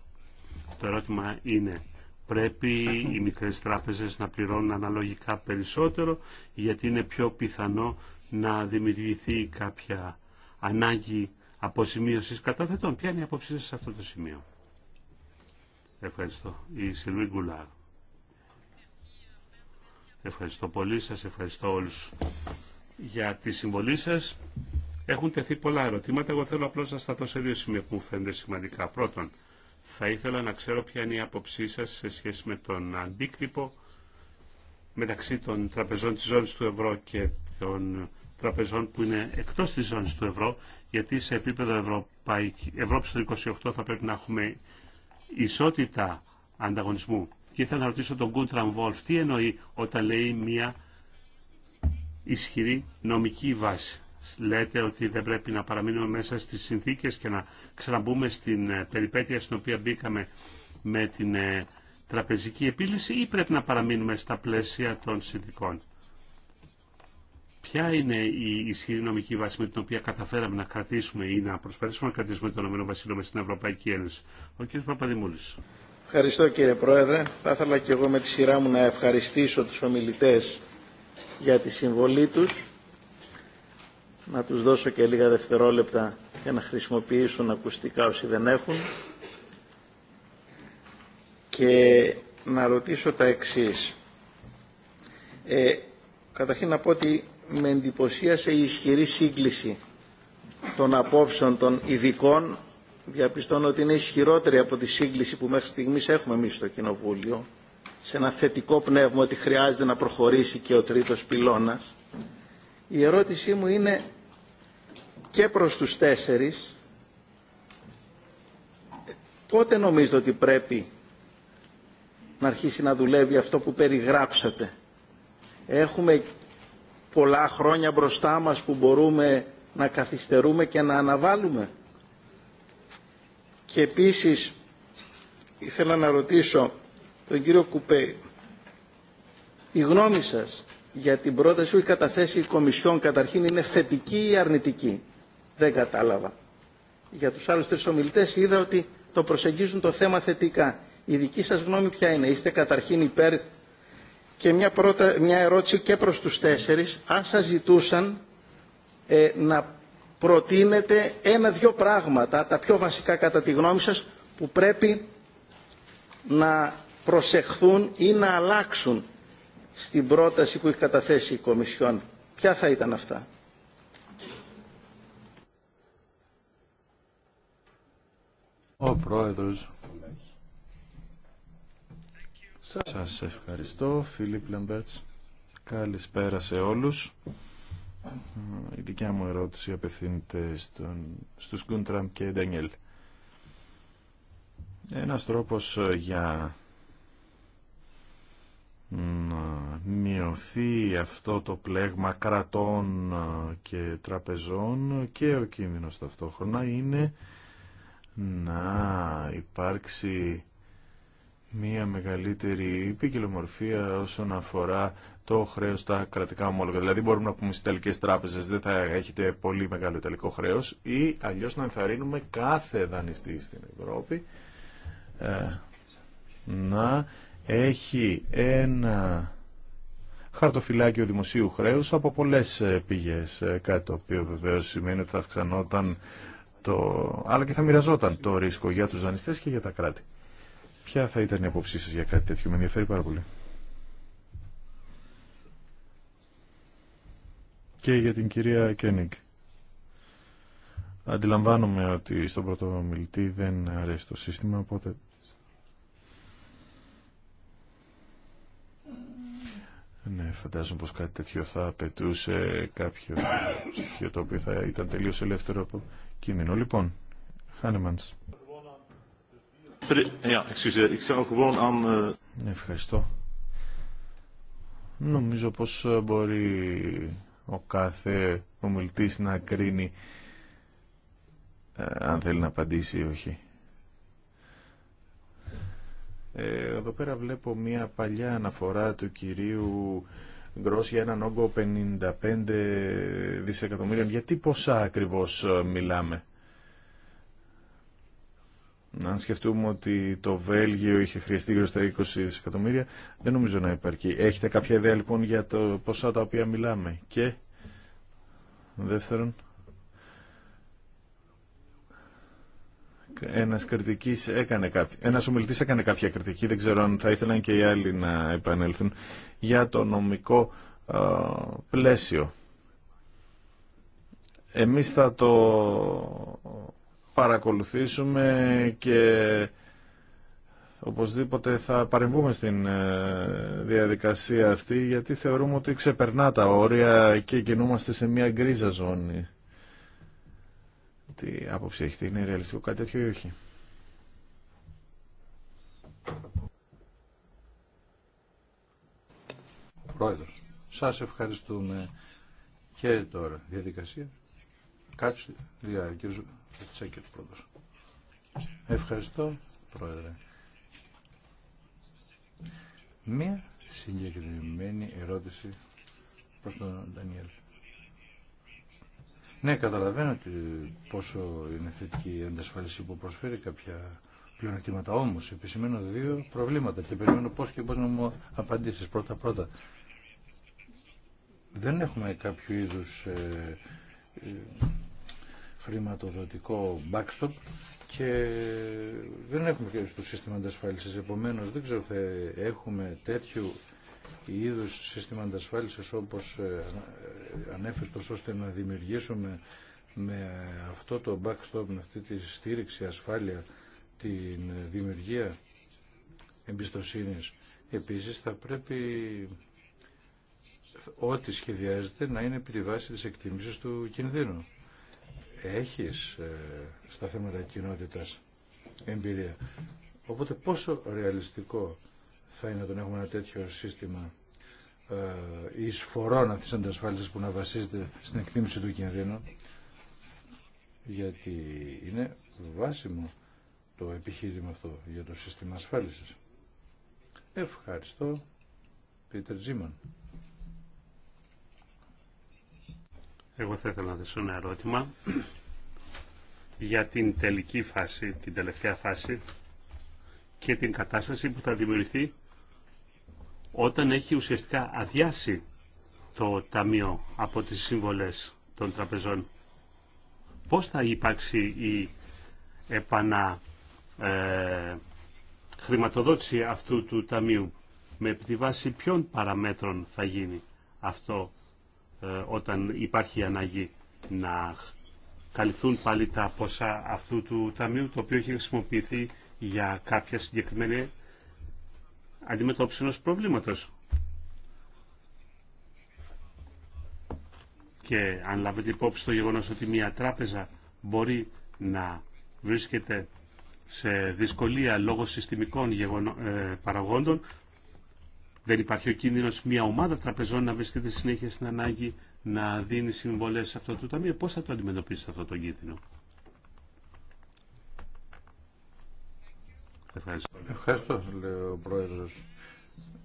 Το ερώτημα είναι πρέπει οι μικρές τράπεζες να πληρώνουν αναλογικά περισσότερο γιατί είναι πιο πιθανό να δημιουργηθεί κάποια ανάγκη αποσημείωσης καταθετών. Ποια είναι η απόψη σε αυτό το σημείο. Ευχαριστώ. Η Σιλβί Γκουλάρ. Ευχαριστώ πολύ σας, ευχαριστώ όλους για τη συμβολή σας. Έχουν τεθεί πολλά ερωτήματα, εγώ θέλω απλώς να σταθώ σε δύο σημεία που μου φαίνονται σημαντικά. Πρώτον, θα ήθελα να ξέρω ποια είναι η άποψή σας σε σχέση με τον αντίκτυπο μεταξύ των τραπεζών της ζώνης του ευρώ και των τραπεζών που είναι εκτός της ζώνης του ευρώ, γιατί σε επίπεδο Ευρωπαϊκή, Ευρώπης 28 θα πρέπει να έχουμε ισότητα ανταγωνισμού. Και ήθελα να ρωτήσω τον Κούντραν Βόλφ τι εννοεί όταν λέει μια ισχυρή νομική βάση λέτε ότι δεν πρέπει να παραμείνουμε μέσα στις συνθήκες και να ξαναμπούμε στην ε, περιπέτεια στην οποία μπήκαμε με την ε, τραπεζική επίλυση ή πρέπει να παραμείνουμε στα πλαίσια των συνθήκων. Ποια είναι η ισχυρή νομική βάση με την οποία καταφέραμε να κρατήσουμε ή να προσπαθήσουμε να κρατήσουμε το Ηνωμένο Βασίλειο στην Ευρωπαϊκή Ένωση. Ο κ. Παπαδημούλης. Ευχαριστώ κύριε Πρόεδρε. Θα ήθελα και εγώ με τη σειρά μου να ευχαριστήσω τους ομιλητές για τη συμβολή τους να τους δώσω και λίγα δευτερόλεπτα για να χρησιμοποιήσουν ακουστικά όσοι δεν έχουν και να ρωτήσω τα εξής. Ε, καταρχήν να πω ότι με εντυπωσίασε η ισχυρή σύγκληση των απόψεων των ειδικών. Διαπιστώνω ότι είναι ισχυρότερη από τη σύγκληση που μέχρι στιγμής έχουμε εμείς στο Κοινοβούλιο σε ένα θετικό πνεύμα ότι χρειάζεται να προχωρήσει και ο τρίτος πυλώνας. Η ερώτησή μου είναι και προς τους τέσσερις πότε νομίζετε ότι πρέπει να αρχίσει να δουλεύει αυτό που περιγράψατε. Έχουμε πολλά χρόνια μπροστά μας που μπορούμε να καθυστερούμε και να αναβάλουμε. Και επίσης ήθελα να ρωτήσω τον κύριο Κουπέ η γνώμη σας για την πρόταση που έχει καταθέσει η Κομισιόν καταρχήν είναι θετική ή αρνητική δεν κατάλαβα. Για τους άλλους τρεις ομιλητές είδα ότι το προσεγγίζουν το θέμα θετικά. Η δική σας γνώμη ποια είναι. Είστε καταρχήν υπέρ και μια, μια ερώτηση και προς τους τέσσερις. Αν σας ζητούσαν ε, να προτείνετε ένα-δυο πράγματα, τα πιο βασικά κατά τη γνώμη σας, που πρέπει να προσεχθούν ή να αλλάξουν στην πρόταση που έχει καταθέσει η Κομισιόν. Ποια θα ήταν αυτά. Ο Πρόεδρος. Σας ευχαριστώ, Φίλιπ Λεμπέτς. Καλησπέρα σε όλους. Η δικιά μου ερώτηση απευθύνεται στον, στους Γκούντραμ και Ντανιέλ. Ένας τρόπος ε, για να μειωθεί αυτό το πλέγμα κρατών ε, και τραπεζών ε, και ο κίνδυνος ταυτόχρονα είναι να υπάρξει μία μεγαλύτερη ποικιλομορφία όσον αφορά το χρέο στα κρατικά ομόλογα. Δηλαδή, μπορούμε να πούμε στι τελικέ τράπεζε δεν θα έχετε πολύ μεγάλο τελικό χρέο ή αλλιώ να ενθαρρύνουμε κάθε δανειστή στην Ευρώπη ε, να έχει ένα χαρτοφυλάκιο δημοσίου χρέους από πολλές ε, πηγές, ε, κάτι το οποίο βεβαίως σημαίνει ότι θα αυξανόταν το... αλλά και θα μοιραζόταν το ρίσκο για τους δανειστές και για τα κράτη. Ποια θα ήταν η απόψή σας για κάτι τέτοιο, με ενδιαφέρει πάρα πολύ. Και για την κυρία Κένιγκ. Αντιλαμβάνομαι ότι στον πρώτο μιλτή δεν αρέσει το σύστημα, οπότε Ναι, φαντάζομαι πως κάτι τέτοιο θα απαιτούσε κάποιο στοιχείο το οποίο θα ήταν τελείως ελεύθερο από κείμενο. Λοιπόν, Χάνεμανς. Ε, ε, Ευχαριστώ. Νομίζω πως ε, μπορεί ο κάθε ομιλητής να κρίνει αν θέλει να απαντήσει ή όχι. Ε, εδώ πέρα βλέπω μια παλιά αναφορά του κυρίου Γκρός για έναν όγκο 55 δισεκατομμύρια. Γιατί ποσά ακριβώς ε, μιλάμε. Αν σκεφτούμε ότι το Βέλγιο είχε χρειαστεί γύρω στα 20 δισεκατομμύρια, δεν νομίζω να υπάρχει. Έχετε κάποια ιδέα λοιπόν για το ποσά τα οποία μιλάμε. Και δεύτερον, ένας, κριτικής έκανε ένας ομιλητής έκανε κάποια κριτική, δεν ξέρω αν θα ήθελαν και οι άλλοι να επανέλθουν, για το νομικό πλαίσιο. Εμείς θα το παρακολουθήσουμε και οπωσδήποτε θα παρεμβούμε στην ε, διαδικασία αυτή γιατί θεωρούμε ότι ξεπερνά τα όρια και κινούμαστε σε μια γκρίζα ζώνη τι άποψη έχετε, είναι ρεαλιστικό κάτι τέτοιο ή όχι. Πρόεδρος, σας ευχαριστούμε και τώρα διαδικασία. Κάτσε, δια, κύριος Τσέκερ πρώτος. Ευχαριστώ, Πρόεδρε. Μία συγκεκριμένη ερώτηση προς τον Ντανιέλ. Ναι, καταλαβαίνω ότι πόσο είναι θετική η αντασφάλιση που προσφέρει κάποια πλεονεκτήματα. Όμω, επισημαίνω δύο προβλήματα και περιμένω πώ και πώ να μου απαντήσει πρωτα πρώτα-πρώτα. Δεν έχουμε κάποιο είδου ε, ε, χρηματοδοτικό backstop και δεν έχουμε και στο σύστημα αντασφάλισης. Επομένως, δεν ξέρω, θα έχουμε τέτοιου η είδους σύστημα αντασφάλισης όπως ε, ε, ανέφεστο ώστε να δημιουργήσουμε με αυτό το backstop, με αυτή τη στήριξη ασφάλεια, την δημιουργία εμπιστοσύνης. Επίσης θα πρέπει ό,τι σχεδιάζεται να είναι επί τη βάση της εκτίμηση του κινδύνου. Έχεις ε, στα θέματα κοινότητας εμπειρία. Οπότε πόσο ρεαλιστικό θα είναι να έχουμε ένα τέτοιο σύστημα ε, εισφορών αυτής τη αντασφάλισης που να βασίζεται στην εκτίμηση του κινδύνου γιατί είναι βάσιμο το επιχείρημα αυτό για το σύστημα ασφάλισης. Ευχαριστώ, Πίτερ Τζίμαν. Εγώ θα ήθελα να θέσω ένα ερώτημα για την τελική φάση, την τελευταία φάση και την κατάσταση που θα δημιουργηθεί όταν έχει ουσιαστικά αδειάσει το ταμείο από τις σύμβολες των τραπεζών. Πώς θα υπάρξει η επανα ε, αυτού του ταμείου με τη βάση ποιων παραμέτρων θα γίνει αυτό ε, όταν υπάρχει ανάγκη να καλυφθούν πάλι τα ποσά αυτού του ταμείου το οποίο έχει χρησιμοποιηθεί για κάποια συγκεκριμένη αντιμετώπιση ενός προβλήματος. Και αν λάβετε υπόψη το γεγονός ότι μια τράπεζα μπορεί να βρίσκεται σε δυσκολία λόγω συστημικών ε, παραγόντων, δεν υπάρχει ο κίνδυνος μια ομάδα τραπεζών να βρίσκεται συνέχεια στην ανάγκη να δίνει συμβολές σε αυτό το ταμείο. Πώς θα το αντιμετωπίσει αυτό το κίνδυνο. Ευχαριστώ. Ευχαριστώ, λέει ο Πρόεδρος.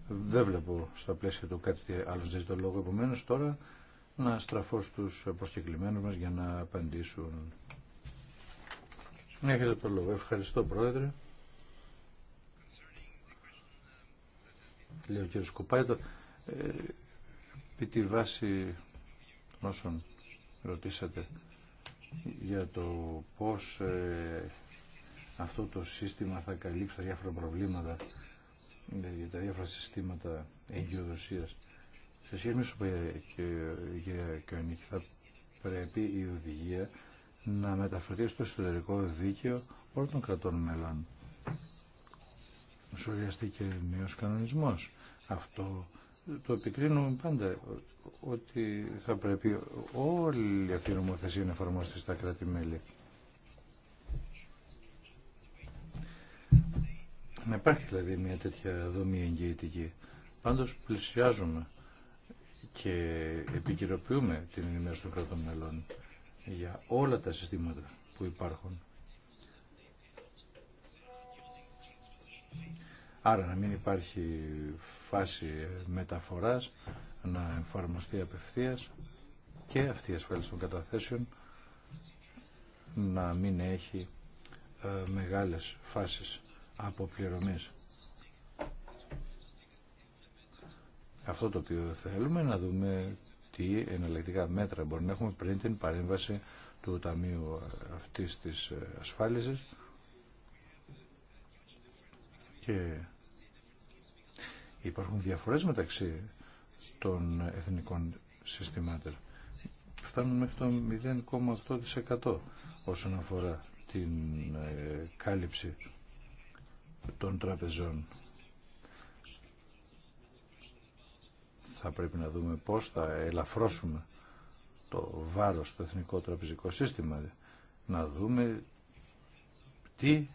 Δεν βλέπω στα πλαίσια του κάτι άλλο ζητεί το λόγο. Επομένως τώρα να στραφώ στους προσκεκλημένους μας για να απαντήσουν. Έχετε το λόγο. Ευχαριστώ Πρόεδρε. Λέω κύριε Σκουπάη, το, ε, επί τη βάση όσων ρωτήσατε για το πώς ε, αυτό το σύστημα θα καλύψει τα διάφορα προβλήματα, για τα διάφορα συστήματα εγκυοδοσίας. Σε σχέση με σου κυρία Κιονίκη, θα πρέπει η οδηγία να μεταφερθεί στο εσωτερικό δίκαιο όλων των κρατών μελών. Σου και νέος κανονισμός. Αυτό το επικρίνουμε πάντα ότι θα πρέπει όλη αυτή η νομοθεσία να εφαρμοστεί στα κράτη-μέλη. Να υπάρχει δηλαδή μια τέτοια δομή εγγυητική. Πάντως πλησιάζουμε και επικυροποιούμε την ενημέρωση των κρατών μελών για όλα τα συστήματα που υπάρχουν. Άρα να μην υπάρχει φάση μεταφοράς, να εφαρμοστεί απευθείας και αυτή η ασφάλιση των καταθέσεων να μην έχει ε, μεγάλες φάσεις αποπληρωμής. Αυτό το οποίο θέλουμε να δούμε τι εναλλακτικά μέτρα μπορεί να έχουμε πριν την παρέμβαση του Ταμείου αυτής της ε, ασφάλισης και υπάρχουν διαφορές μεταξύ των εθνικών συστημάτων. Φτάνουν μέχρι το 0,8% όσον αφορά την ε, κάλυψη των τραπεζών. Θα πρέπει να δούμε πώς θα ελαφρώσουμε το βάρος στο εθνικό τραπεζικό σύστημα. Να δούμε τι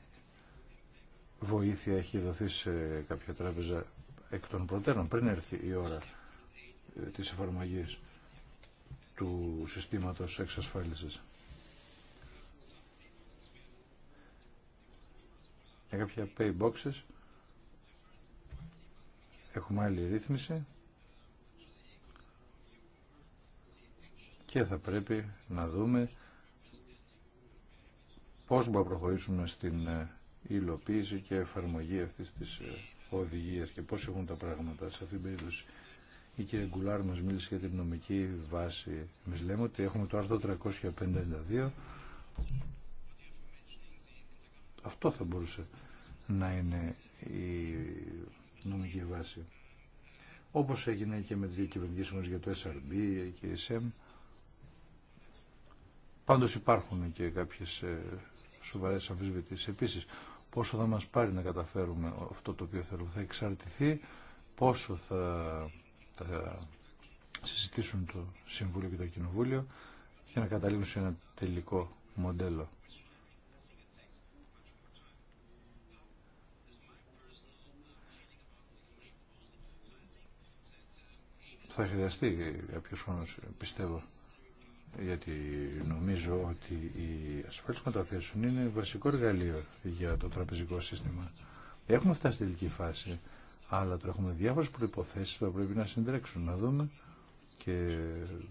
βοήθεια έχει δοθεί σε κάποια τράπεζα εκ των προτέρων πριν έρθει η ώρα ε, της εφαρμογής του συστήματος εξασφάλισης. για κάποια pay boxes έχουμε άλλη ρύθμιση και θα πρέπει να δούμε πώς μπορούμε να προχωρήσουμε στην ε, υλοποίηση και εφαρμογή αυτής της ε, οδηγίας και πώς έχουν τα πράγματα σε αυτήν την περίπτωση. Η κυρία Γκουλάρ μας μίλησε για την νομική βάση. Εμείς λέμε ότι έχουμε το άρθρο 352 αυτό θα μπορούσε να είναι η νομική βάση. Όπως έγινε και με τις διακυβερνήσεις μας για το SRB και SM, πάντως υπάρχουν και κάποιες ε, σοβαρές αμφισβητήσεις. Επίσης, πόσο θα μας πάρει να καταφέρουμε αυτό το οποίο θέλουμε. Θα εξαρτηθεί πόσο θα, θα συζητήσουν το Συμβούλιο και το Κοινοβούλιο για να καταλήγουν σε ένα τελικό μοντέλο. θα χρειαστεί κάποιο χρόνο, πιστεύω. Γιατί νομίζω ότι οι ασφαλείς μεταθέσεων είναι βασικό εργαλείο για το τραπεζικό σύστημα. Έχουμε φτάσει στην τελική φάση, αλλά τώρα έχουμε διάφορε προποθέσει που θα πρέπει να συντρέξουν. Να δούμε και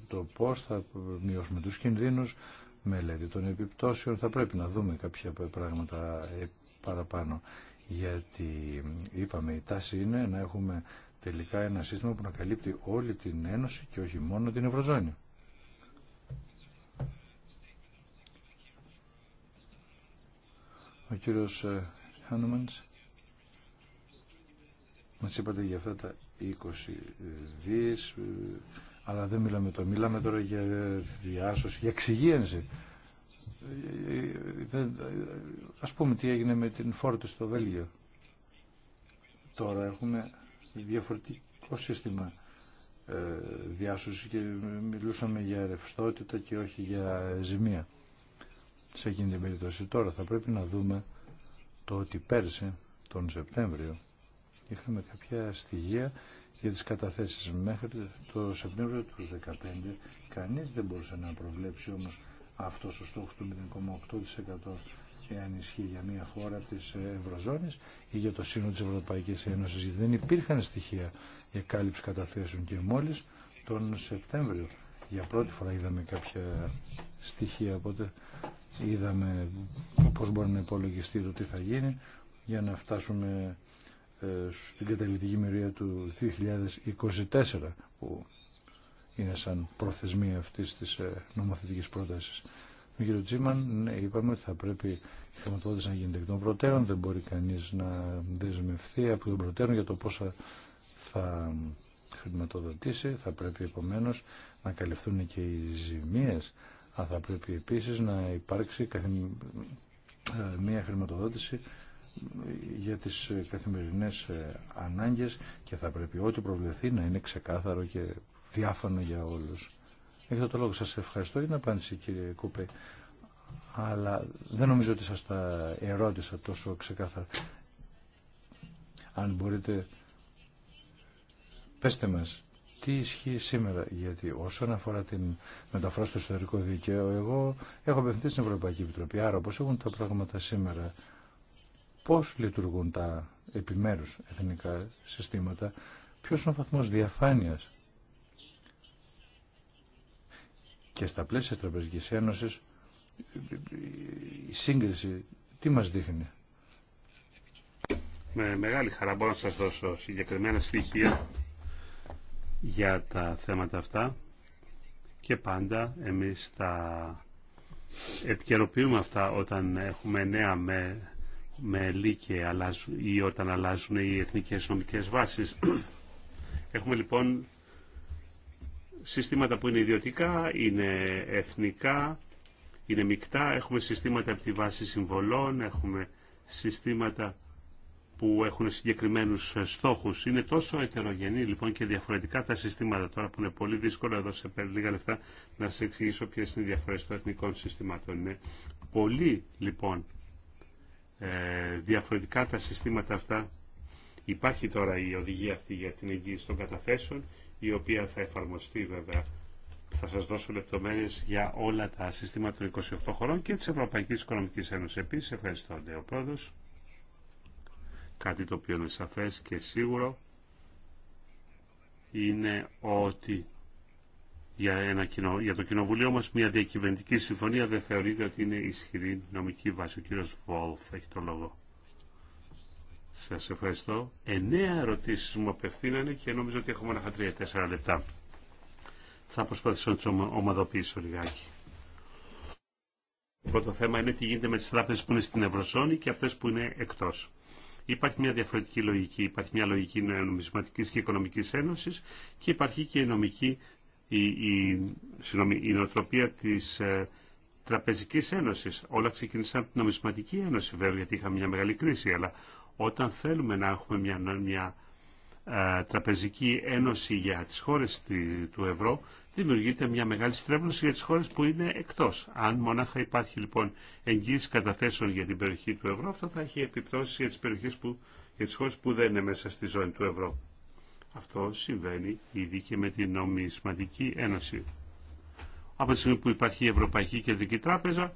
το πώ θα μειώσουμε του κινδύνου, μελέτη των επιπτώσεων. Θα πρέπει να δούμε κάποια πράγματα ε, παραπάνω. Γιατί είπαμε η τάση είναι να έχουμε τελικά ένα σύστημα που να καλύπτει όλη την Ένωση και όχι μόνο την Ευρωζώνη. Ο κύριος ε, Χάνομανς μας είπατε για αυτά τα 20 ε, δις, ε, αλλά δεν μιλάμε το. Μιλάμε τώρα για διάσωση, για εξυγίανση. Ας πούμε τι έγινε με την φόρτη στο Βέλγιο. Τώρα έχουμε διαφορετικό σύστημα ε, διάσωση και μιλούσαμε για ρευστότητα και όχι για ζημία σε εκείνη την περίπτωση. Τώρα θα πρέπει να δούμε το ότι πέρσι, τον Σεπτέμβριο, είχαμε κάποια στοιχεία για τις καταθέσεις. Μέχρι το Σεπτέμβριο του 2015 κανείς δεν μπορούσε να προβλέψει όμως αυτός ο στόχος του 0,8% αν ισχύει για μια χώρα τη Ευρωζώνης ή για το σύνολο της Ευρωπαϊκής Ένωσης, γιατί δεν υπήρχαν στοιχεία για κάλυψη καταθέσεων και μόλι τον Σεπτέμβριο. Για πρώτη φορά είδαμε κάποια στοιχεία, οπότε είδαμε πώς μπορεί να υπολογιστεί το τι θα γίνει για να φτάσουμε ε, στην καταλητική μερία του 2024 που είναι σαν προθεσμία αυτής της ε, νομοθετικής πρότασης με κύριο Τζίμαν ναι, είπαμε ότι θα πρέπει η χρηματοδότηση να γίνεται εκ των προτέρων. Δεν μπορεί κανεί να δεσμευθεί από τον προτέρων για το πόσα θα χρηματοδοτήσει. Θα πρέπει επομένω να καλυφθούν και οι ζημίε. Αλλά θα πρέπει επίση να υπάρξει μια ε, χρηματοδότηση για τις καθημερινές ε, ανάγκες και θα πρέπει ό,τι προβλεφθεί να είναι ξεκάθαρο και διάφανο για όλους. Έχετε το λόγο. Σας ευχαριστώ για την απάντηση κύριε Κούπε. Αλλά δεν νομίζω ότι σας τα ερώτησα τόσο ξεκάθαρα. Αν μπορείτε, πέστε μας τι ισχύει σήμερα. Γιατί όσον αφορά την μεταφορά στο ιστορικό δικαίο, εγώ έχω απευθυνθεί στην Ευρωπαϊκή Επιτροπή. Άρα, όπως έχουν τα πράγματα σήμερα, πώς λειτουργούν τα επιμέρους εθνικά συστήματα, ποιος είναι ο βαθμός διαφάνειας Και στα πλαίσια της Τραπεζικής Ένωσης η σύγκριση τι μας δείχνει. Με μεγάλη χαρά μπορώ να σας δώσω συγκεκριμένα στοιχεία για τα θέματα αυτά και πάντα εμείς τα επικαιροποιούμε αυτά όταν έχουμε νέα με, με λύκη ή όταν αλλάζουν οι εθνικές νομικές βάσεις. Έχουμε λοιπόν συστήματα που είναι ιδιωτικά, είναι εθνικά, είναι μεικτά, έχουμε συστήματα από τη βάση συμβολών, έχουμε συστήματα που έχουν συγκεκριμένους στόχους. Είναι τόσο ετερογενή λοιπόν και διαφορετικά τα συστήματα τώρα που είναι πολύ δύσκολο εδώ σε λίγα λεφτά να σας εξηγήσω ποιε είναι οι διαφορές των εθνικών συστημάτων. Είναι πολύ λοιπόν ε, διαφορετικά τα συστήματα αυτά. Υπάρχει τώρα η οδηγία αυτή για την εγγύηση των καταθέσεων η οποία θα εφαρμοστεί βέβαια. Θα σας δώσω λεπτομέρειες για όλα τα συστήματα των 28 χωρών και της Ευρωπαϊκής Οικονομικής Ένωσης. Επίσης, ευχαριστώ, Αντέο ο Κάτι το οποίο είναι σαφές και σίγουρο είναι ότι για, ένα κοινο, για το κοινοβουλίο μας μια διακυβερνητική συμφωνία δεν θεωρείται ότι είναι ισχυρή νομική βάση. Ο κύριος Βόλφ έχει το λόγο. Σας ευχαριστώ. Εννέα ερωτήσεις μου απευθύνανε και νομίζω ότι έχω έχω τρία-τέσσερα λεπτά. Θα προσπαθήσω να τις ομαδοποιήσω λιγάκι. Το πρώτο θέμα είναι τι γίνεται με τις τράπεζες που είναι στην Ευρωζώνη και αυτές που είναι εκτός. Υπάρχει μια διαφορετική λογική. Υπάρχει μια λογική νομισματικής και οικονομικής ένωσης και υπάρχει και η νομική η, η, συγνώμη, η νοοτροπία της ε, Τραπεζικής Ένωσης. Όλα ξεκίνησαν από την Νομισματική Ένωση βέβαια γιατί είχαμε μια μεγάλη κρίση αλλά όταν θέλουμε να έχουμε μια, μια ε, τραπεζική ένωση για τις χώρες του ευρώ, δημιουργείται μια μεγάλη στρέβλωση για τις χώρες που είναι εκτός. Αν μονάχα υπάρχει λοιπόν εγγύηση καταθέσεων για την περιοχή του ευρώ, αυτό θα έχει επιπτώσεις για τις, περιοχές που, για τις χώρες που δεν είναι μέσα στη ζώνη του ευρώ. Αυτό συμβαίνει ήδη και με την νομισματική ένωση. Από τη στιγμή που υπάρχει η Ευρωπαϊκή Κεντρική Τράπεζα,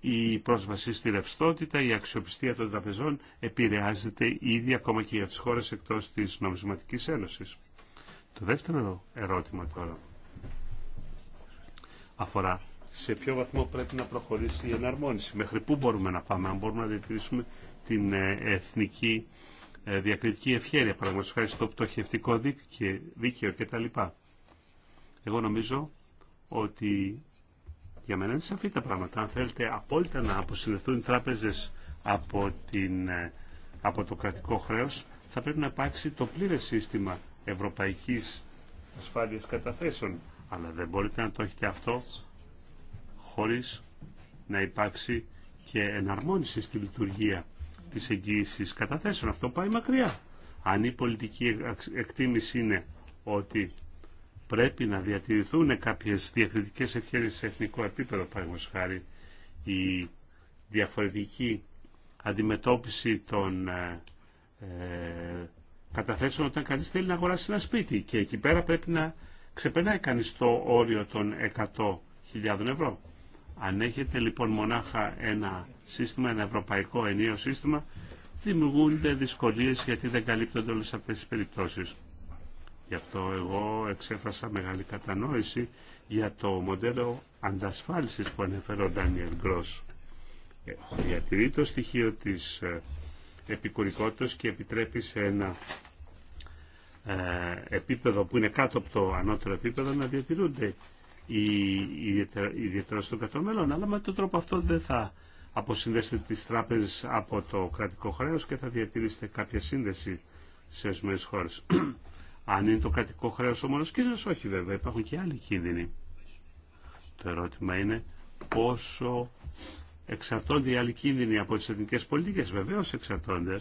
η πρόσβαση στη ρευστότητα, η αξιοπιστία των τραπεζών επηρεάζεται ήδη ακόμα και για τις χώρες εκτός της νομισματικής ένωσης. Το δεύτερο ερώτημα τώρα αφορά σε ποιο βαθμό πρέπει να προχωρήσει η εναρμόνιση, μέχρι πού μπορούμε να πάμε, αν μπορούμε να διατηρήσουμε την ε, εθνική ε, διακριτική ευχέρεια, παραδείγματος χάρη στο πτωχευτικό δίκαιο κτλ. Εγώ νομίζω ότι για μένα είναι σαφή τα πράγματα. Αν θέλετε απόλυτα να αποσυνδεθούν οι τράπεζες από, ε, από το κρατικό χρέο, θα πρέπει να υπάρξει το πλήρε σύστημα ευρωπαϊκή ασφάλεια καταθέσεων. Αλλά δεν μπορείτε να το έχετε αυτό χωρί να υπάρξει και εναρμόνιση στη λειτουργία της εγγύησης καταθέσεων. Αυτό πάει μακριά. Αν η πολιτική εκτίμηση είναι ότι πρέπει να διατηρηθούν κάποιες διακριτικές ευκαιρίες σε εθνικό επίπεδο, παραδείγματος χάρη η διαφορετική αντιμετώπιση των ε, ε, καταθέσεων όταν κανείς θέλει να αγοράσει ένα σπίτι και εκεί πέρα πρέπει να ξεπερνάει κανείς το όριο των 100.000 ευρώ. Αν έχετε λοιπόν μονάχα ένα σύστημα, ένα ευρωπαϊκό ενίο σύστημα, δημιουργούνται δυσκολίες γιατί δεν καλύπτονται όλες αυτές τις περιπτώσεις. Γι' αυτό εγώ εξέφρασα μεγάλη κατανόηση για το μοντέλο αντασφάλισης που ανέφερε ο Ντάνιελ Γκρός. Διατηρεί ε, το στοιχείο της ε, επικουρικότητας και επιτρέπει σε ένα ε, επίπεδο που είναι κάτω από το ανώτερο επίπεδο να διατηρούνται οι ιδιαίτερες των κατωμένων, αλλά με τον τρόπο αυτό δεν θα αποσυνδέσετε τις τράπεζες από το κρατικό χρέος και θα διατηρήσετε κάποια σύνδεση σε ορισμένε χώρες. Αν είναι το κρατικό χρέο ο μόνος κίνδυνο, όχι βέβαια, υπάρχουν και άλλοι κίνδυνοι. Το ερώτημα είναι πόσο εξαρτώνται οι άλλοι κίνδυνοι από τις εθνικές πολιτικέ, Βεβαίως εξαρτώνται,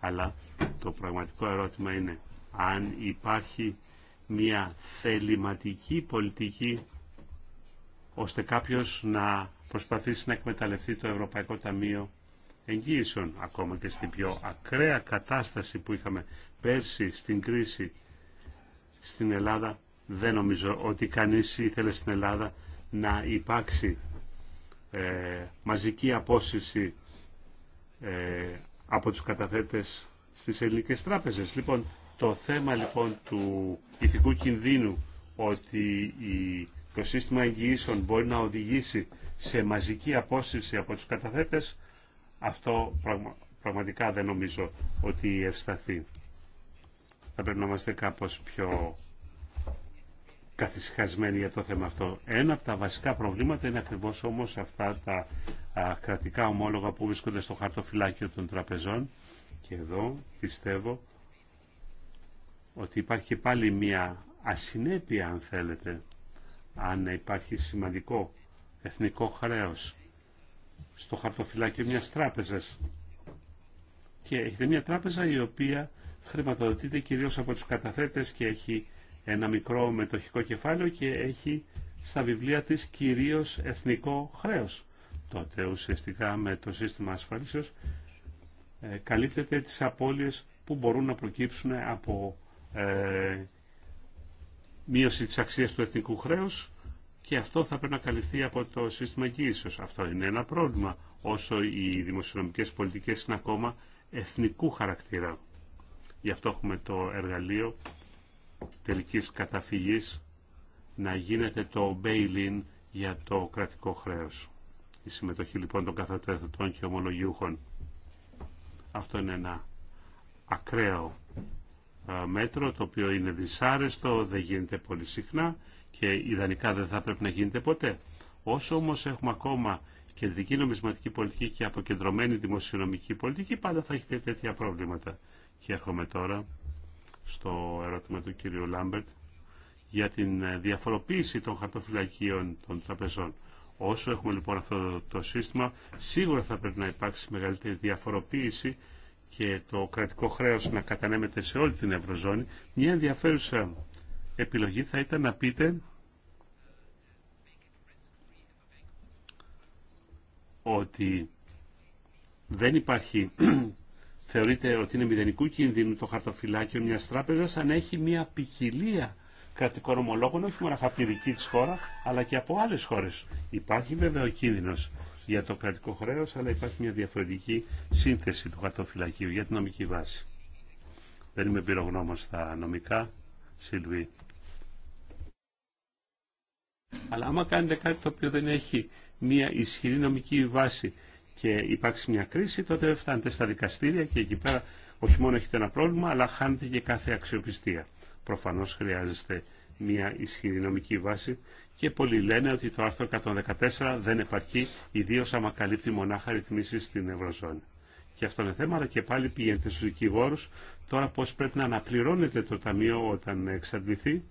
αλλά το πραγματικό ερώτημα είναι αν υπάρχει μια θεληματική πολιτική ώστε κάποιος να προσπαθήσει να εκμεταλλευτεί το Ευρωπαϊκό Ταμείο Εγγύησεων ακόμα και στην πιο ακραία κατάσταση που είχαμε πέρσι στην κρίση στην Ελλάδα δεν νομίζω ότι κανείς ήθελε στην Ελλάδα να υπάρξει ε, μαζική απόσυρση ε, από τους καταθέτες στις ελληνικές τράπεζες. Λοιπόν, το θέμα λοιπόν του ηθικού κινδύνου ότι το σύστημα εγγυήσεων μπορεί να οδηγήσει σε μαζική απόσυρση από τους καταθέτες, αυτό πραγματικά δεν νομίζω ότι ευσταθεί θα πρέπει να είμαστε κάπως πιο καθυσχασμένοι για το θέμα αυτό. Ένα από τα βασικά προβλήματα είναι ακριβώς όμως αυτά τα κρατικά ομόλογα που βρίσκονται στο χαρτοφυλάκιο των τραπεζών και εδώ πιστεύω ότι υπάρχει πάλι μια ασυνέπεια αν θέλετε αν υπάρχει σημαντικό εθνικό χρέος στο χαρτοφυλάκιο μιας τράπεζας και έχετε μια τράπεζα η οποία χρηματοδοτείται κυρίως από τους καταθέτες και έχει ένα μικρό μετοχικό κεφάλαιο και έχει στα βιβλία της κυρίως εθνικό χρέος. Τότε ουσιαστικά με το σύστημα ασφαλίσεως ε, καλύπτεται τις απώλειες που μπορούν να προκύψουν από ε, μείωση της αξίας του εθνικού χρέους και αυτό θα πρέπει να καλυφθεί από το σύστημα εγγύησεως. Αυτό είναι ένα πρόβλημα όσο οι δημοσιονομικές πολιτικές είναι ακόμα εθνικού χαρακτήρα. Γι' αυτό έχουμε το εργαλείο τελικής καταφυγής να γίνεται το bail-in για το κρατικό χρέος. Η συμμετοχή λοιπόν των καθατεθωτών και ομολογιούχων. Αυτό είναι ένα ακραίο μέτρο το οποίο είναι δυσάρεστο, δεν γίνεται πολύ συχνά και ιδανικά δεν θα πρέπει να γίνεται ποτέ. Όσο όμως έχουμε ακόμα κεντρική νομισματική πολιτική και αποκεντρωμένη δημοσιονομική πολιτική πάντα θα έχετε τέτοια προβλήματα. Και έρχομαι τώρα στο ερώτημα του κύριου Λάμπερτ για την ε, διαφοροποίηση των χαρτοφυλακίων των τραπεζών. Όσο έχουμε λοιπόν αυτό το σύστημα, σίγουρα θα πρέπει να υπάρξει μεγαλύτερη διαφοροποίηση και το κρατικό χρέος να κατανέμεται σε όλη την Ευρωζώνη. Μια ενδιαφέρουσα επιλογή θα ήταν να πείτε ότι δεν υπάρχει θεωρείται ότι είναι μηδενικού κινδύνου το χαρτοφυλάκιο μια τράπεζα αν έχει μια ποικιλία κρατικών ομολόγων, όχι μόνο από τη δική τη χώρα, αλλά και από άλλε χώρε. Υπάρχει βέβαια ο κίνδυνο για το κρατικό χρέο, αλλά υπάρχει μια διαφορετική σύνθεση του χαρτοφυλακίου για την νομική βάση. Δεν είμαι πυρογνώμο στα νομικά, Σιλβί. Αλλά άμα κάνετε κάτι το οποίο δεν έχει μια ισχυρή νομική βάση και υπάρξει μια κρίση, τότε φτάνετε στα δικαστήρια και εκεί πέρα όχι μόνο έχετε ένα πρόβλημα, αλλά χάνετε και κάθε αξιοπιστία. Προφανώς χρειάζεστε μια ισχυρή νομική βάση και πολλοί λένε ότι το άρθρο 114 δεν επαρκεί, ιδίω άμα καλύπτει μονάχα ρυθμίσει στην Ευρωζώνη. Και αυτό είναι θέμα, αλλά και πάλι πηγαίνετε στου δικηγόρου τώρα πώ πρέπει να αναπληρώνετε το ταμείο όταν εξαντληθεί.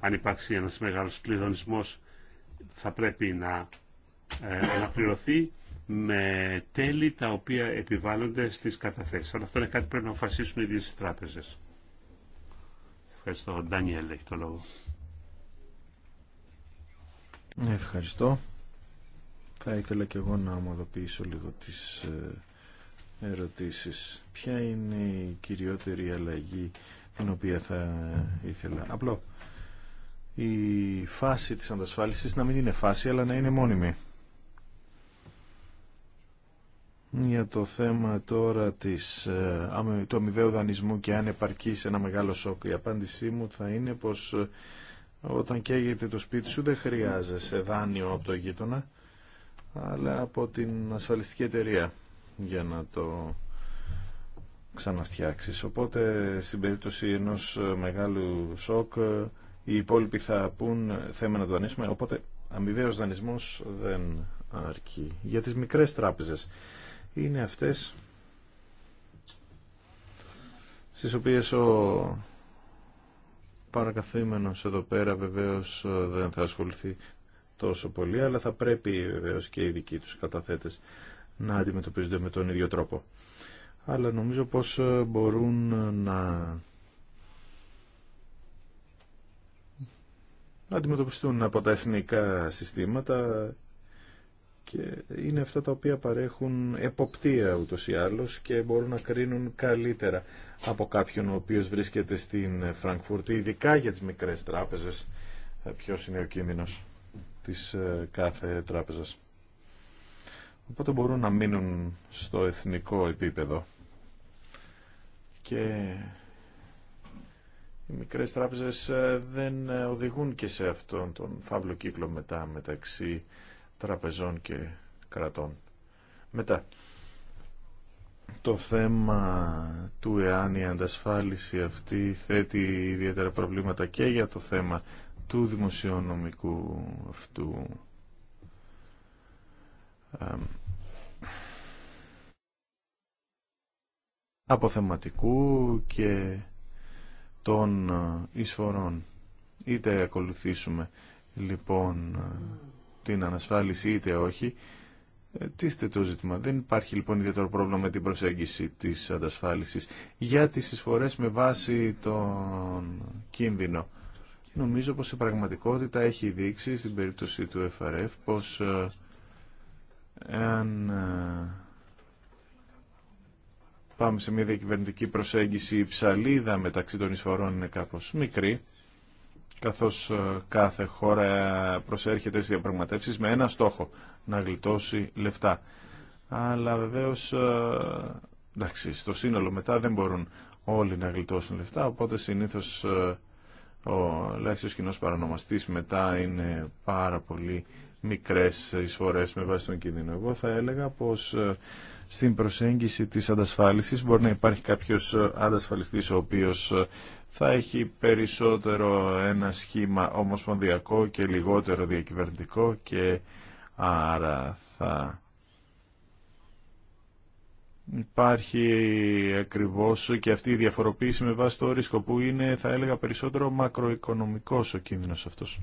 Αν υπάρξει ένα μεγάλο πληρονισμό θα πρέπει να ε, αναπληρωθεί με τέλη τα οποία επιβάλλονται στις καταθέσεις. Αλλά αυτό είναι κάτι που πρέπει να αποφασίσουν οι δύο στις τράπεζες. Ευχαριστώ. Ντάνιελ έχει το λόγο. Ναι, ευχαριστώ. Θα ήθελα και εγώ να ομοδοποιήσω λίγο τις ε, ερωτήσεις. Ποια είναι η κυριότερη αλλαγή την οποία θα ήθελα. Απλό η φάση της αντασφάλισης να μην είναι φάση αλλά να είναι μόνιμη. Για το θέμα τώρα της, ε, του αμοιβαίου δανεισμού και αν επαρκεί σε ένα μεγάλο σοκ, η απάντησή μου θα είναι πως ε, όταν καίγεται το σπίτι σου δεν χρειάζεσαι δάνειο από το γείτονα, αλλά από την ασφαλιστική εταιρεία για να το ξαναφτιάξεις. Οπότε στην περίπτωση ενός ε, μεγάλου σοκ οι υπόλοιποι θα πούν θέμα να δανείσουμε, οπότε αμοιβαίος δανεισμός δεν αρκεί. Για τις μικρές τράπεζες είναι αυτές στις οποίες ο παρακαθήμενος εδώ πέρα βεβαίως δεν θα ασχοληθεί τόσο πολύ, αλλά θα πρέπει βεβαίως και οι δικοί τους καταθέτες να αντιμετωπίζονται με τον ίδιο τρόπο. Αλλά νομίζω πως μπορούν να να αντιμετωπιστούν από τα εθνικά συστήματα και είναι αυτά τα οποία παρέχουν εποπτεία ούτως ή άλλως και μπορούν να κρίνουν καλύτερα από κάποιον ο οποίος βρίσκεται στην Φραγκφούρτη, ειδικά για τις μικρές τράπεζες, ε, ποιο είναι ο κίνδυνος της ε, κάθε τράπεζας. Οπότε μπορούν να μείνουν στο εθνικό επίπεδο και οι μικρές τράπεζες ε, δεν ε, οδηγούν και σε αυτόν τον φαύλο κύκλο μετά μεταξύ τραπεζών και κρατών. Μετά, το θέμα του εάν η αντασφάλιση αυτή θέτει ιδιαίτερα προβλήματα και για το θέμα του δημοσιονομικού αυτού αποθεματικού και των ε, εισφορών. Είτε ακολουθήσουμε λοιπόν ε, την ανασφάλιση είτε όχι, ε, τίστε το ζήτημα. Δεν υπάρχει λοιπόν ιδιαίτερο πρόβλημα με την προσέγγιση της ανασφάλισης για τις εισφορές με βάση τον κίνδυνο. Νομίζω πως η πραγματικότητα έχει δείξει στην περίπτωση του FRF πως αν πάμε σε μια διακυβερνητική προσέγγιση, η ψαλίδα μεταξύ των εισφορών είναι κάπως μικρή, καθώς ε, κάθε χώρα προσέρχεται στις διαπραγματεύσεις με ένα στόχο, να γλιτώσει λεφτά. Αλλά βεβαίως, ε, εντάξει, στο σύνολο μετά δεν μπορούν όλοι να γλιτώσουν λεφτά, οπότε συνήθως ε, ο ελάχιστος κοινό παρανομαστής μετά είναι πάρα πολύ μικρές εισφορές με βάση τον κίνδυνο. Εγώ θα έλεγα πως στην προσέγγιση της αντασφάλισης. Μπορεί να υπάρχει κάποιος αντασφαλιστής ο οποίος θα έχει περισσότερο ένα σχήμα ομοσπονδιακό και λιγότερο διακυβερνητικό και άρα θα υπάρχει ακριβώς και αυτή η διαφοροποίηση με βάση το ρίσκο που είναι θα έλεγα περισσότερο μακροοικονομικός ο κίνδυνος αυτός.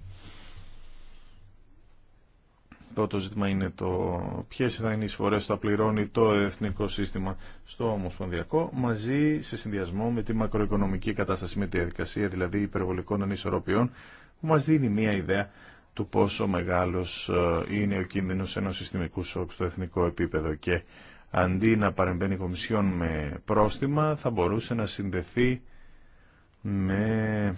Το ζήτημα είναι το ποιες θα είναι οι εισφορέ που θα πληρώνει το εθνικό σύστημα στο ομοσπονδιακό μαζί σε συνδυασμό με τη μακροοικονομική κατάσταση με τη διαδικασία δηλαδή υπερβολικών ανισορροπιών που μα δίνει μια ιδέα του πόσο μεγάλος ε, είναι ο κίνδυνος ενό συστημικού σοκ στο εθνικό επίπεδο και αντί να παρεμβαίνει η Κομισιόν με πρόστιμα θα μπορούσε να συνδεθεί με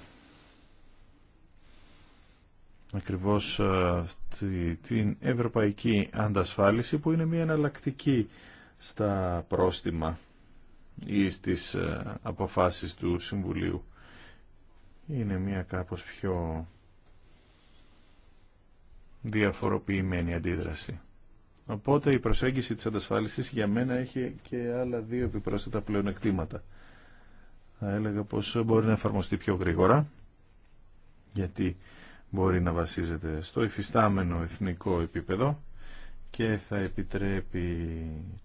ακριβώς ε, την ευρωπαϊκή αντασφάλιση που είναι μια εναλλακτική στα πρόστιμα ή στις ε, αποφάσεις του Συμβουλίου. Είναι μια κάπως πιο διαφοροποιημένη αντίδραση. Οπότε η προσέγγιση της αντασφάλισης για μένα έχει και άλλα δύο επιπρόσθετα πλεονεκτήματα. Θα έλεγα πως μπορεί να εφαρμοστεί πιο γρήγορα, γιατί μπορεί να βασίζεται στο υφιστάμενο εθνικό επίπεδο και θα επιτρέπει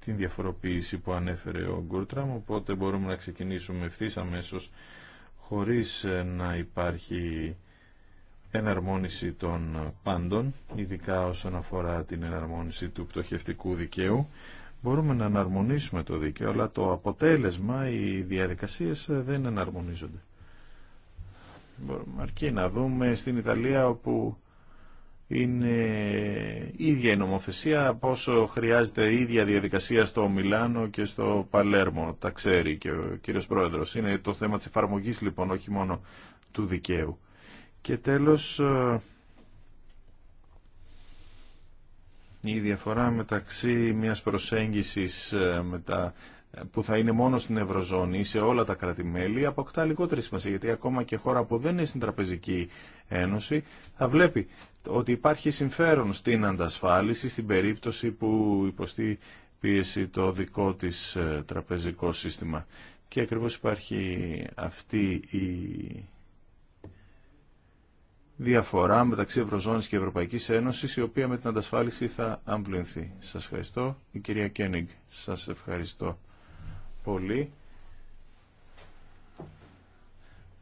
την διαφοροποίηση που ανέφερε ο Γκούρτραμ, οπότε μπορούμε να ξεκινήσουμε ευθύ αμέσω χωρίς ε, να υπάρχει εναρμόνιση των πάντων, ειδικά όσον αφορά την εναρμόνιση του πτωχευτικού δικαίου. Μπορούμε να εναρμονίσουμε το δίκαιο, αλλά το αποτέλεσμα, οι διαδικασίες ε, δεν εναρμονίζονται αρκεί να δούμε στην Ιταλία όπου είναι ίδια η νομοθεσία, πόσο χρειάζεται ίδια διαδικασία στο Μιλάνο και στο Παλέρμο. Τα ξέρει και ο κύριος Πρόεδρος. Είναι το θέμα της εφαρμογής λοιπόν, όχι μόνο του δικαίου. Και τέλος, ε, η διαφορά μεταξύ μιας προσέγγισης ε, με τα που θα είναι μόνο στην Ευρωζώνη ή σε όλα τα κράτη-μέλη αποκτά λιγότερη σημασία γιατί ακόμα και χώρα που δεν είναι στην Τραπεζική Ένωση θα βλέπει ότι υπάρχει συμφέρον στην αντασφάλιση στην περίπτωση που υποστεί πίεση το δικό της ε, τραπεζικό σύστημα. Και ακριβώς υπάρχει αυτή η διαφορά μεταξύ Ευρωζώνης και Ευρωπαϊκής Ένωσης, η οποία με την αντασφάλιση θα αμβλυνθεί. Σας ευχαριστώ. Η κυρία Κένιγκ, σας ευχαριστώ πολύ.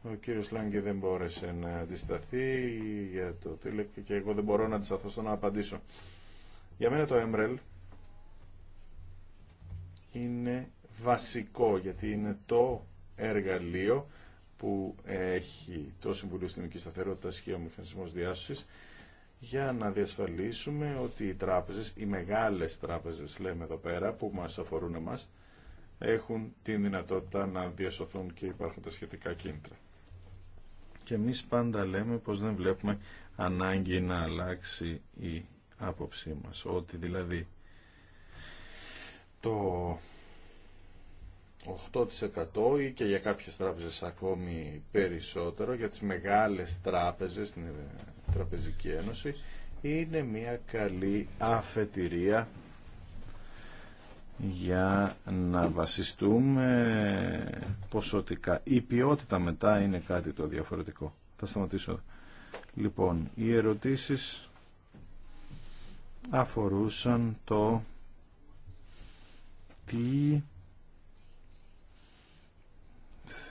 Ο κύριος Λάγκη δεν μπόρεσε να αντισταθεί για το τίλεκ και εγώ δεν μπορώ να αντισταθώ στο να απαντήσω. Για μένα το Emerald είναι βασικό γιατί είναι το εργαλείο που έχει το Συμβουλίο Συνδική Σταθερότητα και ο Μηχανισμός Διάσωσης για να διασφαλίσουμε ότι οι τράπεζες, οι μεγάλες τράπεζες λέμε εδώ πέρα που μα αφορούν εμά, έχουν τη δυνατότητα να διασωθούν και υπάρχουν τα σχετικά κίνητρα. Και εμείς πάντα λέμε πως δεν βλέπουμε ανάγκη να αλλάξει η άποψή μας. Ότι δηλαδή το 8% ή και για κάποιες τράπεζες ακόμη περισσότερο, για τις μεγάλες τράπεζες στην Τραπεζική Ένωση, είναι μια καλή αφετηρία για να βασιστούμε ποσοτικά. Η ποιότητα μετά είναι κάτι το διαφορετικό. Θα σταματήσω. Λοιπόν, οι ερωτήσεις αφορούσαν το τι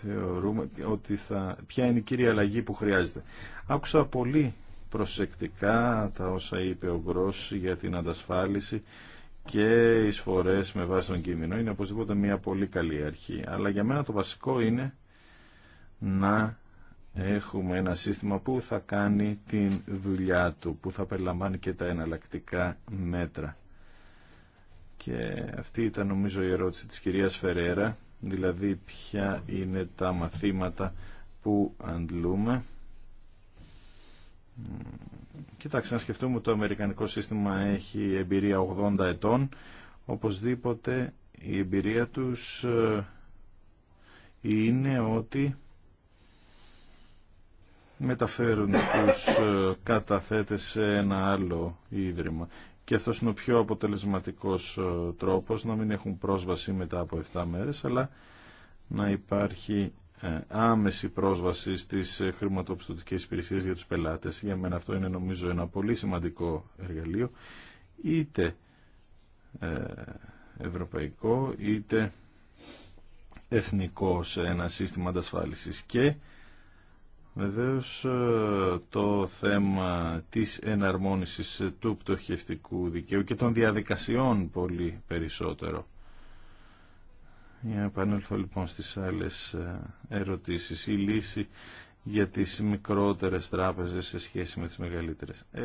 θεωρούμε ότι θα... ποια είναι η κύρια αλλαγή που χρειάζεται. Άκουσα πολύ προσεκτικά τα όσα είπε ο Γκρός για την αντασφάλιση και οι εισφορές με βάση τον κείμενο είναι οπωσδήποτε μια πολύ καλή αρχή. Αλλά για μένα το βασικό είναι να έχουμε ένα σύστημα που θα κάνει την δουλειά του, που θα περιλαμβάνει και τα εναλλακτικά μέτρα. Και αυτή ήταν νομίζω η ερώτηση της κυρίας Φερέρα, δηλαδή ποια είναι τα μαθήματα που αντλούμε Κοιτάξτε, να σκεφτούμε ότι το αμερικανικό σύστημα έχει εμπειρία 80 ετών. Οπωσδήποτε η εμπειρία τους ε, είναι ότι μεταφέρουν τους ε, καταθέτες σε ένα άλλο ίδρυμα. Και αυτός είναι ο πιο αποτελεσματικός ε, τρόπος να μην έχουν πρόσβαση μετά από 7 μέρες, αλλά να υπάρχει ε, άμεση πρόσβαση στις ε, χρηματοπιστωτικές υπηρεσίες για τους πελάτες. Για μένα αυτό είναι νομίζω ένα πολύ σημαντικό εργαλείο, είτε ε, ευρωπαϊκό είτε εθνικό σε ένα σύστημα αντασφάλισης. Και βεβαίως το θέμα της εναρμόνισης του πτωχευτικού δικαίου και των διαδικασιών πολύ περισσότερο. Για να επανέλθω λοιπόν στις άλλες ε, ερωτήσεις. Η λύση για τις μικρότερες τράπεζες σε σχέση με τις μεγαλύτερες. Ε,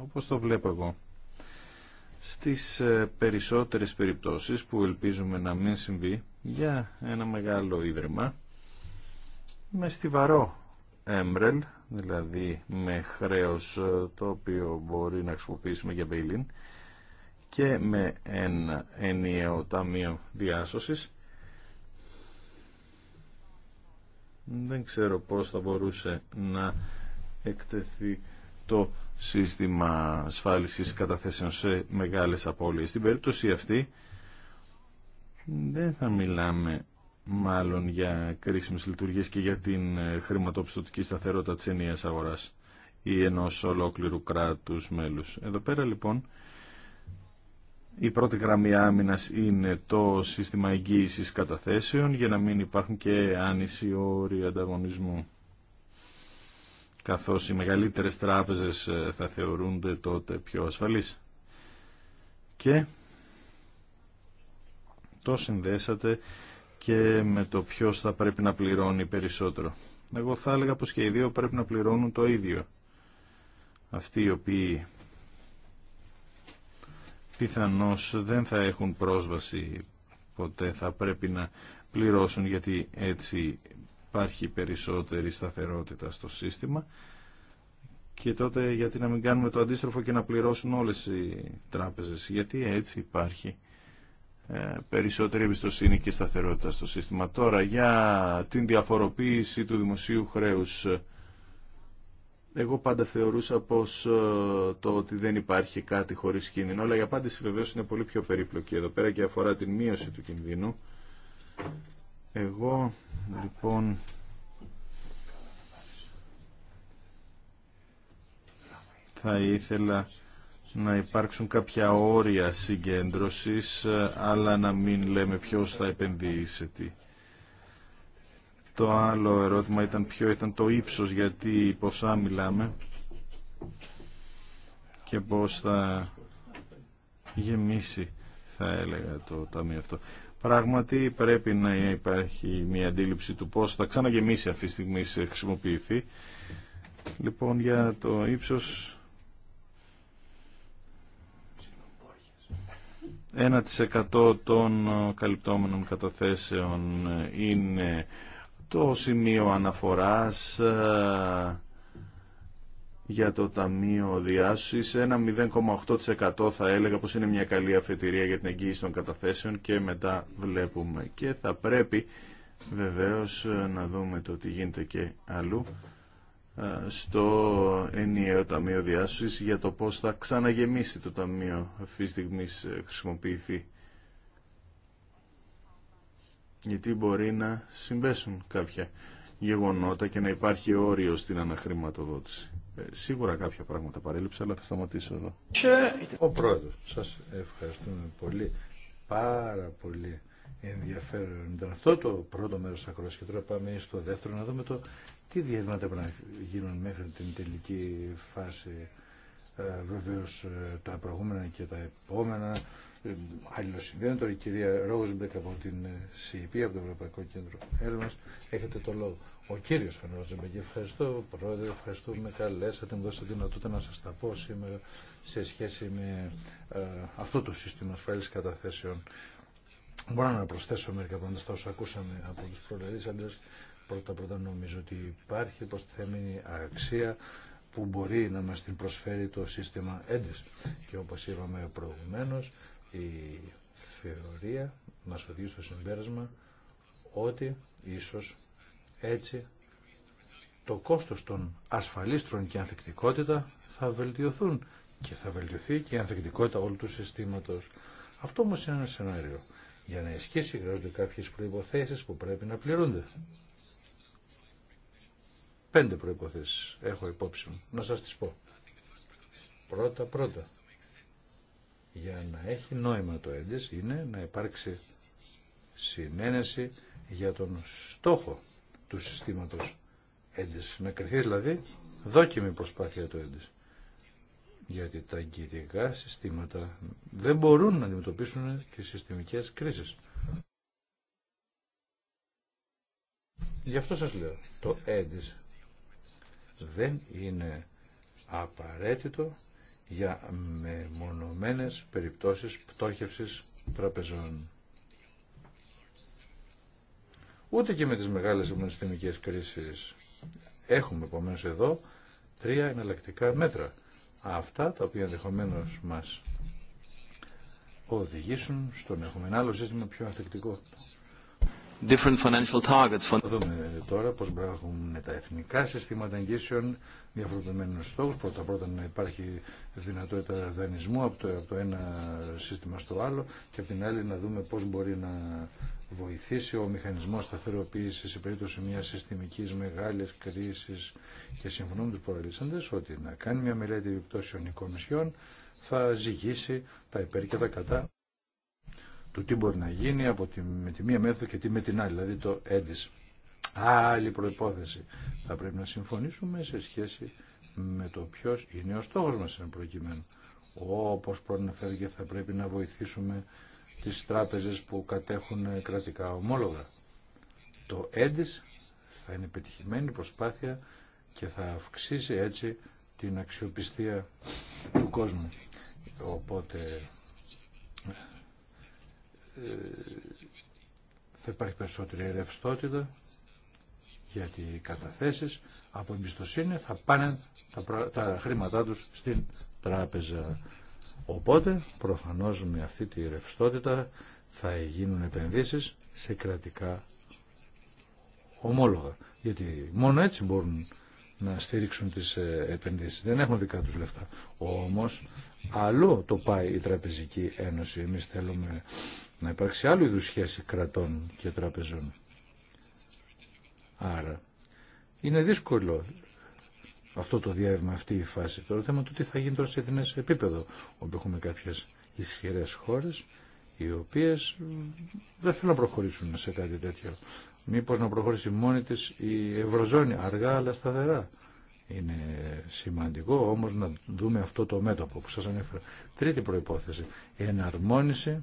όπως το βλέπω εγώ. Στις ε, περισσότερες περιπτώσεις που ελπίζουμε να μην συμβεί για ένα μεγάλο ίδρυμα με στιβαρό έμπρελ, δηλαδή με χρέος ε, το οποίο μπορεί να χρησιμοποιήσουμε για μπέιλιν και με ένα ενιαίο ταμείο διάσωσης δεν ξέρω πώς θα μπορούσε να εκτεθεί το σύστημα ασφάλισης καταθέσεων σε μεγάλες απώλειες. Στην περίπτωση αυτή δεν θα μιλάμε μάλλον για κρίσιμες λειτουργίες και για την ε, χρηματοπιστωτική σταθερότητα της ενίας αγοράς ή ενός ολόκληρου κράτους μέλους. Εδώ πέρα λοιπόν η πρώτη γραμμή άμυνας είναι το σύστημα εγγύηση καταθέσεων για να μην υπάρχουν και άνηση όροι ανταγωνισμού καθώ οι μεγαλύτερες τράπεζες ε, θα θεωρούνται τότε πιο ασφαλείς. Και το συνδέσατε και με το ποιο θα πρέπει να πληρώνει περισσότερο. Εγώ θα έλεγα πως και οι δύο πρέπει να πληρώνουν το ίδιο. Αυτοί οι οποίοι πιθανώς δεν θα έχουν πρόσβαση ποτέ, θα πρέπει να πληρώσουν γιατί έτσι υπάρχει περισσότερη σταθερότητα στο σύστημα και τότε γιατί να μην κάνουμε το αντίστροφο και να πληρώσουν όλες οι τράπεζες γιατί έτσι υπάρχει ε, περισσότερη εμπιστοσύνη και σταθερότητα στο σύστημα. Τώρα για την διαφοροποίηση του δημοσίου χρέους εγώ πάντα θεωρούσα πως ε, το ότι δεν υπάρχει κάτι χωρίς κίνδυνο, αλλά η απάντηση βεβαίως είναι πολύ πιο περίπλοκη εδώ πέρα και αφορά την μείωση του κινδύνου. Εγώ λοιπόν θα ήθελα να υπάρξουν κάποια όρια συγκέντρωσης, ε, αλλά να μην λέμε ποιος θα επενδύσει τι. Το άλλο ερώτημα ήταν ποιο ήταν το ύψος, γιατί ποσά μιλάμε και πώς θα γεμίσει, θα έλεγα, το ταμείο αυτό. Πράγματι πρέπει να υπάρχει μια αντίληψη του πώς θα ξαναγεμίσει αυτή τη στιγμή σε χρησιμοποιηθεί. Λοιπόν, για το ύψος 1% των καλυπτόμενων καταθέσεων είναι το σημείο αναφοράς ε, για το Ταμείο Διάσωσης. Ένα 0,8% θα έλεγα πως είναι μια καλή αφετηρία για την εγγύηση των καταθέσεων και μετά βλέπουμε. Και θα πρέπει βεβαίως ε, να δούμε το τι γίνεται και αλλού ε, στο ενιαίο Ταμείο Διάσωσης για το πώς θα ξαναγεμίσει το Ταμείο αυτή τη στιγμή χρησιμοποιηθεί γιατί μπορεί να συμπέσουν κάποια γεγονότα και να υπάρχει όριο στην αναχρηματοδότηση. Ε, σίγουρα κάποια πράγματα παρέλειψα, αλλά θα σταματήσω εδώ. Ο Πρόεδρος, σας ευχαριστούμε πολύ, πάρα πολύ ενδιαφέρον. Ήταν αυτό το πρώτο μέρος ακρόασης και τώρα πάμε στο δεύτερο να δούμε το τι διεύματα πρέπει να γίνουν μέχρι την τελική φάση. Ε, βεβαίως ε, τα προηγούμενα και τα επόμενα αλληλοσυνδέονται. Τώρα η κυρία Ρόζμπεκ από την ΣΥΠ, ε, e από το Ευρωπαϊκό Κέντρο Έλληνα, έχετε το λόγο. Ο κύριο Φανερόζμπεκ, ευχαριστώ πρόεδρε, ευχαριστούμε. Καλέσατε, μου δώσατε δυνατότητα να σα τα πω σήμερα σε σχέση με ε, αυτό το σύστημα ασφαλή καταθέσεων. Μπορώ να προσθέσω μερικά πράγματα στα όσα ακούσαμε από του προλαλήσαντε. Πρώτα-πρώτα νομίζω ότι υπάρχει προστιθέμενη αξία που μπορεί να μας την προσφέρει το σύστημα έντες. Και όπως είπαμε προηγουμένως, η θεωρία μας οδηγεί στο συμπέρασμα ότι ίσως έτσι το κόστος των ασφαλίστρων και ανθεκτικότητα θα βελτιωθούν και θα βελτιωθεί και η ανθεκτικότητα όλου του συστήματος. Αυτό όμως είναι ένα σενάριο. Για να ισχύσει χρειάζονται κάποιες προϋποθέσεις που πρέπει να πληρούνται. Πέντε προϋποθέσεις έχω υπόψη μου. Να σας τις πω. Πρώτα-πρώτα για να έχει νόημα το έντες είναι να υπάρξει συνένεση για τον στόχο του συστήματος έντες. Να κρυθεί δηλαδή δόκιμη προσπάθεια το έντες. Γιατί τα αγγλικά συστήματα δεν μπορούν να αντιμετωπίσουν και συστημικές κρίσεις. Γι' αυτό σας λέω, το έντες δεν είναι απαραίτητο για μεμονωμένες περιπτώσεις πτώχευσης τραπεζών. Ούτε και με τις μεγάλες μονοστημικές κρίσεις έχουμε επομένω εδώ τρία εναλλακτικά μέτρα. Αυτά τα οποία ενδεχομένω μας οδηγήσουν στο να έχουμε ένα άλλο σύστημα πιο ανθεκτικό different financial targets. Θα δούμε τώρα πώς μπράχουν τα εθνικά συστήματα εγγύσεων διαφορετωμένους στόχους. Πρώτα πρώτα να υπάρχει δυνατότητα δανεισμού από το, από το ένα σύστημα στο άλλο και από την άλλη να δούμε πώς μπορεί να βοηθήσει ο μηχανισμός σταθεροποίησης σε περίπτωση μιας συστημικής μεγάλης κρίσης και συμφωνούν τους προελίσσαντες ότι να κάνει μια μελέτη επιπτώσεων οικονομισιών θα ζυγίσει τα υπέρ και τα κατά του τι μπορεί να γίνει από τη, με τη μία μέθοδο και τι με την άλλη, δηλαδή το έντις. Άλλη προϋπόθεση. Θα πρέπει να συμφωνήσουμε σε σχέση με το ποιο είναι ο στόχο μα εν προκειμένου. Όπως προαναφέρει και θα πρέπει να βοηθήσουμε τι τράπεζε που κατέχουν κρατικά ομόλογα. Το έντις θα είναι πετυχημένη προσπάθεια και θα αυξήσει έτσι την αξιοπιστία του κόσμου. Οπότε ε, θα υπάρχει περισσότερη ρευστότητα γιατί οι καταθέσεις από εμπιστοσύνη θα πάνε τα, τα χρήματά τους στην τράπεζα. Οπότε, προφανώς με αυτή τη ρευστότητα θα γίνουν επενδύσεις σε κρατικά ομόλογα. Γιατί μόνο έτσι μπορούν να στηρίξουν τις ε, επενδύσεις. Δεν έχουν δικά τους λεφτά. Όμως, αλλού το πάει η Τραπεζική Ένωση. Εμείς θέλουμε να υπάρξει άλλου είδου σχέση κρατών και τραπεζών. Άρα, είναι δύσκολο αυτό το διάβημα, αυτή η φάση. Τώρα το θέμα του τι θα γίνει τώρα σε εθνές επίπεδο, όπου έχουμε κάποιες ισχυρές χώρες, οι οποίες δεν θέλουν να προχωρήσουν σε κάτι τέτοιο. Μήπως να προχωρήσει μόνη τη η Ευρωζώνη, αργά αλλά σταθερά. Είναι σημαντικό όμως να δούμε αυτό το μέτωπο που σας ανέφερα. Τρίτη προϋπόθεση, εναρμόνιση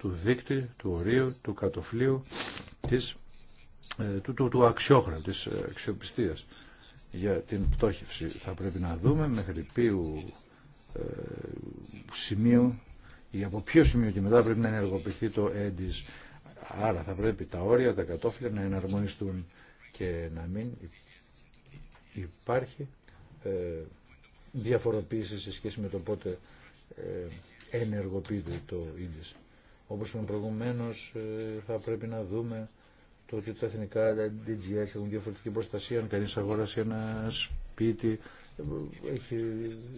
του δίκτυ, του ορίου, του κατοφλίου, της, ε, του, του, του αξιόχρα, της ε, αξιοπιστίας για την πτώχευση. Θα πρέπει να δούμε μέχρι ποιου ε, σημείου ή από ποιο σημείο και μετά πρέπει να ενεργοποιηθεί το έντις. Άρα θα πρέπει τα όρια, τα κατόφλια να εναρμονιστούν και να μην υπάρχει ε, διαφοροποίηση σε σχέση με το πότε ε, ενεργοποιείται το ίδιο. Όπως είπαμε προηγουμένως, ε, θα πρέπει να δούμε το ότι τα εθνικά DGS έχουν διαφορετική προστασία. Αν κανείς αγοράσει ένα σπίτι, έχει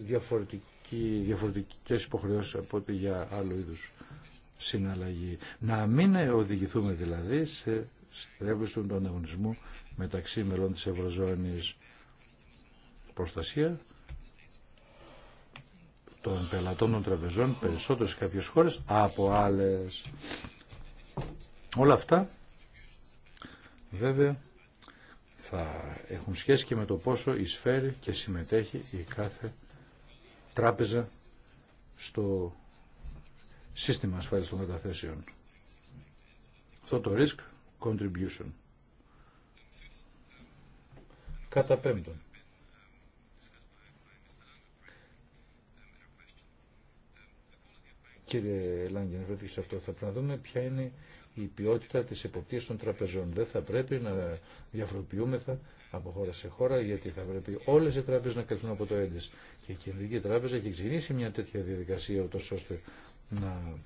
διαφορετική, διαφορετικές υποχρεώσεις από ότι για άλλο είδους συναλλαγή. Να μην οδηγηθούμε δηλαδή σε στρέβλωση του ανταγωνισμού μεταξύ μελών της Ευρωζώνης προστασία των πελατών των τραπεζών περισσότερο σε κάποιες χώρες από άλλες. Όλα αυτά βέβαια θα έχουν σχέση και με το πόσο εισφέρει και συμμετέχει η κάθε τράπεζα στο σύστημα ασφάλισης των καταθέσεων. Αυτό το risk contribution. Κατά πέμπτον. Κύριε Λάγκη, αναφέρθηκε σε αυτό. Θα πρέπει να δούμε ποια είναι η ποιότητα τη εποπτεία των τραπεζών. Δεν θα πρέπει να διαφοροποιούμεθα από χώρα σε χώρα, γιατί θα πρέπει όλε οι τράπεζε να κρυφθούν από το έντε. Και η Κεντρική Τράπεζα έχει ξεκινήσει μια τέτοια διαδικασία, ούτω ώστε να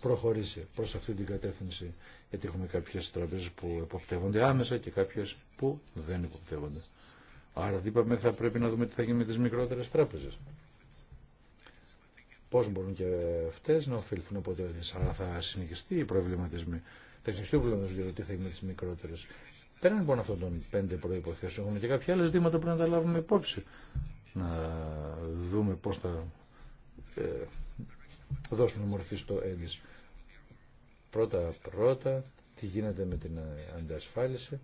προχωρήσει προ αυτή την κατεύθυνση. Γιατί έχουμε κάποιε τράπεζε που εποπτεύονται άμεσα και κάποιε που δεν εποπτεύονται. Άρα, είπαμε, θα πρέπει να δούμε τι θα γίνει με τι μικρότερε τράπεζε. Πώ μπορούν και αυτέ να ωφεληθούν από το ΕΡΙΣ. Αλλά θα συνεχιστεί οι προβλήματισμή. Θα συνεχιστεί ο προβληματισμό για το θα γίνει με τις μικρότερες. Πέραν λοιπόν αυτών των πέντε προποθέσεων, έχουμε και κάποια άλλα ζητήματα που να τα λάβουμε υπόψη. Να δούμε πώ θα ε, δώσουν μορφή στο ΕΡΙΣ. Πρώτα πρώτα τι γίνεται με την αντασφάλιση.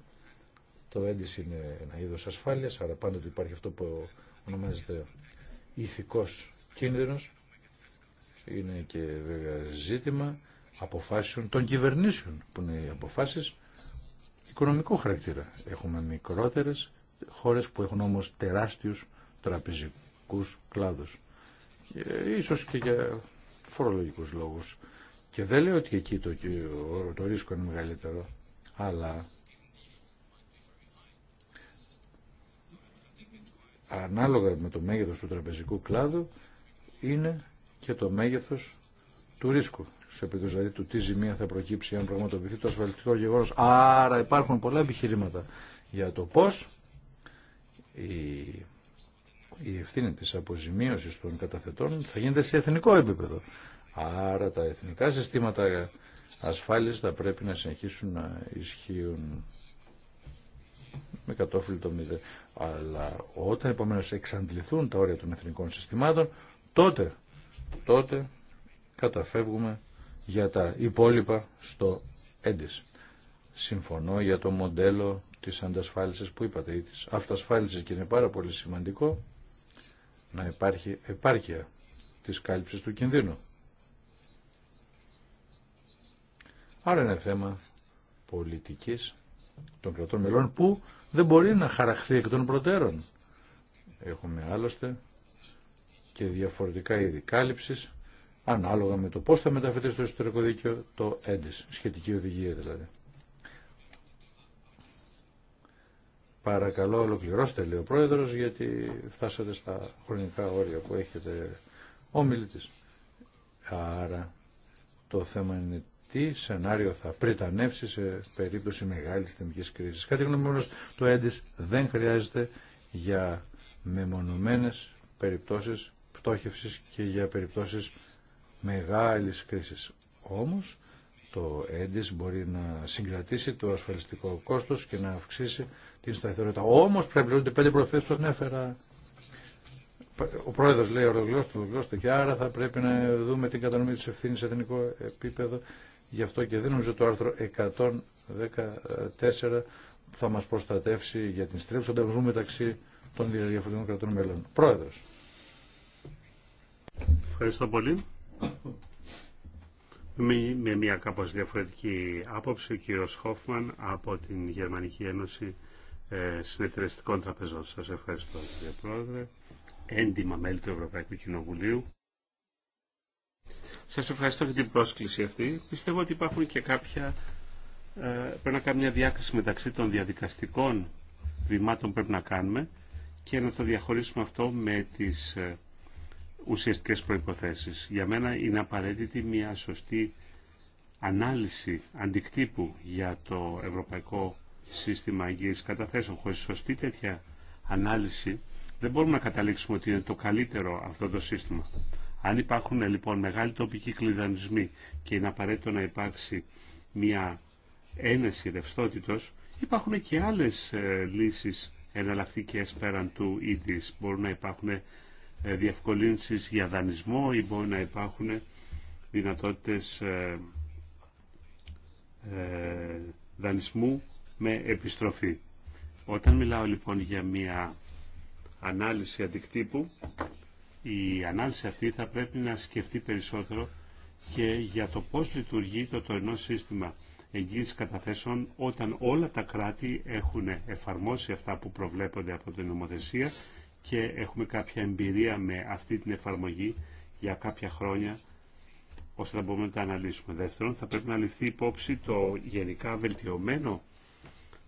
Το έντις είναι ένα είδο ασφάλεια, αλλά πάντοτε υπάρχει αυτό που ονομάζεται ηθικός κίνδυνος είναι και βέβαια ζήτημα αποφάσεων των κυβερνήσεων που είναι οι αποφάσεις οικονομικού χαρακτήρα. Έχουμε μικρότερες χώρες που έχουν όμως τεράστιους τραπεζικούς κλάδους. Ίσως και για φορολογικούς λόγους. Και δεν λέω ότι εκεί το, το ρίσκο είναι μεγαλύτερο, αλλά ανάλογα με το μέγεθος του τραπεζικού κλάδου είναι και το μέγεθος του ρίσκου σε περίπτωση δηλαδή του τι ζημία θα προκύψει αν πραγματοποιηθεί το ασφαλιστικό γεγονό. Άρα υπάρχουν πολλά επιχειρήματα για το πώ η, η ευθύνη τη αποζημίωση των καταθετών θα γίνεται σε εθνικό επίπεδο. Άρα τα εθνικά συστήματα ασφάλισης θα πρέπει να συνεχίσουν να ισχύουν με κατόφυλλο το μηδέν. Αλλά όταν επομένω εξαντληθούν τα όρια των εθνικών συστημάτων, τότε τότε καταφεύγουμε για τα υπόλοιπα στο έντις. Συμφωνώ για το μοντέλο της αντασφάλισης που είπατε ή της αυτασφάλισης και είναι πάρα πολύ σημαντικό να υπάρχει επάρκεια της κάλυψης του κινδύνου. Άρα είναι θέμα πολιτικής των κρατών μελών που δεν μπορεί να χαραχθεί εκ των προτέρων. Έχουμε άλλωστε και διαφορετικά είδη κάλυψη ανάλογα με το πώ θα μεταφερθεί στο ιστορικό δίκαιο το έντες, σχετική οδηγία δηλαδή. Παρακαλώ ολοκληρώστε λέει ο πρόεδρο γιατί φτάσατε στα χρονικά όρια που έχετε ο Άρα το θέμα είναι τι σενάριο θα πρετανεύσει σε περίπτωση μεγάλης θεμική κρίση. Κάτι το έντες δεν χρειάζεται για μεμονωμένε περιπτώσει πτώχευσης και για περιπτώσεις μεγάλης κρίσης. Όμως το έντις μπορεί να συγκρατήσει το ασφαλιστικό κόστος και να αυξήσει την σταθερότητα. Όμως πρέπει να πέντε προθέσεις που ανέφερα. Ο πρόεδρος λέει ορογλώστο, ορογλώστο και άρα θα πρέπει να δούμε την κατανομή της ευθύνη σε εθνικό επίπεδο. Γι' αυτό και δεν νομίζω το άρθρο 114 θα μας προστατεύσει για την στρέψη ανταγωνισμού μεταξύ των διαφορετικών κρατών μέλων. Πρόεδρος. Ευχαριστώ πολύ. Με μια κάπως διαφορετική άποψη, ο κύριος Χόφμαν από την Γερμανική Ένωση ε, Συνεταιριστικών Τραπεζών. Σας ευχαριστώ κύριε Πρόεδρε, έντιμα μέλη του Ευρωπαϊκού Κοινοβουλίου. Σας ευχαριστώ για την πρόσκληση αυτή. Πιστεύω ότι υπάρχουν και κάποια, ε, πρέπει να κάνουμε μια διάκριση μεταξύ των διαδικαστικών βημάτων που πρέπει να κάνουμε και να το διαχωρίσουμε αυτό με τις ε, ουσιαστικές προϋποθέσεις. Για μένα είναι απαραίτητη μια σωστή ανάλυση αντικτύπου για το ευρωπαϊκό σύστημα αγγείας καταθέσεων. Χωρίς σωστή τέτοια ανάλυση δεν μπορούμε να καταλήξουμε ότι είναι το καλύτερο αυτό το σύστημα. Αν υπάρχουν λοιπόν μεγάλοι τοπικοί κλειδανισμοί και είναι απαραίτητο να υπάρξει μια ένεση ρευστότητος, υπάρχουν και άλλες ε, λύσεις εναλλακτικέ πέραν του ίδις. Μπορούν να υπάρχουν ε, διευκολύνσεις για δανεισμό ή μπορεί να υπάρχουν δυνατότητες ε, ε, δανεισμού με επιστροφή. Όταν μιλάω λοιπόν για μια ανάλυση αντικτύπου, η ανάλυση αυτή θα πρέπει να σκεφτεί περισσότερο και για το πώς λειτουργεί το τωρινό σύστημα εγγύησης καταθέσεων όταν όλα τα κράτη έχουν εφαρμόσει αυτά που προβλέπονται από την νομοθεσία και έχουμε κάποια εμπειρία με αυτή την εφαρμογή για κάποια χρόνια ώστε να μπορούμε να τα αναλύσουμε. Δεύτερον, θα πρέπει να ληφθεί υπόψη το γενικά βελτιωμένο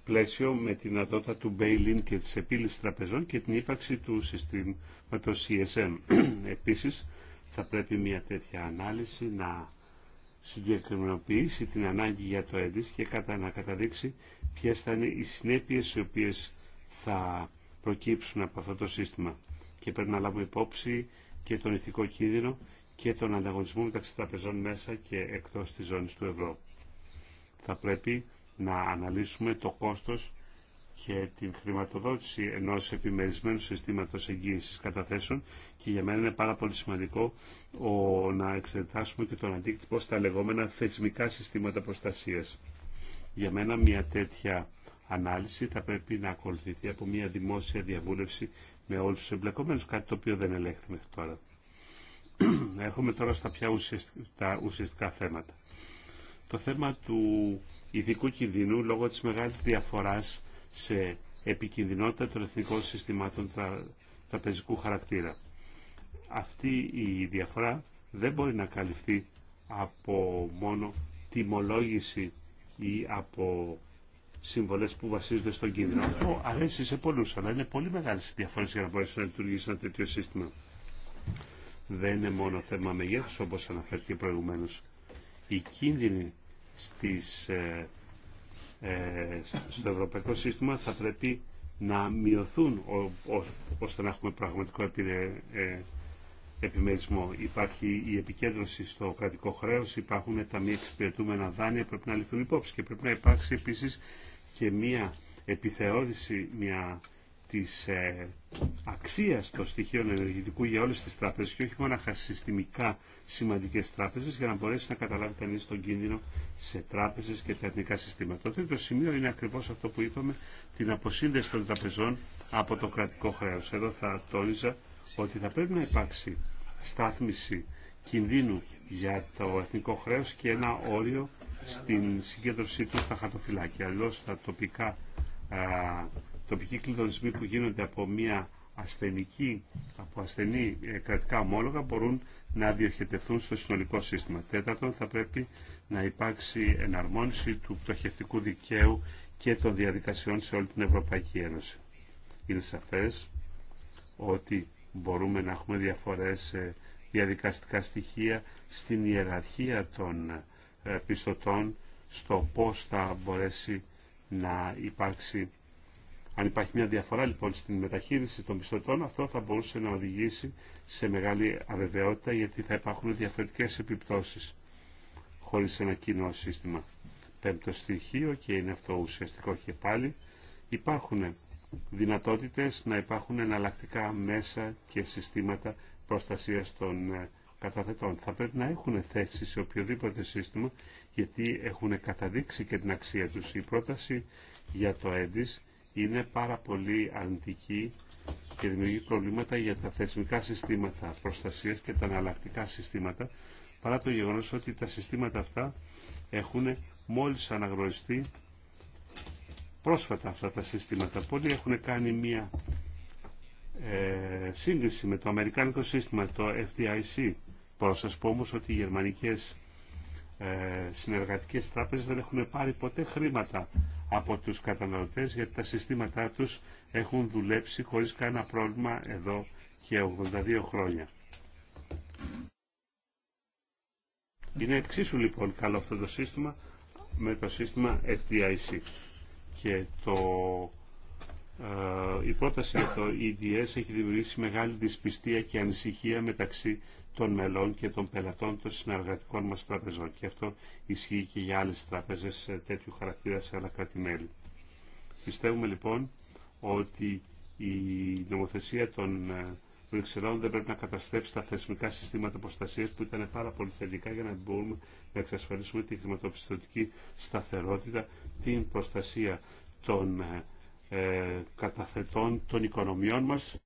πλαίσιο με την δυνατότητα του bail-in και της επίλυσης τραπεζών και την ύπαρξη του συστήματος CSM. <clears throat> Επίσης, θα πρέπει μια τέτοια ανάλυση να συγκεκριμενοποιήσει την ανάγκη για το έντις και κατά να καταδείξει ποιες θα είναι οι συνέπειες οι οποίες θα προκύψουν από αυτό το σύστημα. Και πρέπει να λάβουμε υπόψη και τον ηθικό κίνδυνο και τον ανταγωνισμό μεταξύ τραπεζών μέσα και εκτός της ζώνης του ευρώ. Θα πρέπει να αναλύσουμε το κόστος και την χρηματοδότηση ενός επιμερισμένου συστήματος εγγύησης καταθέσεων και για μένα είναι πάρα πολύ σημαντικό ο, να εξετάσουμε και τον αντίκτυπο στα λεγόμενα θεσμικά συστήματα προστασίας. Για μένα μια τέτοια ανάλυση θα πρέπει να ακολουθηθεί από μια δημόσια διαβούλευση με όλους τους εμπλεκόμενους, κάτι το οποίο δεν ελέγχθη μέχρι τώρα. Έρχομαι τώρα στα πια ουσιαστικά, ουσιαστικά θέματα. Το θέμα του ειδικού κινδυνού λόγω της μεγάλης διαφοράς σε επικινδυνότητα των εθνικών συστημάτων τρα, τραπεζικού χαρακτήρα. Αυτή η διαφορά δεν μπορεί να καλυφθεί από μόνο τιμολόγηση ή από Συμβολέ που βασίζονται στον κίνδυνο. Αυτό αρέσει σε πολλού, αλλά είναι πολύ μεγάλη οι διαφορέ για να μπορέσει να λειτουργήσει ένα τέτοιο σύστημα. Δεν είναι μόνο θέμα μεγέθου όπω αναφέρθηκε προηγουμένω. Οι κίνδυνοι στις, ε, ε, στο ευρωπαϊκό σύστημα θα πρέπει να μειωθούν ώστε να έχουμε πραγματικό επιδε, ε, επιμερισμό. Υπάρχει η επικέντρωση στο κρατικό χρέο, υπάρχουν τα μη εξυπηρετούμενα δάνεια πρέπει να ληφθούν υπόψη και πρέπει να υπάρξει επίση και μία επιθεώρηση μια, της ε, αξίας των στοιχείων ενεργητικού για όλες τις τράπεζες και όχι μόνο συστημικά σημαντικές τράπεζες για να μπορέσει να καταλάβει κανεί τον κίνδυνο σε τράπεζες και τα εθνικά συστήματα. Το τρίτο σημείο είναι ακριβώς αυτό που είπαμε, την αποσύνδεση των τραπεζών από το κρατικό χρέος. Εδώ θα τόνιζα ότι θα πρέπει να υπάρξει στάθμιση κινδύνου για το εθνικό χρέος και ένα όριο στην συγκέντρωσή του στα χαρτοφυλάκια. Αλλιώ τα τοπικά, τοπικοί κλειδονισμοί που γίνονται από μια ασθενική, από ασθενή ε, κρατικά ομόλογα μπορούν να διοχετευθούν στο συνολικό σύστημα. Τέταρτον, θα πρέπει να υπάρξει εναρμόνιση του πτωχευτικού δικαίου και των διαδικασιών σε όλη την Ευρωπαϊκή Ένωση. Είναι σαφές ότι μπορούμε να έχουμε διαφορές διαδικαστικά στοιχεία στην ιεραρχία των πιστωτών στο πώς θα μπορέσει να υπάρξει αν υπάρχει μια διαφορά λοιπόν στην μεταχείριση των πιστωτών, αυτό θα μπορούσε να οδηγήσει σε μεγάλη αβεβαιότητα γιατί θα υπάρχουν διαφορετικές επιπτώσεις χωρίς ένα κοινό σύστημα. Πέμπτο στοιχείο και είναι αυτό ουσιαστικό και πάλι, υπάρχουν δυνατότητες να υπάρχουν εναλλακτικά μέσα και συστήματα προστασίας των ε, καταθετών. Θα πρέπει να έχουν θέση σε οποιοδήποτε σύστημα, γιατί έχουν καταδείξει και την αξία τους. Η πρόταση για το ΕΝΤΙΣ είναι πάρα πολύ αρνητική και δημιουργεί προβλήματα για τα θεσμικά συστήματα προστασίας και τα αναλλακτικά συστήματα, παρά το γεγονός ότι τα συστήματα αυτά έχουν μόλις αναγνωριστεί πρόσφατα αυτά τα συστήματα. Πολλοί έχουν κάνει μία ε, σύγκριση με το αμερικάνικο σύστημα, το FDIC, Μπορώ να σας πω όμως ότι οι γερμανικές ε, συνεργατικές τράπεζες δεν έχουν πάρει ποτέ χρήματα από τους καταναλωτές γιατί τα συστήματά τους έχουν δουλέψει χωρίς κανένα πρόβλημα εδώ και 82 χρόνια. Είναι εξίσου λοιπόν καλό αυτό το σύστημα με το σύστημα FDIC και το ε, η πρόταση για το EDS έχει δημιουργήσει μεγάλη δυσπιστία και ανησυχία μεταξύ των μελών και των πελατών των συνεργατικών μας τραπεζών. Και αυτό ισχύει και για άλλες τραπεζές τέτοιου χαρακτήρα σε άλλα κράτη-μέλη. Πιστεύουμε λοιπόν ότι η νομοθεσία των ε, Βρυξελών δεν πρέπει να καταστρέψει τα θεσμικά συστήματα προστασία που ήταν πάρα πολύ θετικά για να μπορούμε να εξασφαλίσουμε τη χρηματοπιστωτική σταθερότητα, την προστασία των ε, ε, καταθετών των οικονομιών μας.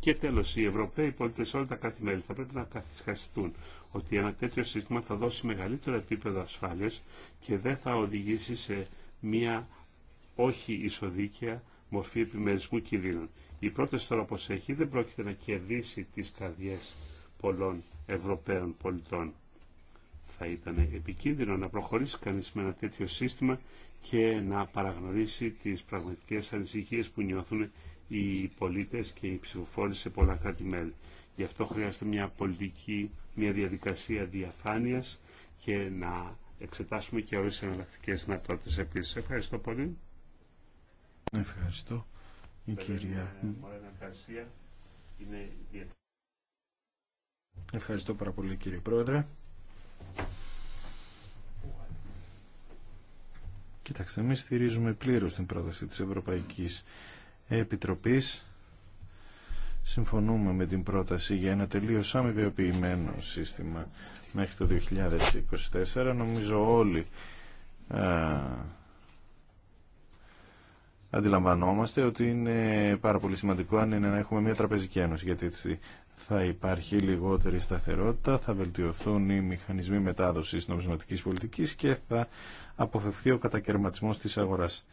Και τέλος, οι Ευρωπαίοι πολίτες όλα τα κάτι μέλη θα πρέπει να καθισχαστούν ότι ένα τέτοιο σύστημα θα δώσει μεγαλύτερο επίπεδο ασφάλειας και δεν θα οδηγήσει σε μία όχι ισοδίκαια μορφή επιμερισμού κινδύνων. Η πρόταση τώρα όπως έχει δεν πρόκειται να κερδίσει τις καρδιές πολλών Ευρωπαίων πολιτών θα ήταν επικίνδυνο να προχωρήσει κανείς με ένα τέτοιο σύστημα και να παραγνωρίσει τις πραγματικές ανησυχίες που νιώθουν οι πολίτες και οι ψηφοφόροι σε πολλά κράτη-μέλη. Γι' αυτό χρειάζεται μια πολιτική, μια διαδικασία διαφάνειας και να εξετάσουμε και όλες τις εναλλακτικές δυνατότητες επίσης. Ευχαριστώ πολύ. Ευχαριστώ. Η κυρία... Ε, Ευχαριστώ πάρα πολύ κύριε Πρόεδρε. Κοιτάξτε, εμείς στηρίζουμε πλήρως την πρόταση της Ευρωπαϊκής Επιτροπής. Συμφωνούμε με την πρόταση για ένα τελείως αμοιβαιοποιημένο σύστημα μέχρι το 2024. Νομίζω όλοι αντιλαμβανόμαστε ότι είναι πάρα πολύ σημαντικό αν είναι να έχουμε μια τραπεζική ένωση γιατί έτσι θα υπάρχει λιγότερη σταθερότητα, θα βελτιωθούν οι μηχανισμοί μετάδοσης νομισματικής πολιτικής και θα αποφευθεί ο κατακαιρματισμός της αγοράς.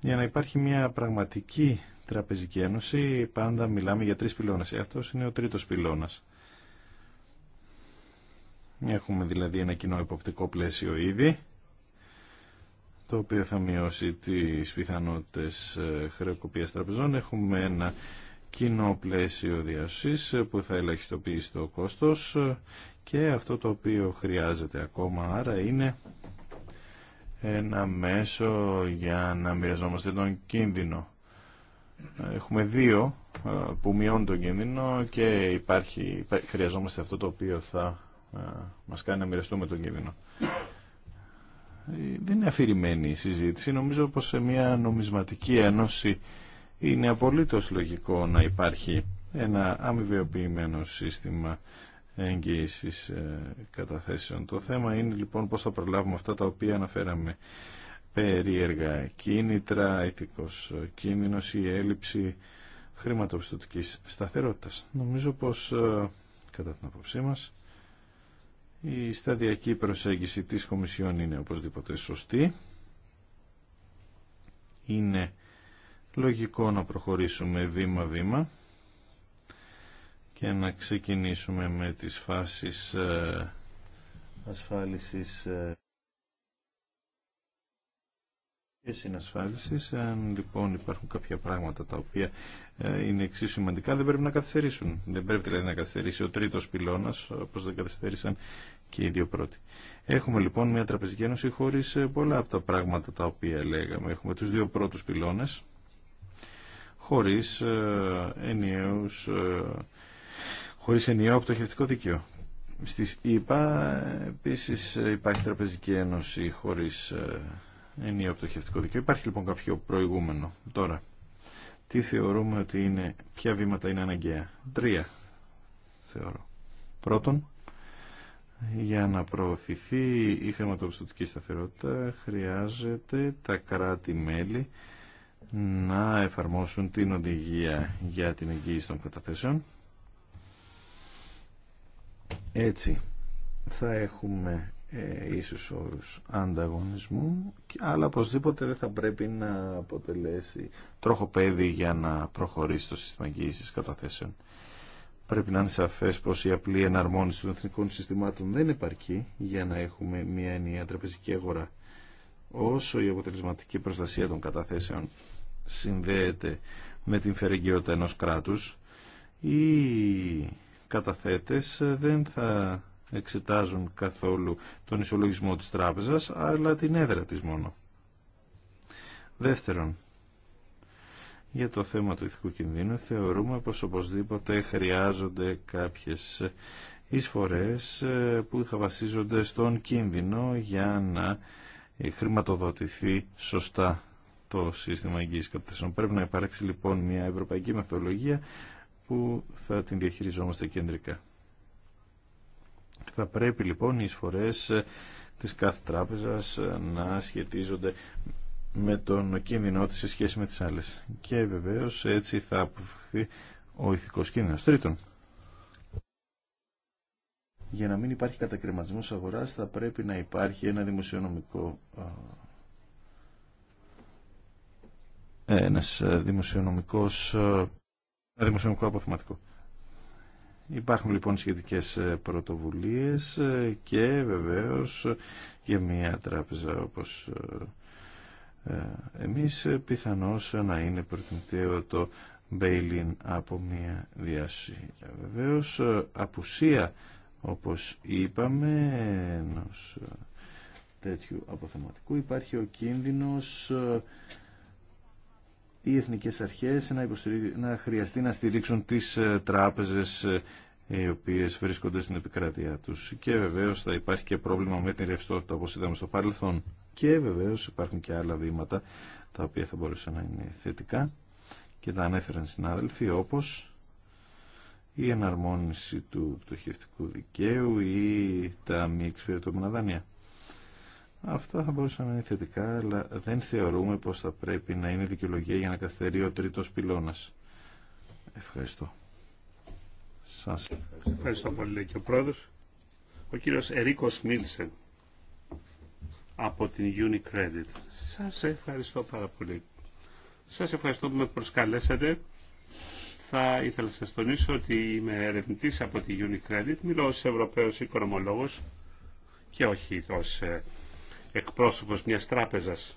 Για να υπάρχει μια πραγματική τραπεζική ένωση πάντα μιλάμε για τρεις πυλώνες. Αυτός είναι ο τρίτος πυλώνας. Έχουμε δηλαδή ένα κοινό υποπτικό πλαίσιο ήδη το οποίο θα μειώσει τις πιθανότητες χρεοκοπίας τραπεζών. Έχουμε ένα κοινό πλαίσιο ε, που θα ελαχιστοποιήσει το κόστος ε, και αυτό το οποίο χρειάζεται ακόμα άρα είναι ένα μέσο για να μοιραζόμαστε τον κίνδυνο. Έχουμε δύο ε, που μειώνουν τον κίνδυνο και υπάρχει, χρειαζόμαστε αυτό το οποίο θα μας κάνει να μοιραστούμε τον κίνδυνο. Δεν είναι αφηρημένη η συζήτηση. Νομίζω πως σε μια νομισματική ένωση είναι απολύτως λογικό να υπάρχει ένα αμοιβαιοποιημένο σύστημα εγγύησης ε, καταθέσεων. Το θέμα είναι λοιπόν πώς θα προλάβουμε αυτά τα οποία αναφέραμε περίεργα κίνητρα, ηθικός κίνδυνος ή έλλειψη χρηματοπιστωτικής σταθερότητας. Νομίζω πως ε, κατά την απόψή μας η σταδιακή προσέγγιση της Κομισιόν είναι οπωσδήποτε σωστή. Είναι λογικό να προχωρήσουμε βήμα-βήμα και να ξεκινήσουμε με τις φάσεις ε, ασφάλισης ε, και συνασφάλισης. Αν λοιπόν υπάρχουν κάποια πράγματα τα οποία ε, είναι εξίσου σημαντικά δεν πρέπει να καθυστερήσουν. Δεν πρέπει δηλαδή να καθυστερήσει ο τρίτος πυλώνας όπως δεν καθυστέρησαν και οι δύο πρώτοι. Έχουμε λοιπόν μια τραπεζική ένωση χωρίς πολλά από τα πράγματα τα οποία λέγαμε. Έχουμε τους δύο πρώτους πυλώνες χωρίς ε, ενιαίους ε, χωρίς ενιαίο πτωχευτικό δίκαιο. Στις ΙΠΑ επίσης υπάρχει τραπεζική ένωση χωρίς ε, ενιαίο πτωχευτικό δίκαιο. Υπάρχει λοιπόν κάποιο προηγούμενο τώρα. Τι θεωρούμε ότι είναι, ποια βήματα είναι αναγκαία. Τρία θεωρώ. Πρώτον, για να προωθηθεί η χρηματοπιστωτική σταθερότητα χρειάζεται τα κράτη-μέλη να εφαρμόσουν την οδηγία για την εγγύηση των καταθέσεων. Έτσι θα έχουμε ε, ίσους όρους ανταγωνισμού αλλά οπωσδήποτε δεν θα πρέπει να αποτελέσει τροχοπέδι για να προχωρήσει το σύστημα εγγύησης καταθέσεων. Πρέπει να είναι σαφές πως η απλή εναρμόνιση των εθνικών συστημάτων δεν επαρκεί για να έχουμε μια ενιαία τραπεζική αγορά. Όσο η αποτελεσματική προστασία των καταθέσεων συνδέεται με την φερεγγιότητα ενός κράτους οι καταθέτες δεν θα εξετάζουν καθόλου τον ισολογισμό της τράπεζας αλλά την έδρα της μόνο. Δεύτερον, για το θέμα του ηθικού κινδύνου θεωρούμε πως οπωσδήποτε χρειάζονται κάποιες εισφορές ε, που θα βασίζονται στον κίνδυνο για να ε, χρηματοδοτηθεί σωστά το σύστημα εγγύης καταθέσεων. Πρέπει να υπάρξει λοιπόν μια ευρωπαϊκή μεθολογία που θα την διαχειριζόμαστε κεντρικά. Θα πρέπει λοιπόν οι εισφορές της κάθε τράπεζας να σχετίζονται με τον κίνδυνο της σε σχέση με τις άλλες. Και βεβαίως έτσι θα αποφευχθεί ο ηθικός κίνδυνος. Τρίτον, για να μην υπάρχει κατακρεματισμός αγοράς θα πρέπει να υπάρχει ένα δημοσιονομικό ένας ε, δημοσιονομικός, ε, ένα δημοσιονομικό αποθεματικό. Υπάρχουν λοιπόν σχετικές ε, πρωτοβουλίες και βεβαίως για μια τράπεζα όπως εμείς πιθανώς να είναι προτιμητέο το bail από μια διάσωση. Βεβαίως απουσία όπως είπαμε ενός τέτοιου αποθεματικού υπάρχει ο κίνδυνος οι εθνικές αρχές να, να χρειαστεί να στηρίξουν τις ε, τράπεζες ε, οι οποίες βρίσκονται στην επικράτειά τους. Και βεβαίως θα υπάρχει και πρόβλημα με την ρευστότητα όπως είδαμε στο παρελθόν. Και βεβαίως υπάρχουν και άλλα βήματα τα οποία θα μπορούσαν να είναι θετικά και τα ανέφεραν συνάδελφοι όπως η εναρμόνιση του πτωχευτικού δικαίου ή τα μη εξυπηρετούμενα δάνεια. Αυτά θα μπορούσαν να είναι θετικά, αλλά δεν θεωρούμε πως θα πρέπει να είναι δικαιολογία για να καθαιρεί ο τρίτος πυλώνας. Ευχαριστώ. Σας ευχαριστώ. Ευχαριστώ πολύ, λέει και ο πρόεδρος. Ο κύριος Ερίκος Μίλσεν από την Unicredit. Σας ευχαριστώ πάρα πολύ. Σας ευχαριστώ που με προσκαλέσατε. Θα ήθελα να σας τονίσω ότι είμαι ερευνητής από την Unicredit. Μιλώ ως Ευρωπαίος οικονομολόγος και όχι ως ε, εκπρόσωπος μιας τράπεζας.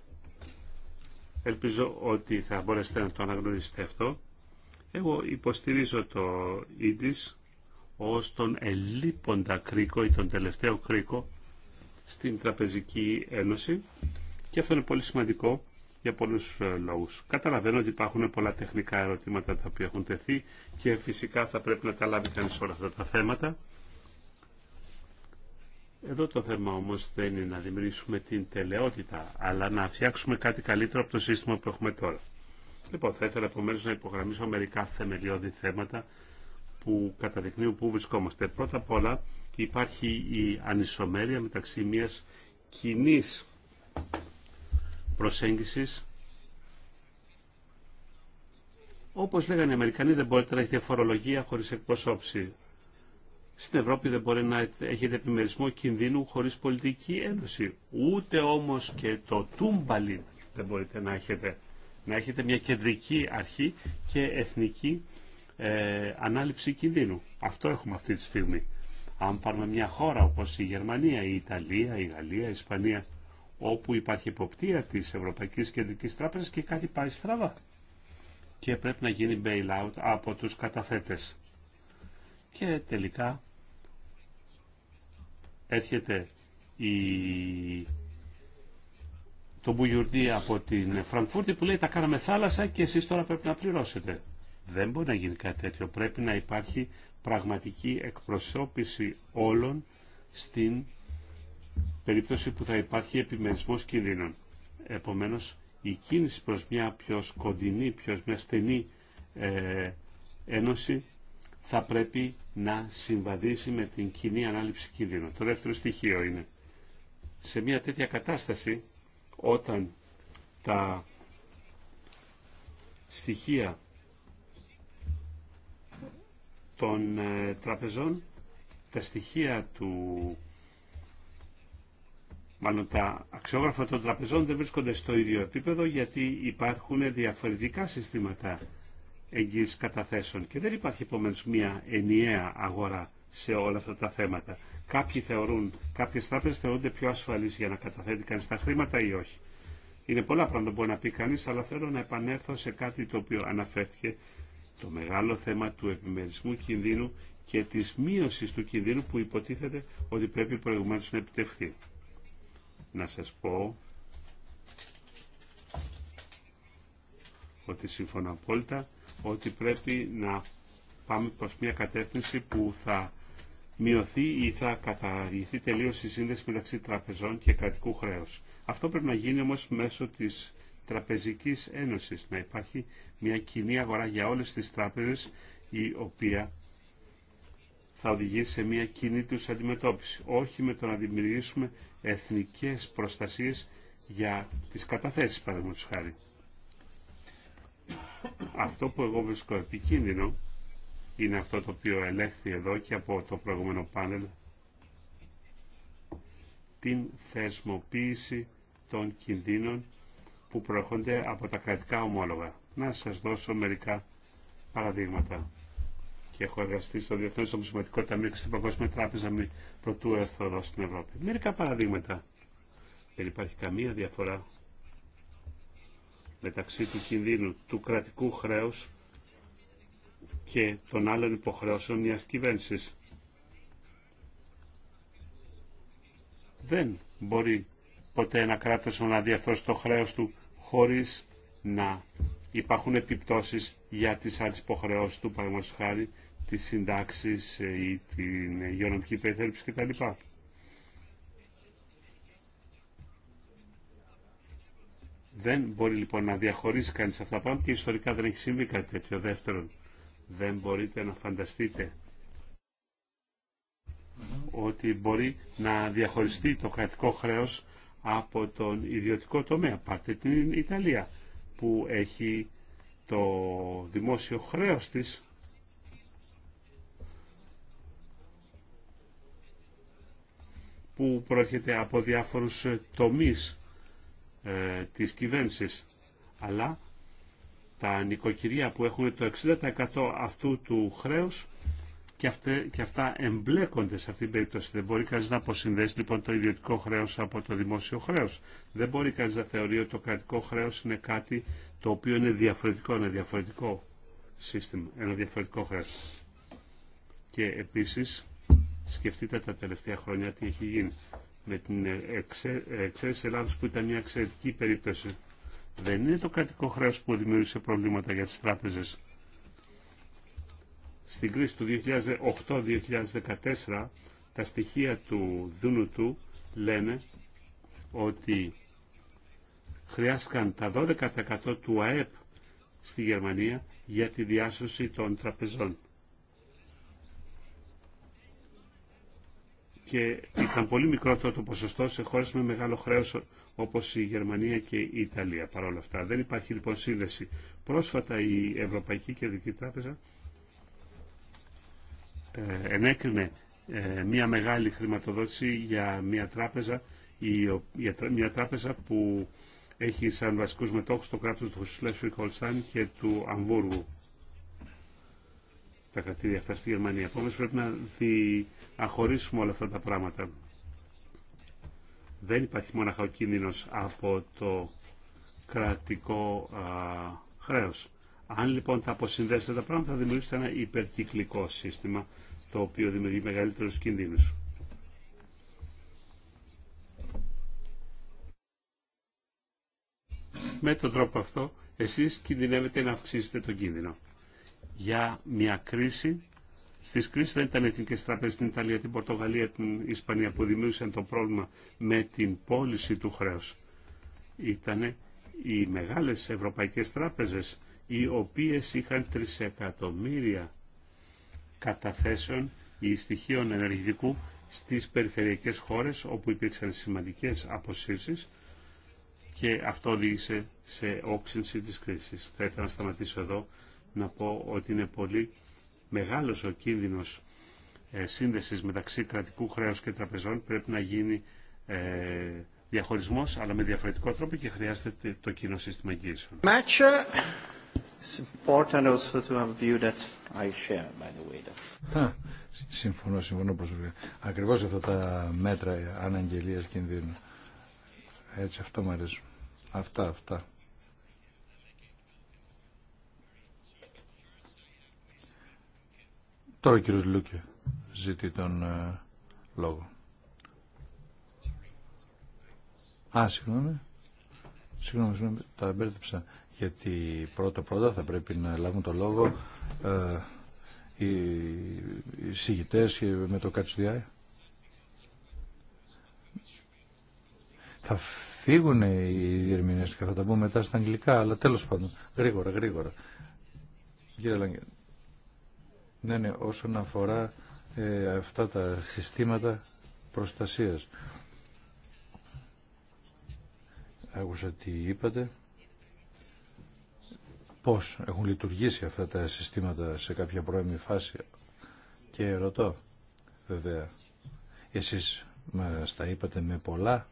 Ελπίζω ότι θα μπορέσετε να το αναγνωρίσετε αυτό. Εγώ υποστηρίζω το Ίντις ως τον ελίποντα κρίκο ή τον τελευταίο κρίκο στην Τραπεζική Ένωση και αυτό είναι πολύ σημαντικό για πολλούς ε, λόγους. Καταλαβαίνω ότι υπάρχουν πολλά τεχνικά ερωτήματα τα οποία έχουν τεθεί και φυσικά θα πρέπει να τα λάβει κανείς όλα αυτά τα θέματα. Εδώ το θέμα όμως δεν είναι να δημιουργήσουμε την τελεότητα, αλλά να φτιάξουμε κάτι καλύτερο από το σύστημα που έχουμε τώρα. Λοιπόν, θα ήθελα επομένω να υπογραμμίσω μερικά θεμελιώδη θέματα που καταδεικνύουν πού βρισκόμαστε. Πρώτα απ' όλα υπάρχει η ανισομέρεια μεταξύ μιας κοινή προσέγγισης όπως λέγανε οι Αμερικανοί δεν μπορείτε να έχετε φορολογία χωρίς εκπροσώψη στην Ευρώπη δεν μπορεί να έχετε επιμερισμό κινδύνου χωρίς πολιτική ένωση. Ούτε όμως και το τούμπαλι δεν μπορείτε να έχετε. Να έχετε μια κεντρική αρχή και εθνική ε, ανάληψη κινδύνου. Αυτό έχουμε αυτή τη στιγμή. Αν πάρουμε μια χώρα όπως η Γερμανία, η Ιταλία, η Γαλλία, η Ισπανία, όπου υπάρχει υποπτία της Ευρωπαϊκής Κεντρικής Τράπεζας και κάτι πάει στραβά. Και πρέπει να γίνει bailout από τους καταθέτες και τελικά έρχεται η... το Μπουγιουρντή από την Φραγκφούρτη που λέει τα κάναμε θάλασσα και εσείς τώρα πρέπει να πληρώσετε. Δεν μπορεί να γίνει κάτι τέτοιο. Πρέπει να υπάρχει πραγματική εκπροσώπηση όλων στην περίπτωση που θα υπάρχει επιμερισμός κινδύνων. Επομένως, η κίνηση προς μια πιο σκοντινή, πιο μια στενή ε, ένωση θα πρέπει να συμβαδίσει με την κοινή ανάληψη κίνδυνου. Το δεύτερο στοιχείο είναι σε μια τέτοια κατάσταση όταν τα στοιχεία των ε, τραπεζών, τα στοιχεία του Μάλλον τα αξιόγραφα των τραπεζών δεν βρίσκονται στο ίδιο επίπεδο γιατί υπάρχουν διαφορετικά συστήματα εγγύηση καταθέσεων. Και δεν υπάρχει επομένω μια ενιαία αγορά σε όλα αυτά τα θέματα. Κάποιοι θεωρούν, κάποιε τράπεζε θεωρούνται πιο ασφαλεί για να καταθέτει κανεί τα χρήματα ή όχι. Είναι πολλά πράγματα που μπορεί να πει κανεί, αλλά θέλω να επανέλθω σε κάτι το οποίο αναφέρθηκε το μεγάλο θέμα του επιμερισμού κινδύνου και τη μείωση του κινδύνου που υποτίθεται ότι πρέπει προηγουμένω να επιτευχθεί. Να σα πω ότι σύμφωνα απόλυτα ότι πρέπει να πάμε προς μια κατεύθυνση που θα μειωθεί ή θα καταργηθεί τελείως η σύνδεση μεταξύ τραπεζών και κρατικού χρέους. Αυτό πρέπει να γίνει όμως μέσω της Τραπεζικής Ένωσης, να υπάρχει μια κοινή αγορά για όλες τις τράπεζες η οποία θα οδηγήσει σε μια κοινή τους αντιμετώπιση, όχι με το να δημιουργήσουμε εθνικές προστασίες για τις καταθέσεις, παραδείγματος χάρη. Αυτό που εγώ βρίσκω επικίνδυνο είναι αυτό το οποίο ελέγχθη εδώ και από το προηγούμενο πάνελ την θεσμοποίηση των κινδύνων που προέρχονται από τα κρατικά ομόλογα. Να σας δώσω μερικά παραδείγματα. Και έχω εργαστεί στο Διεθνές Ομοσυμματικό Ταμείο και στην Παγκόσμια Τράπεζα με πρωτού έρθω εδώ στην Ευρώπη. Μερικά παραδείγματα. Δεν υπάρχει καμία διαφορά μεταξύ του κινδύνου του κρατικού χρέους και των άλλων υποχρεώσεων μιας κυβέρνησης. Δεν μπορεί ποτέ ένα κράτος να διαρθώσει το χρέος του χωρίς να υπάρχουν επιπτώσεις για τις άλλες υποχρεώσεις του, παραδείγματος χάρη, τις συντάξεις ε, ή την υγειονομική περιθέρωση κτλ. Δεν μπορεί λοιπόν να διαχωρίσει κανείς αυτά τα πράγματα και ιστορικά δεν έχει συμβεί κάτι τέτοιο. Δεύτερον, δεν μπορείτε να φανταστείτε ότι μπορεί να διαχωριστεί το κρατικό χρέος από τον ιδιωτικό τομέα. Πάρτε την Ιταλία που έχει το δημόσιο χρέος της που προέρχεται από διάφορους τομείς ε, της κυβέρνησης. Αλλά τα νοικοκυριά που έχουν το 60% αυτού του χρέους και, αυτέ, και αυτά εμπλέκονται σε αυτήν την περίπτωση. Δεν μπορεί κανείς να αποσυνδέσει λοιπόν το ιδιωτικό χρέος από το δημόσιο χρέος. Δεν μπορεί κανείς να θεωρεί ότι το κρατικό χρέος είναι κάτι το οποίο είναι διαφορετικό, ένα διαφορετικό σύστημα, ένα διαφορετικό χρέος. Και επίσης σκεφτείτε τα τελευταία χρόνια τι έχει γίνει με την εξαίρεση Ελλάδος που ήταν μια εξαιρετική περίπτωση. Δεν είναι το κρατικό χρέος που δημιούργησε προβλήματα για τις τράπεζες. Στην κρίση του 2008-2014 τα στοιχεία του Δούνου του λένε ότι χρειάστηκαν τα 12% του ΑΕΠ στη Γερμανία για τη διάσωση των τραπεζών. και ήταν πολύ μικρότερο το ποσοστό σε χώρες με μεγάλο χρέος όπως η Γερμανία και η Ιταλία παρόλα αυτά. Δεν υπάρχει λοιπόν σύνδεση. Πρόσφατα η Ευρωπαϊκή Κεντρική Τράπεζα ε, ενέκρινε ε, μια μεγάλη χρηματοδότηση για μια τράπεζα, μια τράπεζα που έχει σαν βασικούς μετόχους το κράτος του Σλέσφικ Χολστάν και του Αμβούργου τα κρατήρια αυτά στη Γερμανία. πρέπει να διαχωρίσουμε όλα αυτά τα πράγματα. Δεν υπάρχει μόνο ο κίνδυνος από το κρατικό α, χρέος. Αν λοιπόν τα αποσυνδέσετε τα πράγματα θα δημιουργήσετε ένα υπερκυκλικό σύστημα το οποίο δημιουργεί μεγαλύτερους κινδύνους. Με τον τρόπο αυτό εσείς κινδυνεύετε να αυξήσετε τον κίνδυνο για μια κρίση. Στι κρίσει δεν ήταν εθνικέ τράπεζε στην Ιταλία, την Πορτογαλία, την Ισπανία που δημιούργησαν το πρόβλημα με την πώληση του χρέου. Ήταν οι μεγάλε ευρωπαϊκέ τράπεζε οι οποίε είχαν τρισεκατομμύρια καταθέσεων ή στοιχείων ενεργητικού στις περιφερειακές χώρες όπου υπήρξαν σημαντικέ αποσύρσεις και αυτό οδήγησε σε όξυνση της κρίσης. Θα ήθελα να σταματήσω εδώ να πω ότι είναι πολύ μεγάλος ο κίνδυνος ε, σύνδεσης μεταξύ κρατικού χρέους και τραπεζών. Πρέπει να γίνει ε, διαχωρισμός, αλλά με διαφορετικό τρόπο και χρειάζεται το κοινό σύστημα εγγύησεων. Συμφωνώ, συμφωνώ προσωπικά. Ακριβώς αυτά τα μέτρα αναγγελίας κινδύνου. Έτσι, αυτό μου αρέσουν. Αυτά, αυτά. Τώρα ο κύριος Λούκε ζητεί τον ε, λόγο. Α, συγγνώμη. Συγγνώμη, συγγνώμη, τα μπέρδεψα. Γιατί πρώτα-πρώτα θα πρέπει να λάβουν το λόγο ε, οι, οι με το ΚΑΤΣΔΙ. Θα φύγουν οι διερμηνές και θα τα πούμε μετά στα αγγλικά, αλλά τέλος πάντων, γρήγορα, γρήγορα. Κύριε Λάγκεν, ναι, ναι, όσον αφορά ε, αυτά τα συστήματα προστασίας. Άκουσα τι είπατε. Πώς έχουν λειτουργήσει αυτά τα συστήματα σε κάποια πρώιμη φάση. Και ρωτώ, βέβαια, εσείς μας τα είπατε με πολλά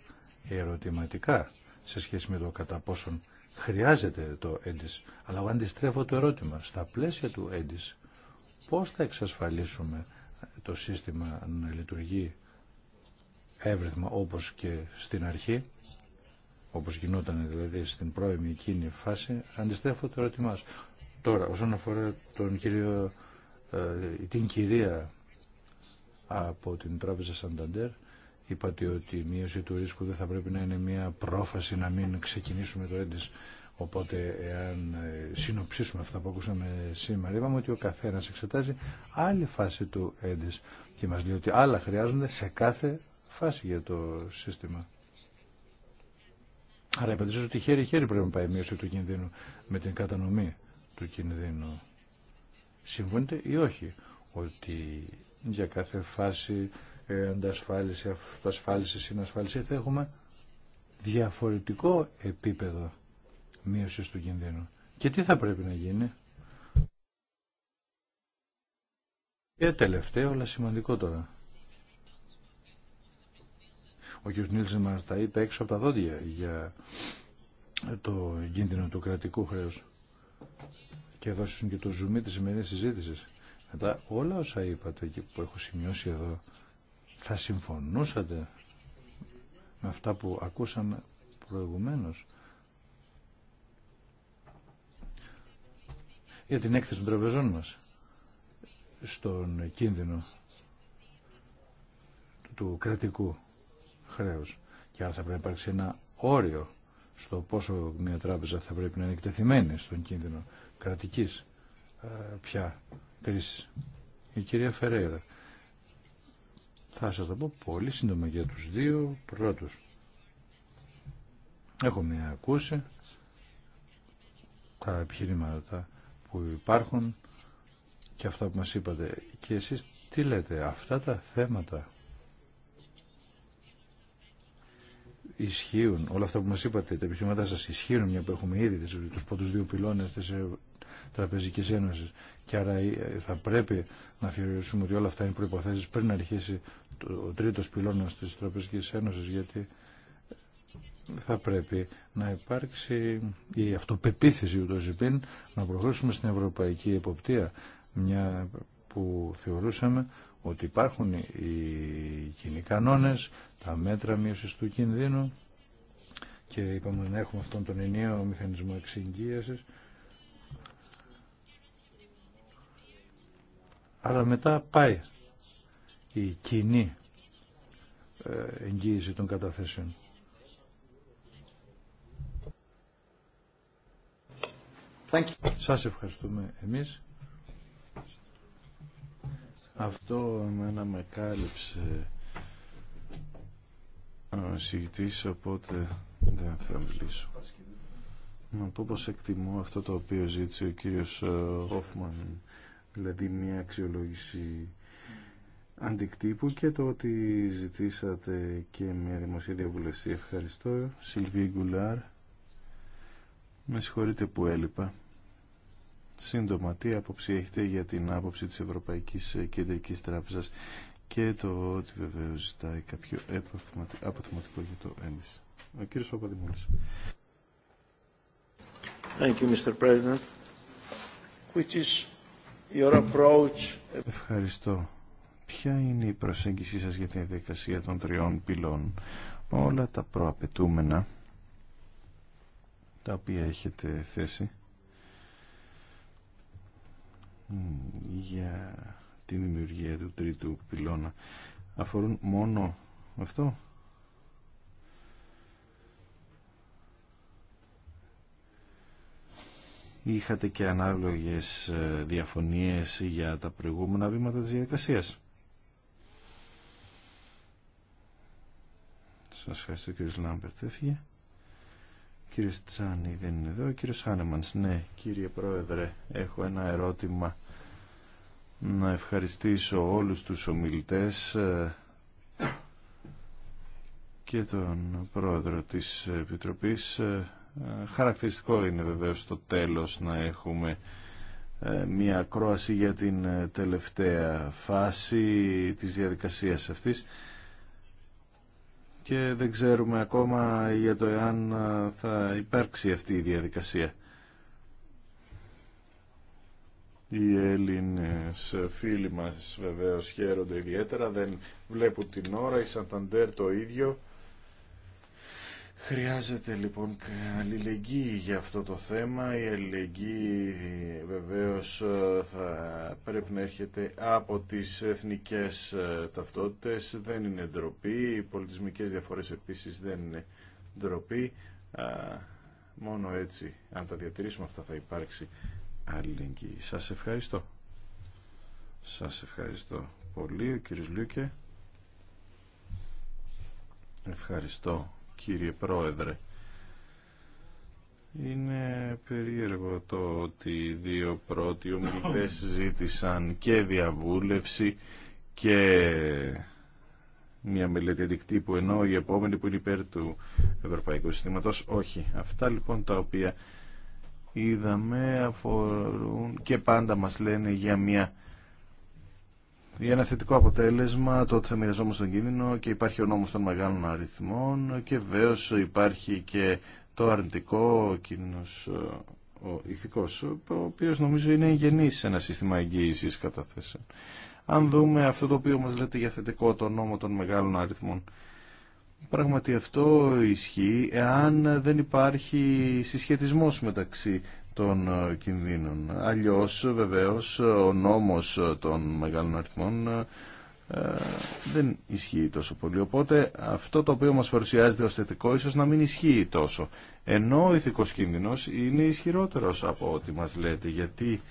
ερωτηματικά σε σχέση με το κατά πόσον χρειάζεται το έντις. Αλλά αντιστρέφω το ερώτημα, στα πλαίσια του έντις Πώς θα εξασφαλίσουμε το σύστημα να λειτουργεί εύρυθμα όπως και στην αρχή, όπως γινόταν δηλαδή στην πρώιμη εκείνη φάση, αντιστρέφω το ερώτημά Τώρα, όσον αφορά τον κύριο, ε, την κυρία από την Τράπεζα Σανταντέρ, είπατε ότι η μείωση του ρίσκου δεν θα πρέπει να είναι μια πρόφαση να μην ξεκινήσουμε το έντις Οπότε, εάν ε, συνοψίσουμε αυτά που ακούσαμε σήμερα, είπαμε ότι ο καθένα εξετάζει άλλη φάση του έντε και μας λέει ότι άλλα χρειάζονται σε κάθε φάση για το σύστημα. Άρα, επενδύσω ότι χέρι-χέρι πρέπει να πάει η μείωση του κινδύνου με την κατανομή του κινδύνου. Συμφωνείτε ή όχι ότι για κάθε φάση ε, αντασφάλιση, αυτασφάλιση, συνασφάλιση θα έχουμε διαφορετικό επίπεδο μείωσης του κινδύνου. Και τι θα πρέπει να γίνει. Και τελευταίο, αλλά σημαντικό τώρα. Ο κ. Νίλσεν μας τα είπε έξω από τα δόντια για το κίνδυνο του κρατικού χρέους. Και εδώ και το ζουμί τη σημερινής συζήτησης. Μετά όλα όσα είπατε και που έχω σημειώσει εδώ, θα συμφωνούσατε με αυτά που ακούσαμε προηγουμένω για την έκθεση των τραπεζών μας στον κίνδυνο του κρατικού χρέους και άρα θα πρέπει να υπάρξει ένα όριο στο πόσο μια τράπεζα θα πρέπει να είναι εκτεθειμένη στον κίνδυνο κρατικής πια κρίση. Η κυρία Φερέιρα θα σας το πω πολύ σύντομα για τους δύο πρώτους. Έχω μια ακούσει τα επιχειρήματα που υπάρχουν και αυτά που μας είπατε. Και εσείς τι λέτε, αυτά τα θέματα ισχύουν, όλα αυτά που μας είπατε, τα επιχειρήματά σας ισχύουν, μια που έχουμε ήδη τους πρώτους δύο πυλώνες της ε- Τραπεζικής Ένωσης και άρα ε, θα πρέπει να αφιερωθούμε ότι όλα αυτά είναι προϋποθέσεις πριν αρχίσει ο τρίτος πυλώνας της Τραπεζικής Ένωσης γιατί θα πρέπει να υπάρξει η αυτοπεποίθηση του ΖΙΠΗΝ να προχωρήσουμε στην ευρωπαϊκή εποπτεία μια που θεωρούσαμε ότι υπάρχουν οι κοινοί κανόνες, τα μέτρα μείωσης του κινδύνου και είπαμε να έχουμε αυτόν τον ενιαίο μηχανισμό εξυγκίασης. Αλλά μετά πάει η κοινή ε, εγγύηση των καταθέσεων. Thank you. Σας ευχαριστούμε εμείς. Αυτό εμένα με κάλυψε ο οπότε δεν θα μιλήσω. Να πω πως εκτιμώ αυτό το οποίο ζήτησε ο κύριος Χόφμαν, ε, δηλαδή μια αξιολόγηση αντικτύπου και το ότι ζητήσατε και μια δημοσία διαβουλευσία. Ευχαριστώ. Σιλβί Γκουλάρ. Με συγχωρείτε που έλειπα. Σύντομα, τι άποψη έχετε για την άποψη της Ευρωπαϊκής Κεντρικής Τράπεζας και το ότι βεβαίω ζητάει κάποιο αποθεματικό για το ένδυση. Ο κύριος Παπαδημούλης. Ευχαριστώ. Ποια είναι η προσέγγιση σας για την διαδικασία των τριών πυλών. Όλα τα προαπαιτούμενα τα οποία έχετε θέσει για τη δημιουργία του τρίτου πυλώνα αφορούν μόνο αυτό. Είχατε και ανάλογες ε, διαφωνίες για τα προηγούμενα βήματα της διαδικασίας. Σας ευχαριστώ κύριε Λάμπερτ. Έφυγε. Κύριε Τσάνη δεν είναι εδώ. Κύριε Σάνεμανς, ναι, κύριε Πρόεδρε, έχω ένα ερώτημα. Να ευχαριστήσω όλους τους ομιλητές ε, και τον πρόεδρο της Επιτροπής. Ε, χαρακτηριστικό είναι βεβαίως στο τέλος να έχουμε ε, μια ακρόαση για την τελευταία φάση της διαδικασίας αυτής και δεν ξέρουμε ακόμα για το εάν ε, θα υπάρξει αυτή η διαδικασία. Οι Έλληνες φίλοι μας βεβαίως χαίρονται ιδιαίτερα, δεν βλέπουν την ώρα, η Σανταντέρ το ίδιο. Χρειάζεται λοιπόν αλληλεγγύη για αυτό το θέμα. Η αλληλεγγύη βεβαίως ε, θα πρέπει να έρχεται από τις εθνικές ε, ταυτότητες. Δεν είναι ντροπή. Οι πολιτισμικές διαφορές επίσης δεν είναι ντροπή. Μόνο έτσι, αν τα διατηρήσουμε αυτά, θα υπάρξει αλληλεγγύη. Σας ευχαριστώ. Σας ευχαριστώ πολύ, ο κύριος Λούκε. Ευχαριστώ κύριε Πρόεδρε. Είναι περίεργο το ότι οι δύο πρώτοι ομιλητές <coughs> ζήτησαν και διαβούλευση και μια μελέτη που ενώ η επόμενη που είναι υπέρ του Ευρωπαϊκού Συστήματος όχι. Αυτά λοιπόν τα οποία είδαμε αφορούν και πάντα μας λένε για μια για ένα θετικό αποτέλεσμα το ότι θα μοιραζόμαστε τον κίνδυνο και υπάρχει ο νόμος των μεγάλων αριθμών και βεβαίω υπάρχει και το αρνητικό ο κίνδυνος ο ηθικός, ο οποίος νομίζω είναι γεννή σε ένα σύστημα εγγύησης καταθέσεων. Αν δούμε αυτό το οποίο μας λέτε για θετικό το νόμο των μεγάλων αριθμών, Πραγματι αυτό ισχύει εάν δεν υπάρχει συσχετισμός μεταξύ των ε, κινδύνων. Αλλιώς βεβαίως ο νόμος των μεγάλων αριθμών ε, δεν ισχύει τόσο πολύ. Οπότε αυτό το οποίο μας παρουσιάζεται ως θετικό ίσως να μην ισχύει τόσο. Ενώ ο ηθικός κίνδυνος είναι ισχυρότερος από ό,τι μας λέτε. Γιατί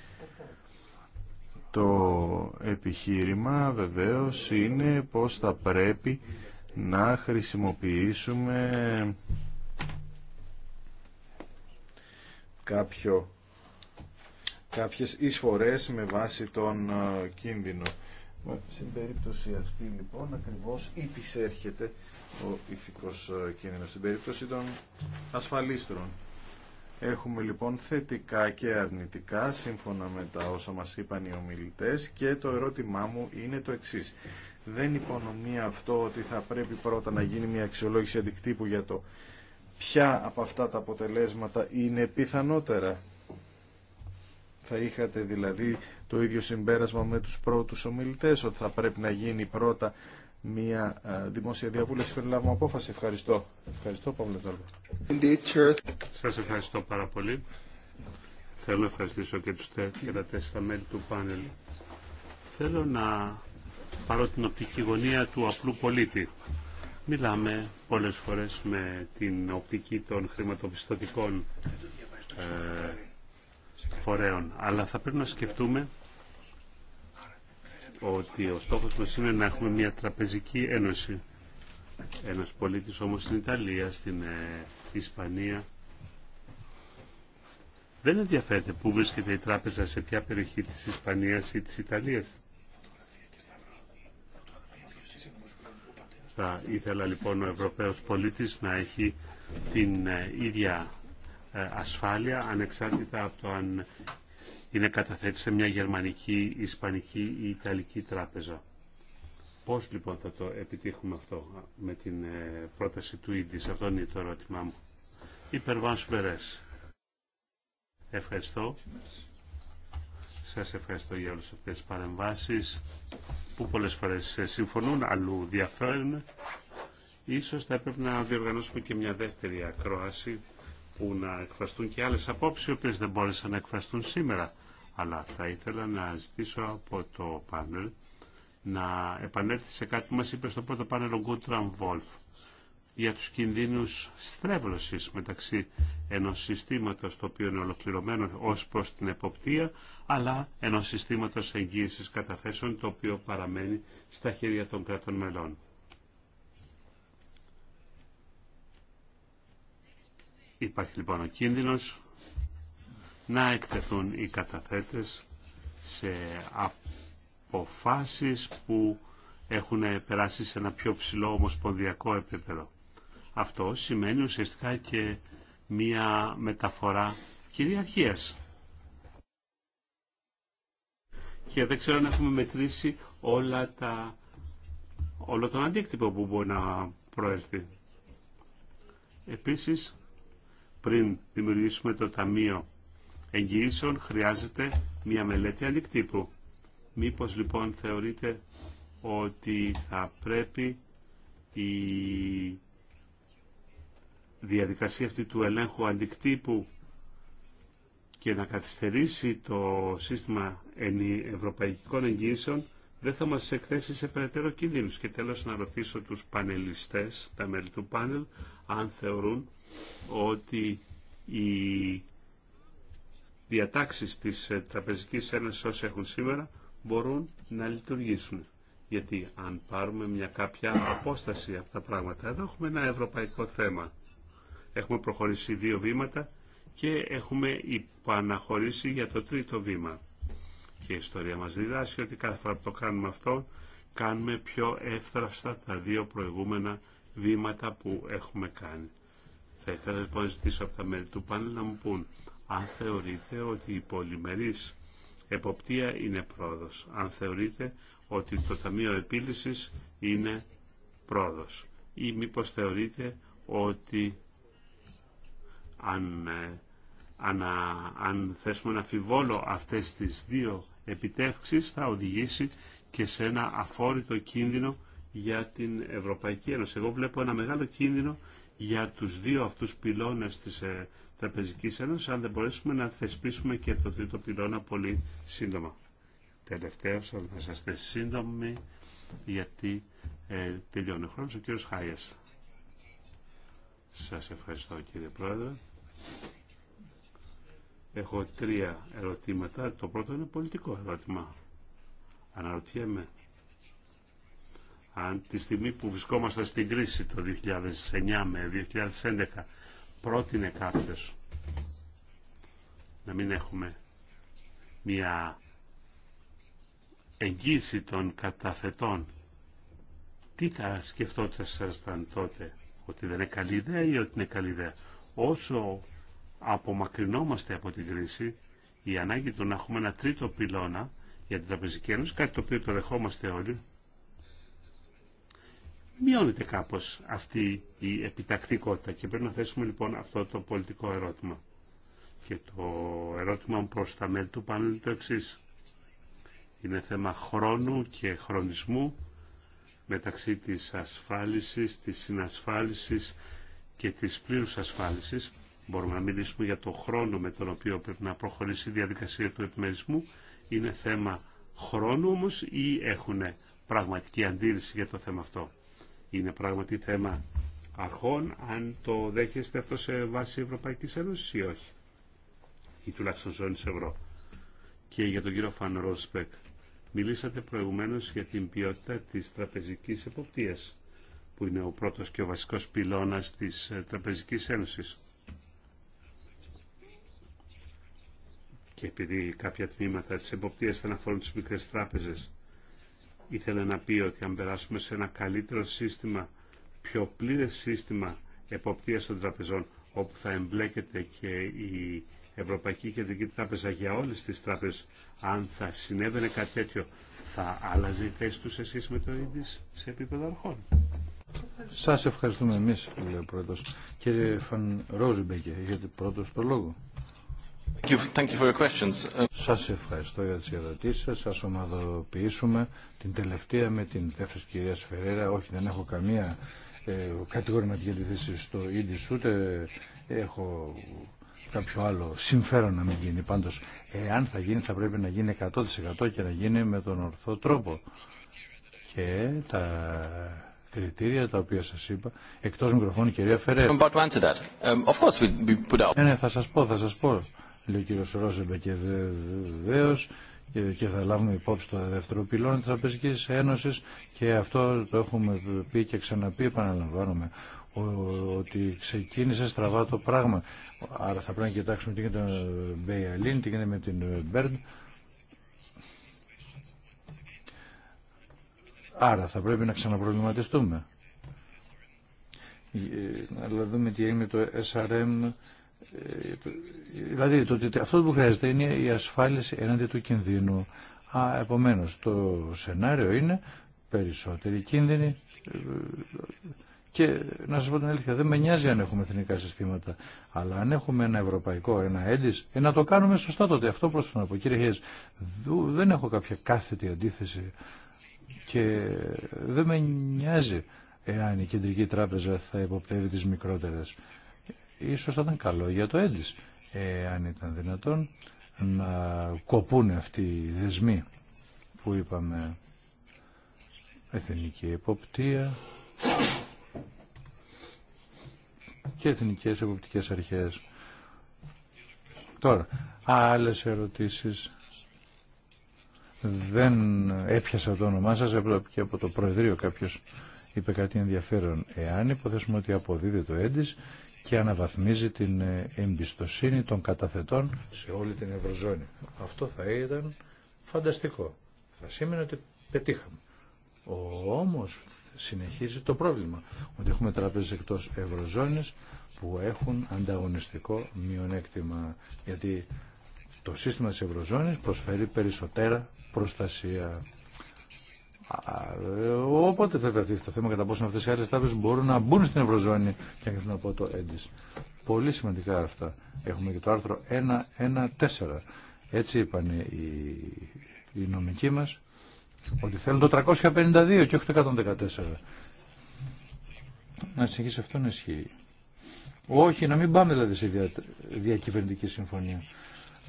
το επιχείρημα βεβαίως είναι πως θα πρέπει να χρησιμοποιήσουμε κάποιο, κάποιες εισφορές με βάση τον ε, κίνδυνο. Στην περίπτωση αυτή λοιπόν ακριβώς υπησέρχεται ο ηθικός ε, κίνδυνος. Στην περίπτωση των ασφαλίστρων. Έχουμε λοιπόν θετικά και αρνητικά σύμφωνα με τα όσα μας είπαν οι ομιλητές και το ερώτημά μου είναι το εξής. Δεν υπονομεί αυτό ότι θα πρέπει πρώτα να γίνει μια αξιολόγηση αντικτύπου για το ποια από αυτά τα αποτελέσματα είναι πιθανότερα. Θα είχατε δηλαδή το ίδιο συμπέρασμα με τους πρώτους ομιλητές, ότι θα πρέπει να γίνει πρώτα μια δημόσια διαβούλευση πριν λάβουμε απόφαση. Ευχαριστώ. Ευχαριστώ, Παύλο Τόλου. Σας ευχαριστώ πάρα πολύ. Θέλω να ευχαριστήσω και, τους, και τα τέσσερα μέλη του πάνελ. Θέλω να πάρω την οπτική γωνία του απλού πολίτη. Μιλάμε πολλές φορές με την οπτική των χρηματοπιστωτικών ε, φορέων, αλλά θα πρέπει να σκεφτούμε ότι ο στόχος μας είναι να έχουμε μια τραπεζική ένωση. Ένας πολίτης όμως στην Ιταλία, στην ε, Ισπανία, δεν ενδιαφέρεται πού βρίσκεται η τράπεζα σε ποια περιοχή της Ισπανίας ή της Ιταλίας. Θα ήθελα λοιπόν ο Ευρωπαίος πολίτης να έχει την ε, ίδια ε, ασφάλεια ανεξάρτητα από το αν είναι καταθέτει σε μια γερμανική, ισπανική ή ιταλική τράπεζα. Πώς λοιπόν θα το επιτύχουμε αυτό με την ε, πρόταση του Ίντις, αυτό είναι το ερώτημά μου. Υπερβάν Σουπερές. Ευχαριστώ. Σας ευχαριστώ για όλες αυτές τις παρεμβάσεις που πολλές φορές συμφωνούν, αλλού διαφέρουν. Ίσως θα έπρεπε να διοργανώσουμε και μια δεύτερη ακρόαση που να εκφραστούν και άλλες απόψεις, οι οποίες δεν μπόρεσαν να εκφραστούν σήμερα. Αλλά θα ήθελα να ζητήσω από το πάνελ να επανέλθει σε κάτι που μας είπε στο πρώτο πάνελ ο Γκούτραν Βόλφ για τους κινδύνους στρέβλωσης μεταξύ ενός συστήματος το οποίο είναι ολοκληρωμένο ως προς την εποπτεία αλλά ενός συστήματος εγγύησης καταθέσεων το οποίο παραμένει στα χέρια των κρατών μελών. Υπάρχει λοιπόν ο κίνδυνος να εκτεθούν οι καταθέτες σε αποφάσεις που έχουν περάσει σε ένα πιο ψηλό ομοσπονδιακό επίπεδο. Αυτό σημαίνει ουσιαστικά και μία μεταφορά κυριαρχίας. Και δεν ξέρω αν έχουμε μετρήσει όλα τα, όλο τον αντίκτυπο που μπορεί να προέλθει. Επίσης, πριν δημιουργήσουμε το Ταμείο Εγγυήσεων, χρειάζεται μία μελέτη αντικτύπου. Μήπως λοιπόν θεωρείτε ότι θα πρέπει η διαδικασία αυτή του ελέγχου αντικτύπου και να καθυστερήσει το σύστημα ευρωπαϊκών εγγύησεων δεν θα μας εκθέσει σε περαιτέρω κινδύνους. Και τέλος να ρωτήσω τους πανελιστές, τα μέλη του πάνελ, αν θεωρούν ότι οι διατάξεις της Τραπεζικής Ένωσης όσοι έχουν σήμερα μπορούν να λειτουργήσουν. Γιατί αν πάρουμε μια κάποια απόσταση από τα πράγματα, εδώ έχουμε ένα ευρωπαϊκό θέμα. Έχουμε προχωρήσει δύο βήματα και έχουμε υπαναχωρήσει για το τρίτο βήμα. Και η ιστορία μας διδάσκει ότι κάθε φορά που το κάνουμε αυτό, κάνουμε πιο εύθραυστα τα δύο προηγούμενα βήματα που έχουμε κάνει. Θα ήθελα λοιπόν να ζητήσω από τα μέλη του πάνελ να μου πούν αν θεωρείτε ότι η πολυμερής εποπτεία είναι πρόοδος, αν θεωρείτε ότι το Ταμείο Επίλυσης είναι πρόοδος ή μήπως θεωρείτε ότι αν, ε, αν, αν θέσουμε να αφιβόλω αυτές τις δύο επιτεύξεις θα οδηγήσει και σε ένα αφόρητο κίνδυνο για την Ευρωπαϊκή Ένωση. Εγώ βλέπω ένα μεγάλο κίνδυνο για τους δύο αυτούς πυλώνες της ε, Τραπεζικής Ένωσης αν δεν μπορέσουμε να θεσπίσουμε και το τρίτο πυλώνα πολύ σύντομα. Τελευταίος, θα είστε σύντομοι γιατί ε, τελειώνει ο χρόνος ο κύριος Χάιας. Σας ευχαριστώ κύριε Πρόεδρε. Έχω τρία ερωτήματα. Το πρώτο είναι πολιτικό ερώτημα. Αναρωτιέμαι αν τη στιγμή που βρισκόμαστε στην κρίση το 2009 με 2011 πρότεινε κάποιος να μην έχουμε μια εγγύηση των καταθετών. Τι θα σκεφτόταν τότε, ότι δεν είναι καλή ιδέα ή ότι είναι καλή ιδέα όσο απομακρυνόμαστε από την κρίση, η ανάγκη του να έχουμε ένα τρίτο πυλώνα για την Τραπεζική Ένωση, κάτι το οποίο το δεχόμαστε όλοι, μειώνεται κάπως αυτή η επιτακτικότητα και πρέπει να θέσουμε λοιπόν αυτό το πολιτικό ερώτημα. Και το ερώτημα μου τα μέλη του πάνελ είναι το εξή. Είναι θέμα χρόνου και χρονισμού μεταξύ της ασφάλισης, της συνασφάλισης, και της πλήρους ασφάλισης. Μπορούμε να μιλήσουμε για το χρόνο με τον οποίο πρέπει να προχωρήσει η διαδικασία του επιμερισμού. Είναι θέμα χρόνου όμως ή έχουν πραγματική αντίρρηση για το θέμα αυτό. Είναι πράγματι θέμα αρχών αν το δέχεστε αυτό σε βάση Ευρωπαϊκής Ένωσης ή όχι. Ή τουλάχιστον ζώνης ευρώ. Και για τον κύριο Φαν Ρόσπεκ. Μιλήσατε προηγουμένως για την ποιότητα της τραπεζικής εποπτείας που είναι ο πρώτος και ο βασικός πυλώνας της ε, Τραπεζικής Ένωσης. Και επειδή κάποια τμήματα της εποπτείας θα αναφορούν τις μικρές τράπεζες, ήθελα να πει ότι αν περάσουμε σε ένα καλύτερο σύστημα, πιο πλήρες σύστημα εποπτείας των τραπεζών, όπου θα εμπλέκεται και η Ευρωπαϊκή Κεντρική Τράπεζα για όλες τις τράπεζες, αν θα συνέβαινε κάτι τέτοιο, θα άλλαζε η θέση του σε σχέση με το ίδιο σε επίπεδο αρχών. Σα ευχαριστούμε εμεί κύριε ο Κύριε Φαν Ρόζιμπεκε, έχετε πρώτο το λόγο. Σα ευχαριστώ για τι ερωτήσει σα, Σας ομαδοποιήσουμε την τελευταία με την δεύτερη κυρία Σφερέρα. Όχι, δεν έχω καμία ε, κατηγορηματική αντιθέση στο Ίντις, ούτε έχω κάποιο άλλο συμφέρον να μην γίνει. Πάντω, εάν θα γίνει, θα πρέπει να γίνει 100% και να γίνει με τον ορθό τρόπο. Και τα κριτήρια τα οποία σας είπα εκτός μικροφώνου κυρία Φερέ. Um, ναι, ναι, θα σας πω, θα σας πω, λέει ο κύριος Ρόζεμπε και βεβαίω και θα λάβουμε υπόψη το δεύτερο πυλόν της Τραπεζικής Ένωσης και αυτό το έχουμε πει και ξαναπεί, επαναλαμβάνομαι ότι ξεκίνησε στραβά το πράγμα. Άρα θα πρέπει να κοιτάξουμε τι γίνεται με την Μπέι Αλίν τι γίνεται με την Μπέρντ Άρα θα πρέπει να ξαναπροβληματιστούμε. Να ε, δούμε τι έγινε το SRM. Ε, δηλαδή, το, αυτό που χρειάζεται είναι η ασφάλιση έναντι του κινδύνου. Α, επομένως, το σενάριο είναι περισσότεροι κίνδυνοι ε, και να σας πω την αλήθεια, δεν με νοιάζει αν έχουμε εθνικά συστήματα, αλλά αν έχουμε ένα ευρωπαϊκό, ένα έντις, ε, να το κάνουμε σωστά τότε. Αυτό προσπαθώ να πω. Κύριε δεν έχω κάποια κάθετη αντίθεση και δεν με νοιάζει εάν η Κεντρική Τράπεζα θα υποπτεύει τις μικρότερες. Ίσως θα ήταν καλό για το έντις, εάν ήταν δυνατόν να κοπούν αυτοί οι δεσμοί που είπαμε εθνική εποπτεία και εθνικές εποπτικές αρχές. Τώρα, άλλες ερωτήσεις δεν έπιασα το όνομά σας και από το Προεδρείο κάποιος είπε κάτι ενδιαφέρον εάν υποθέσουμε ότι αποδίδει το έντις και αναβαθμίζει την ε, εμπιστοσύνη των καταθετών σε όλη την Ευρωζώνη. Αυτό θα ήταν φανταστικό. Θα σήμαινε ότι πετύχαμε. Όμως συνεχίζει το πρόβλημα ότι έχουμε τραπέζες εκτός Ευρωζώνης που έχουν ανταγωνιστικό μειονέκτημα γιατί το σύστημα της Ευρωζώνης προσφέρει περισσότερα προστασία. Οπότε θα βρεθεί το θέμα κατά πόσο αυτέ οι άλλε τράπεζε μπορούν να μπουν στην Ευρωζώνη και να κρυφθούν από το έντις. Πολύ σημαντικά αυτά. Έχουμε και το άρθρο 1.1.4. Έτσι είπαν οι, οι νομικοί μα ότι θέλουν το 352 και όχι το 114. Να συνεχίσει αυτό να ισχύει. Όχι, να μην πάμε δηλαδή σε δια, διακυβερνητική συμφωνία.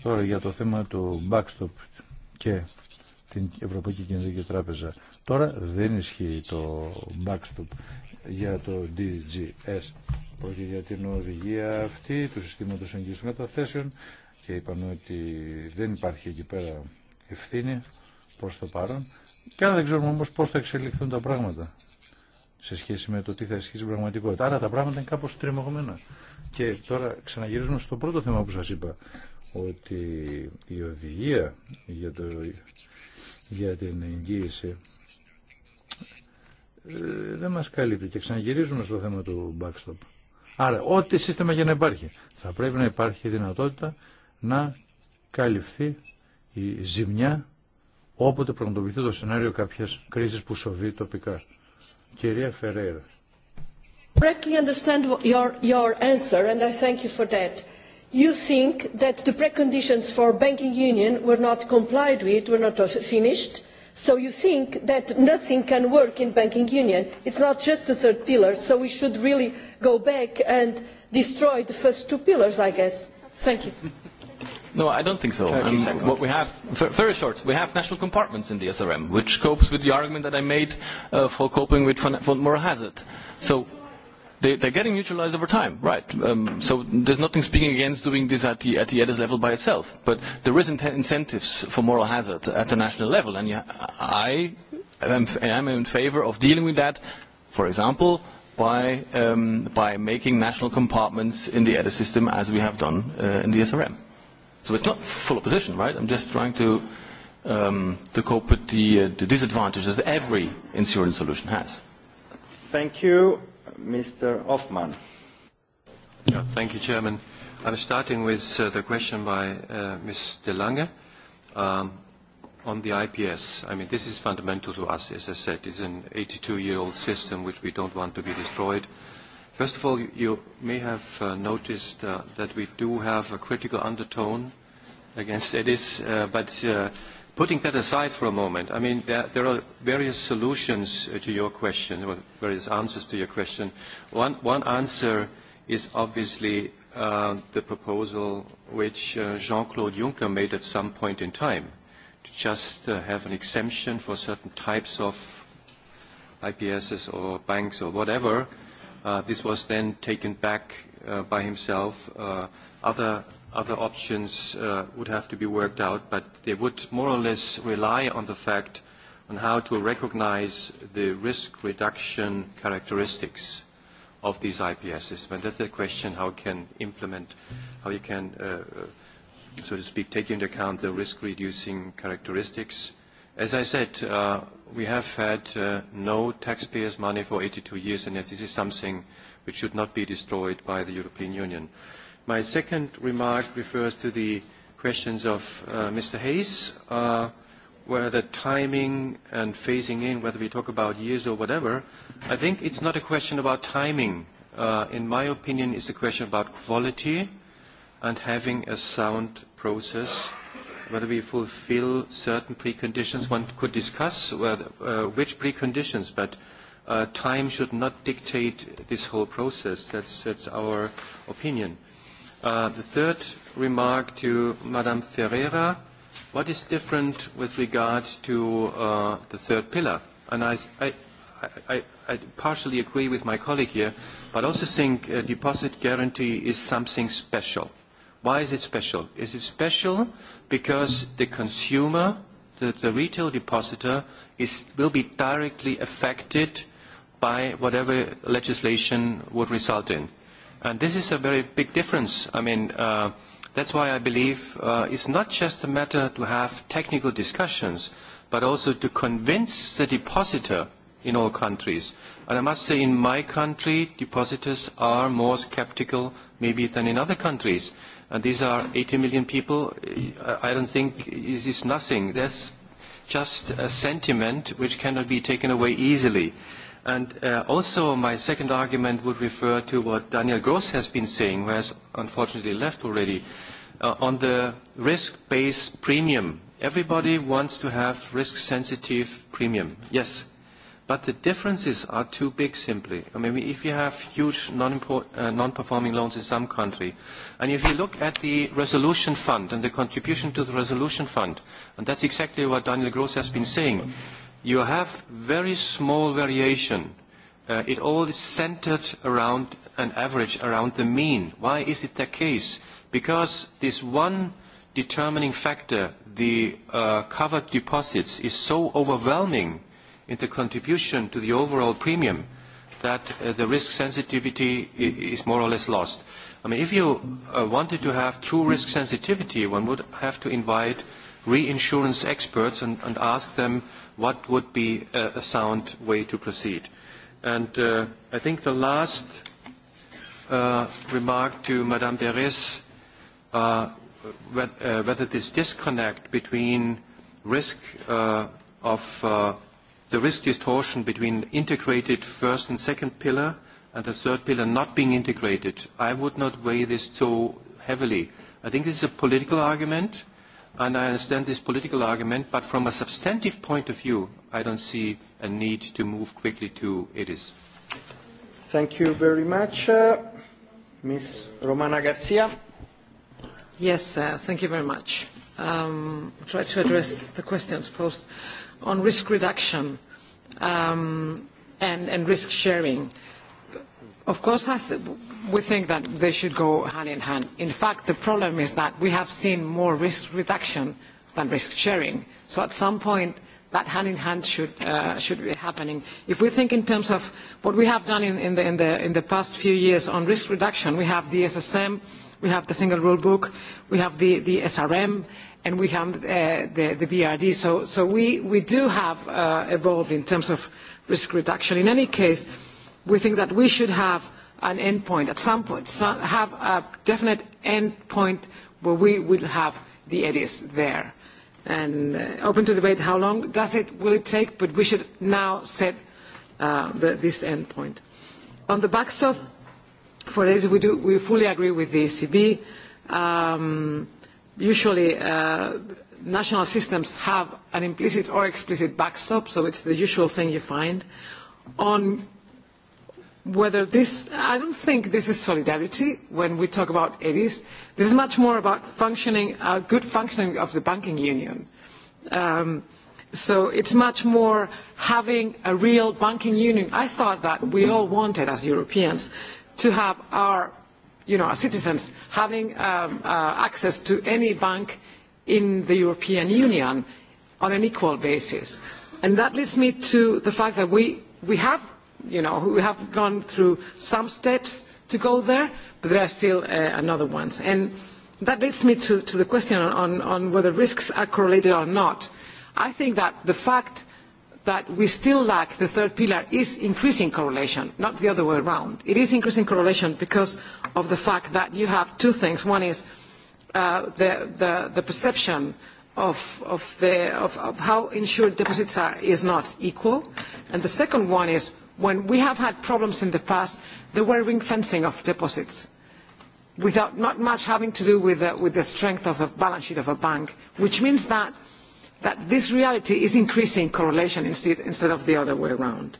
Τώρα για το θέμα του backstop και την Ευρωπαϊκή Κοινωνική Τράπεζα. Τώρα δεν ισχύει το backstop για το DGS. όχι για την οδηγία αυτή του συστήματος εγγύηση καταθέσεων και είπαμε ότι δεν υπάρχει εκεί πέρα ευθύνη προς το παρόν. Και άρα δεν ξέρουμε όμως πώς θα εξελιχθούν τα πράγματα σε σχέση με το τι θα ισχύσει στην πραγματικότητα. Άρα τα πράγματα είναι κάπως τριμωγμένα. Και τώρα ξαναγυρίζουμε στο πρώτο θέμα που σας είπα, ότι η οδηγία για το για την εγγύηση ε, δεν μας καλύπτει και ξαναγυρίζουμε στο θέμα του backstop. Άρα ό,τι σύστημα για να υπάρχει θα πρέπει να υπάρχει δυνατότητα να καλυφθεί η ζημιά όποτε πραγματοποιηθεί το σενάριο κάποιας κρίσης που σοβεί τοπικά. Κυρία Φεραίρα you think that the preconditions for banking union were not complied with, were not finished, so you think that nothing can work in banking union. It's not just the third pillar, so we should really go back and destroy the first two pillars, I guess. Thank you. No, I don't think so. What we have, very short, we have national compartments in the SRM, which copes with the argument that I made for coping with moral hazard. So They They're getting neutralized over time, right? So there's nothing speaking against doing this at the EDIS level by itself, but there is incentives for moral hazard at the national level, and I am in favor of dealing with that, for example, by making national compartments in the EDIS system as we have done in the SRM. So it's not full opposition, right? I'm just trying to cope with the disadvantages that every insurance solution has. Thank you. Mr. Hoffman. Yeah, thank you, Chairman. I'm starting with the question by Ms. De Lange on the IPS. I mean, this is fundamental to us, as I said. It's an 82-year-old system which we don't want to be destroyed. First of all, you may have noticed that we do have a critical undertone against EDIS, but Putting that aside for a moment, I mean, there are various solutions to your question, or various answers to your question. One answer is obviously the proposal which Jean-Claude Juncker made at some point in time, to just have an exemption for certain types of IPSs or banks or whatever. This was then taken back by himself. Other Other options would have to be worked out, but they would more or less rely on the fact on how to recognize the risk reduction characteristics of these IPSs. systems. And that's the question how can implement, how you can, so to speak, take into account the risk-reducing characteristics. As I said, we have had no taxpayers' money for 82 years, and this is something which should not be destroyed by the European Union. My second remark refers to the questions of Mr. Hayes, where the timing and phasing in, whether we talk about years or whatever, I think it's not a question about timing. In my opinion, it's a question about quality and having a sound process whether we fulfill certain preconditions. One could discuss which preconditions, but time should not dictate this whole process. That's our opinion. The third remark to Madame Ferreira, what is different with regard to the third pillar? And I I partially agree with my colleague here, but also think a deposit guarantee is something special. Why is it special? Is it special because the consumer, the retail depositor, will be directly affected by whatever legislation would result in? And this is a very big difference. I mean, that's why I believe it's not just a matter to have technical discussions, but also to convince the depositor in all countries. And I must say in my country, depositors are more skeptical maybe than in other countries. And these are 80 million people. I don't think it is nothing. is just a sentiment which cannot be taken away easily. And also my second argument would refer to what Daniel Gross has been saying, who has unfortunately left already, on the risk-based premium. Everybody wants to have risk-sensitive premium, yes, but the differences are too big simply. I mean, if you have huge non-performing loans in some country, and if you look at the resolution fund and the contribution to the resolution fund, and that's exactly what Daniel Gross has been saying, you have very small variation. It all is centered around an average, around the mean. Why is it the case? Because this one determining factor, the covered deposits, is so overwhelming in the contribution to the overall premium that the risk sensitivity is more or less lost. I mean, if you wanted to have true risk sensitivity, one would have to invite reinsurance experts and ask them what would be a sound way to proceed. And I think the last remark to Madame Beres, whether this disconnect between risk of the risk distortion between integrated first and second pillar and the third pillar not being integrated, I would not weigh this so heavily. I think this is a political argument and I understand this political argument, but from a substantive point of view, I don't see a need to move quickly to is. Thank you very much. Ms. Romana Garcia. Yes, thank you very much. I'll try to address the questions posed on risk reduction and risk sharing. Of course, we think that they should go hand in hand. In fact, the problem is that we have seen more risk reduction than risk sharing. So at some point, that hand in hand should be happening. If we think in terms of what we have done in the past few years on risk reduction, we have the SSM, we have the single rule book, we have the SRM, and we have the BRD. So we do have evolved in terms of risk reduction. In any case, we think that we should have an end point at some point, have a definite end point where we will have the eddies there. And open to debate how long does it, will it take, but we should now set this end point. On the backstop, for this we, we fully agree with the ECB. usually, national systems have an implicit or explicit backstop, so it's the usual thing you find. On whether this i don't think this is solidarity when we talk about it this is much more about functioning good functioning of the banking union so it's much more having a real banking union i thought that we all wanted as europeans to have our you know our citizens having access to any bank in the european union on an equal basis and that leads me to the fact that we we have you know, we have gone through some steps to go there, but there are still another ones. And that leads me to the question on whether risks are correlated or not. I think that the fact that we still lack the third pillar is increasing correlation, not the other way around. It is increasing correlation because of the fact that you have two things. One is the perception of how insured deposits are is not equal. And the second one is when we have had problems in the past, there were ring fencing of deposits, without not much having to do with the strength of a balance sheet of a bank, which means that this reality is increasing correlation instead of the other way around.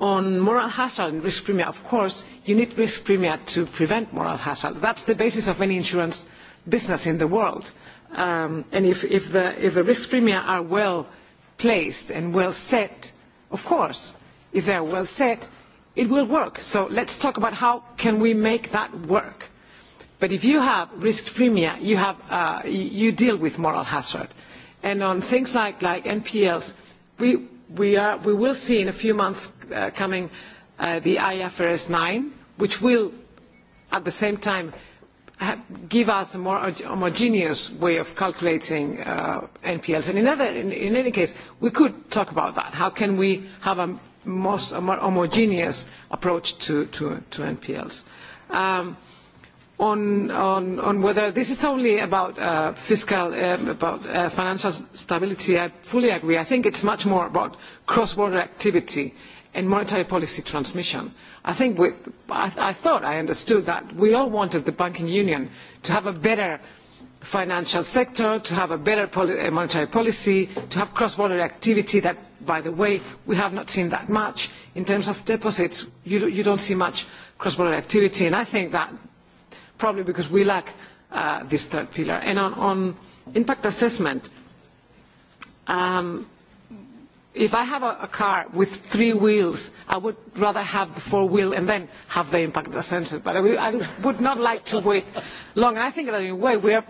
On moral hazard and risk premium, of course, you need risk premium to prevent moral hazard. That's the basis of any insurance business in the world. And if the risk premium are well placed and well set, Of course, if they well set, it will work. So let's talk about how can we make that work. But if you have risk premia, you deal with moral hazard. And on things like NPLs, we will see in a few months coming the IFRS 9, which will at the same time give us a more homogeneous way of calculating NPLs. And in any case, we could talk about that. How can we have a more homogeneous approach to NPLs? On whether this is only about fiscal, about financial stability, I fully agree. I think it's much more about cross-border activity and monetary policy transmission. I think I thought I understood that we all wanted the banking union to have a better financial sector, to have a better monetary policy, to have cross-border activity that, by the way, we have not seen that much. In terms of deposits, you don't see much cross-border activity, and I think that probably because we lack this third pillar. And on impact assessment, if I have a car with three wheels, I would rather have the four wheel and then have the impact assessment. But I would not like to wait long. I think that in a way we are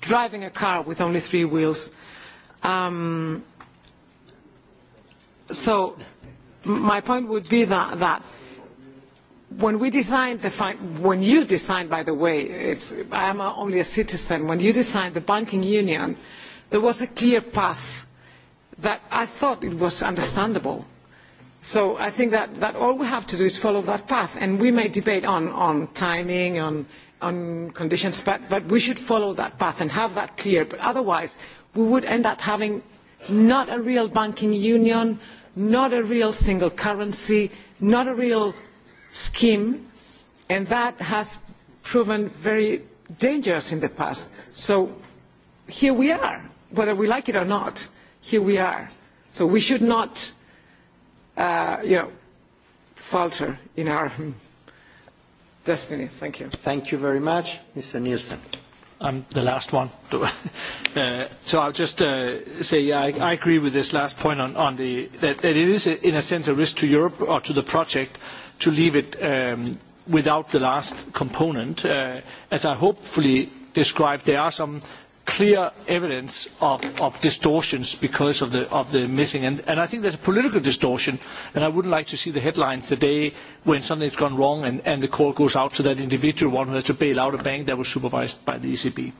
driving a car with only three wheels. So my point would be that when we designed the when you designed, by the way, I am only a citizen, when you designed the banking union, there was a clear path that I thought it was understandable. So I think that all we have to do is follow that path, and we may debate on timing, on conditions, but we should follow that path and have that clear. But otherwise, we would end up having not a real banking union, not a real single currency, not a real scheme, and that has proven very dangerous in the past. So here we are, whether we like it or not here we are. So we should not, you know, falter in our destiny. Thank you. Thank you very much, Mr. Nielsen. I'm the last one. So I'll just say I agree with this last point on the that it is in a sense a risk to Europe or to the project to leave it without the last component. As I hopefully described, there are some clear evidence of distortions because of the missing. And I think there's a political distortion, and I wouldn't like to see the headlines the day when something's gone wrong and the call goes out to that individual one who has to bail out a bank that was supervised by the ECB.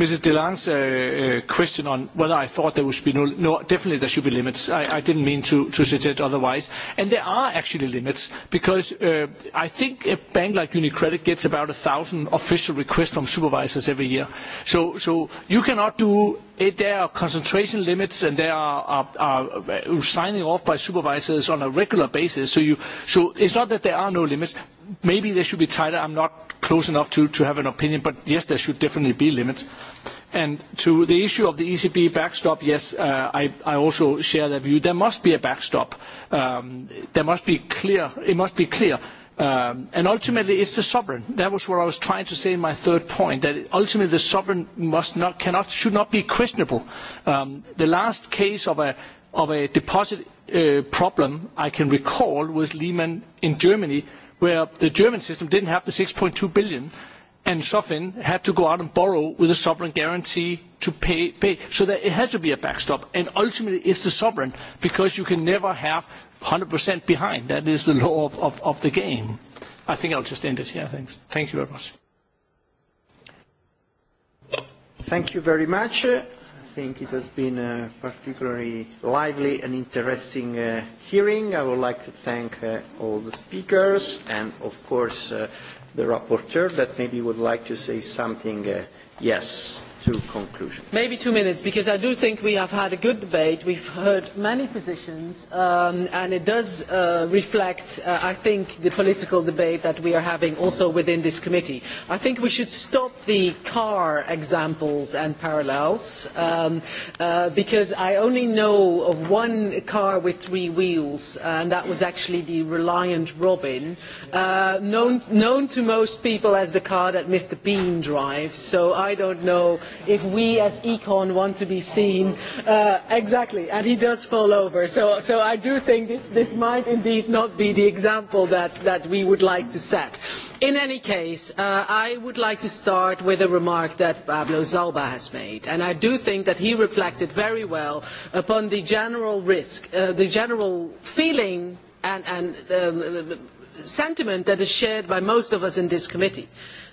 Mrs. Delange's question on whether I thought there should be no, no, definitely there should be limits. I, I didn't mean to, to suggest otherwise. And there are actually limits because I think a bank like UniCredit gets about a thousand official requests from supervisors every year. So, so you cannot do there are concentration limits and there are signing off by supervisors on a regular basis. So, you, so it's not that there are no limits maybe they should be tighter. I'm not close enough to have an opinion, but yes, there should definitely be limits. And to the issue of the ECB backstop, yes, I also share that view. There must be a backstop. There must be clear. It must be clear. And ultimately, it's the sovereign. That was what I was trying to say in my third point, that ultimately the sovereign must not, cannot, should not be questionable. The last case of a of a deposit problem I can recall was Lehman in Germany where the German system didn't have the 6.2 billion and SOFIN had to go out and borrow with a sovereign guarantee to pay. So it has to be a backstop, and ultimately it's the sovereign, because you can never have 100% behind. That is the law of the game. I think I'll just end it here. Thanks. Thank you very much. Thank you very much. I think it has been a particularly lively and interesting hearing. I would like to thank all the speakers and, of course, the rapporteur that maybe would like to say something. Yes to conclusion. Maybe two minutes, because I do think we have had a good debate. We've heard many positions, and it does reflect, I think, the political debate that we are having also within this committee. I think we should stop the car examples and parallels, because I only know of one car with three wheels, and that was actually the Reliant Robin, known to most people as the car that Mr. Bean drives. So I don't know if we as econ want to be seen exactly and he does fall over so so i do think this this might indeed not be the example that that we would like to set in any case i would like to start with a remark that pablo zalba has made and i do think that he reflected very well upon the general risk the general feeling and sentiment that is shared by most of us in this committee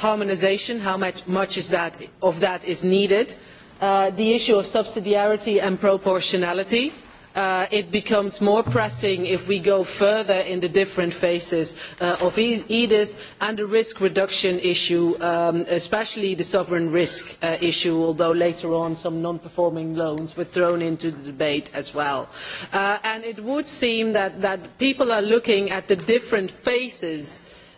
harmonisation, how much of that is needed, the issue of subsidiarity and proportionality. It becomes more pressing if we go further in the different phases of EDIS and the risk reduction issue, especially the sovereign risk issue, although later on some non-performing loans were thrown into the debate as well. And it would seem that people are looking at the different phases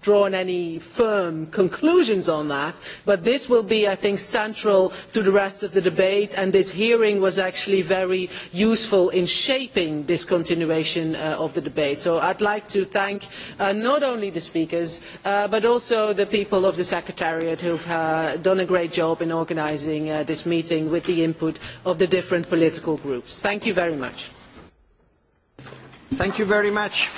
drawn any firm conclusions on that, but this will be, I think, central to the rest of the debate, and this hearing was actually very useful in shaping this continuation of the debate. So I'd like to thank not only the speakers, but also the people of the Secretariat who have done a great job in organising this meeting with the input of the different political groups. Thank you very much. Thank you very much.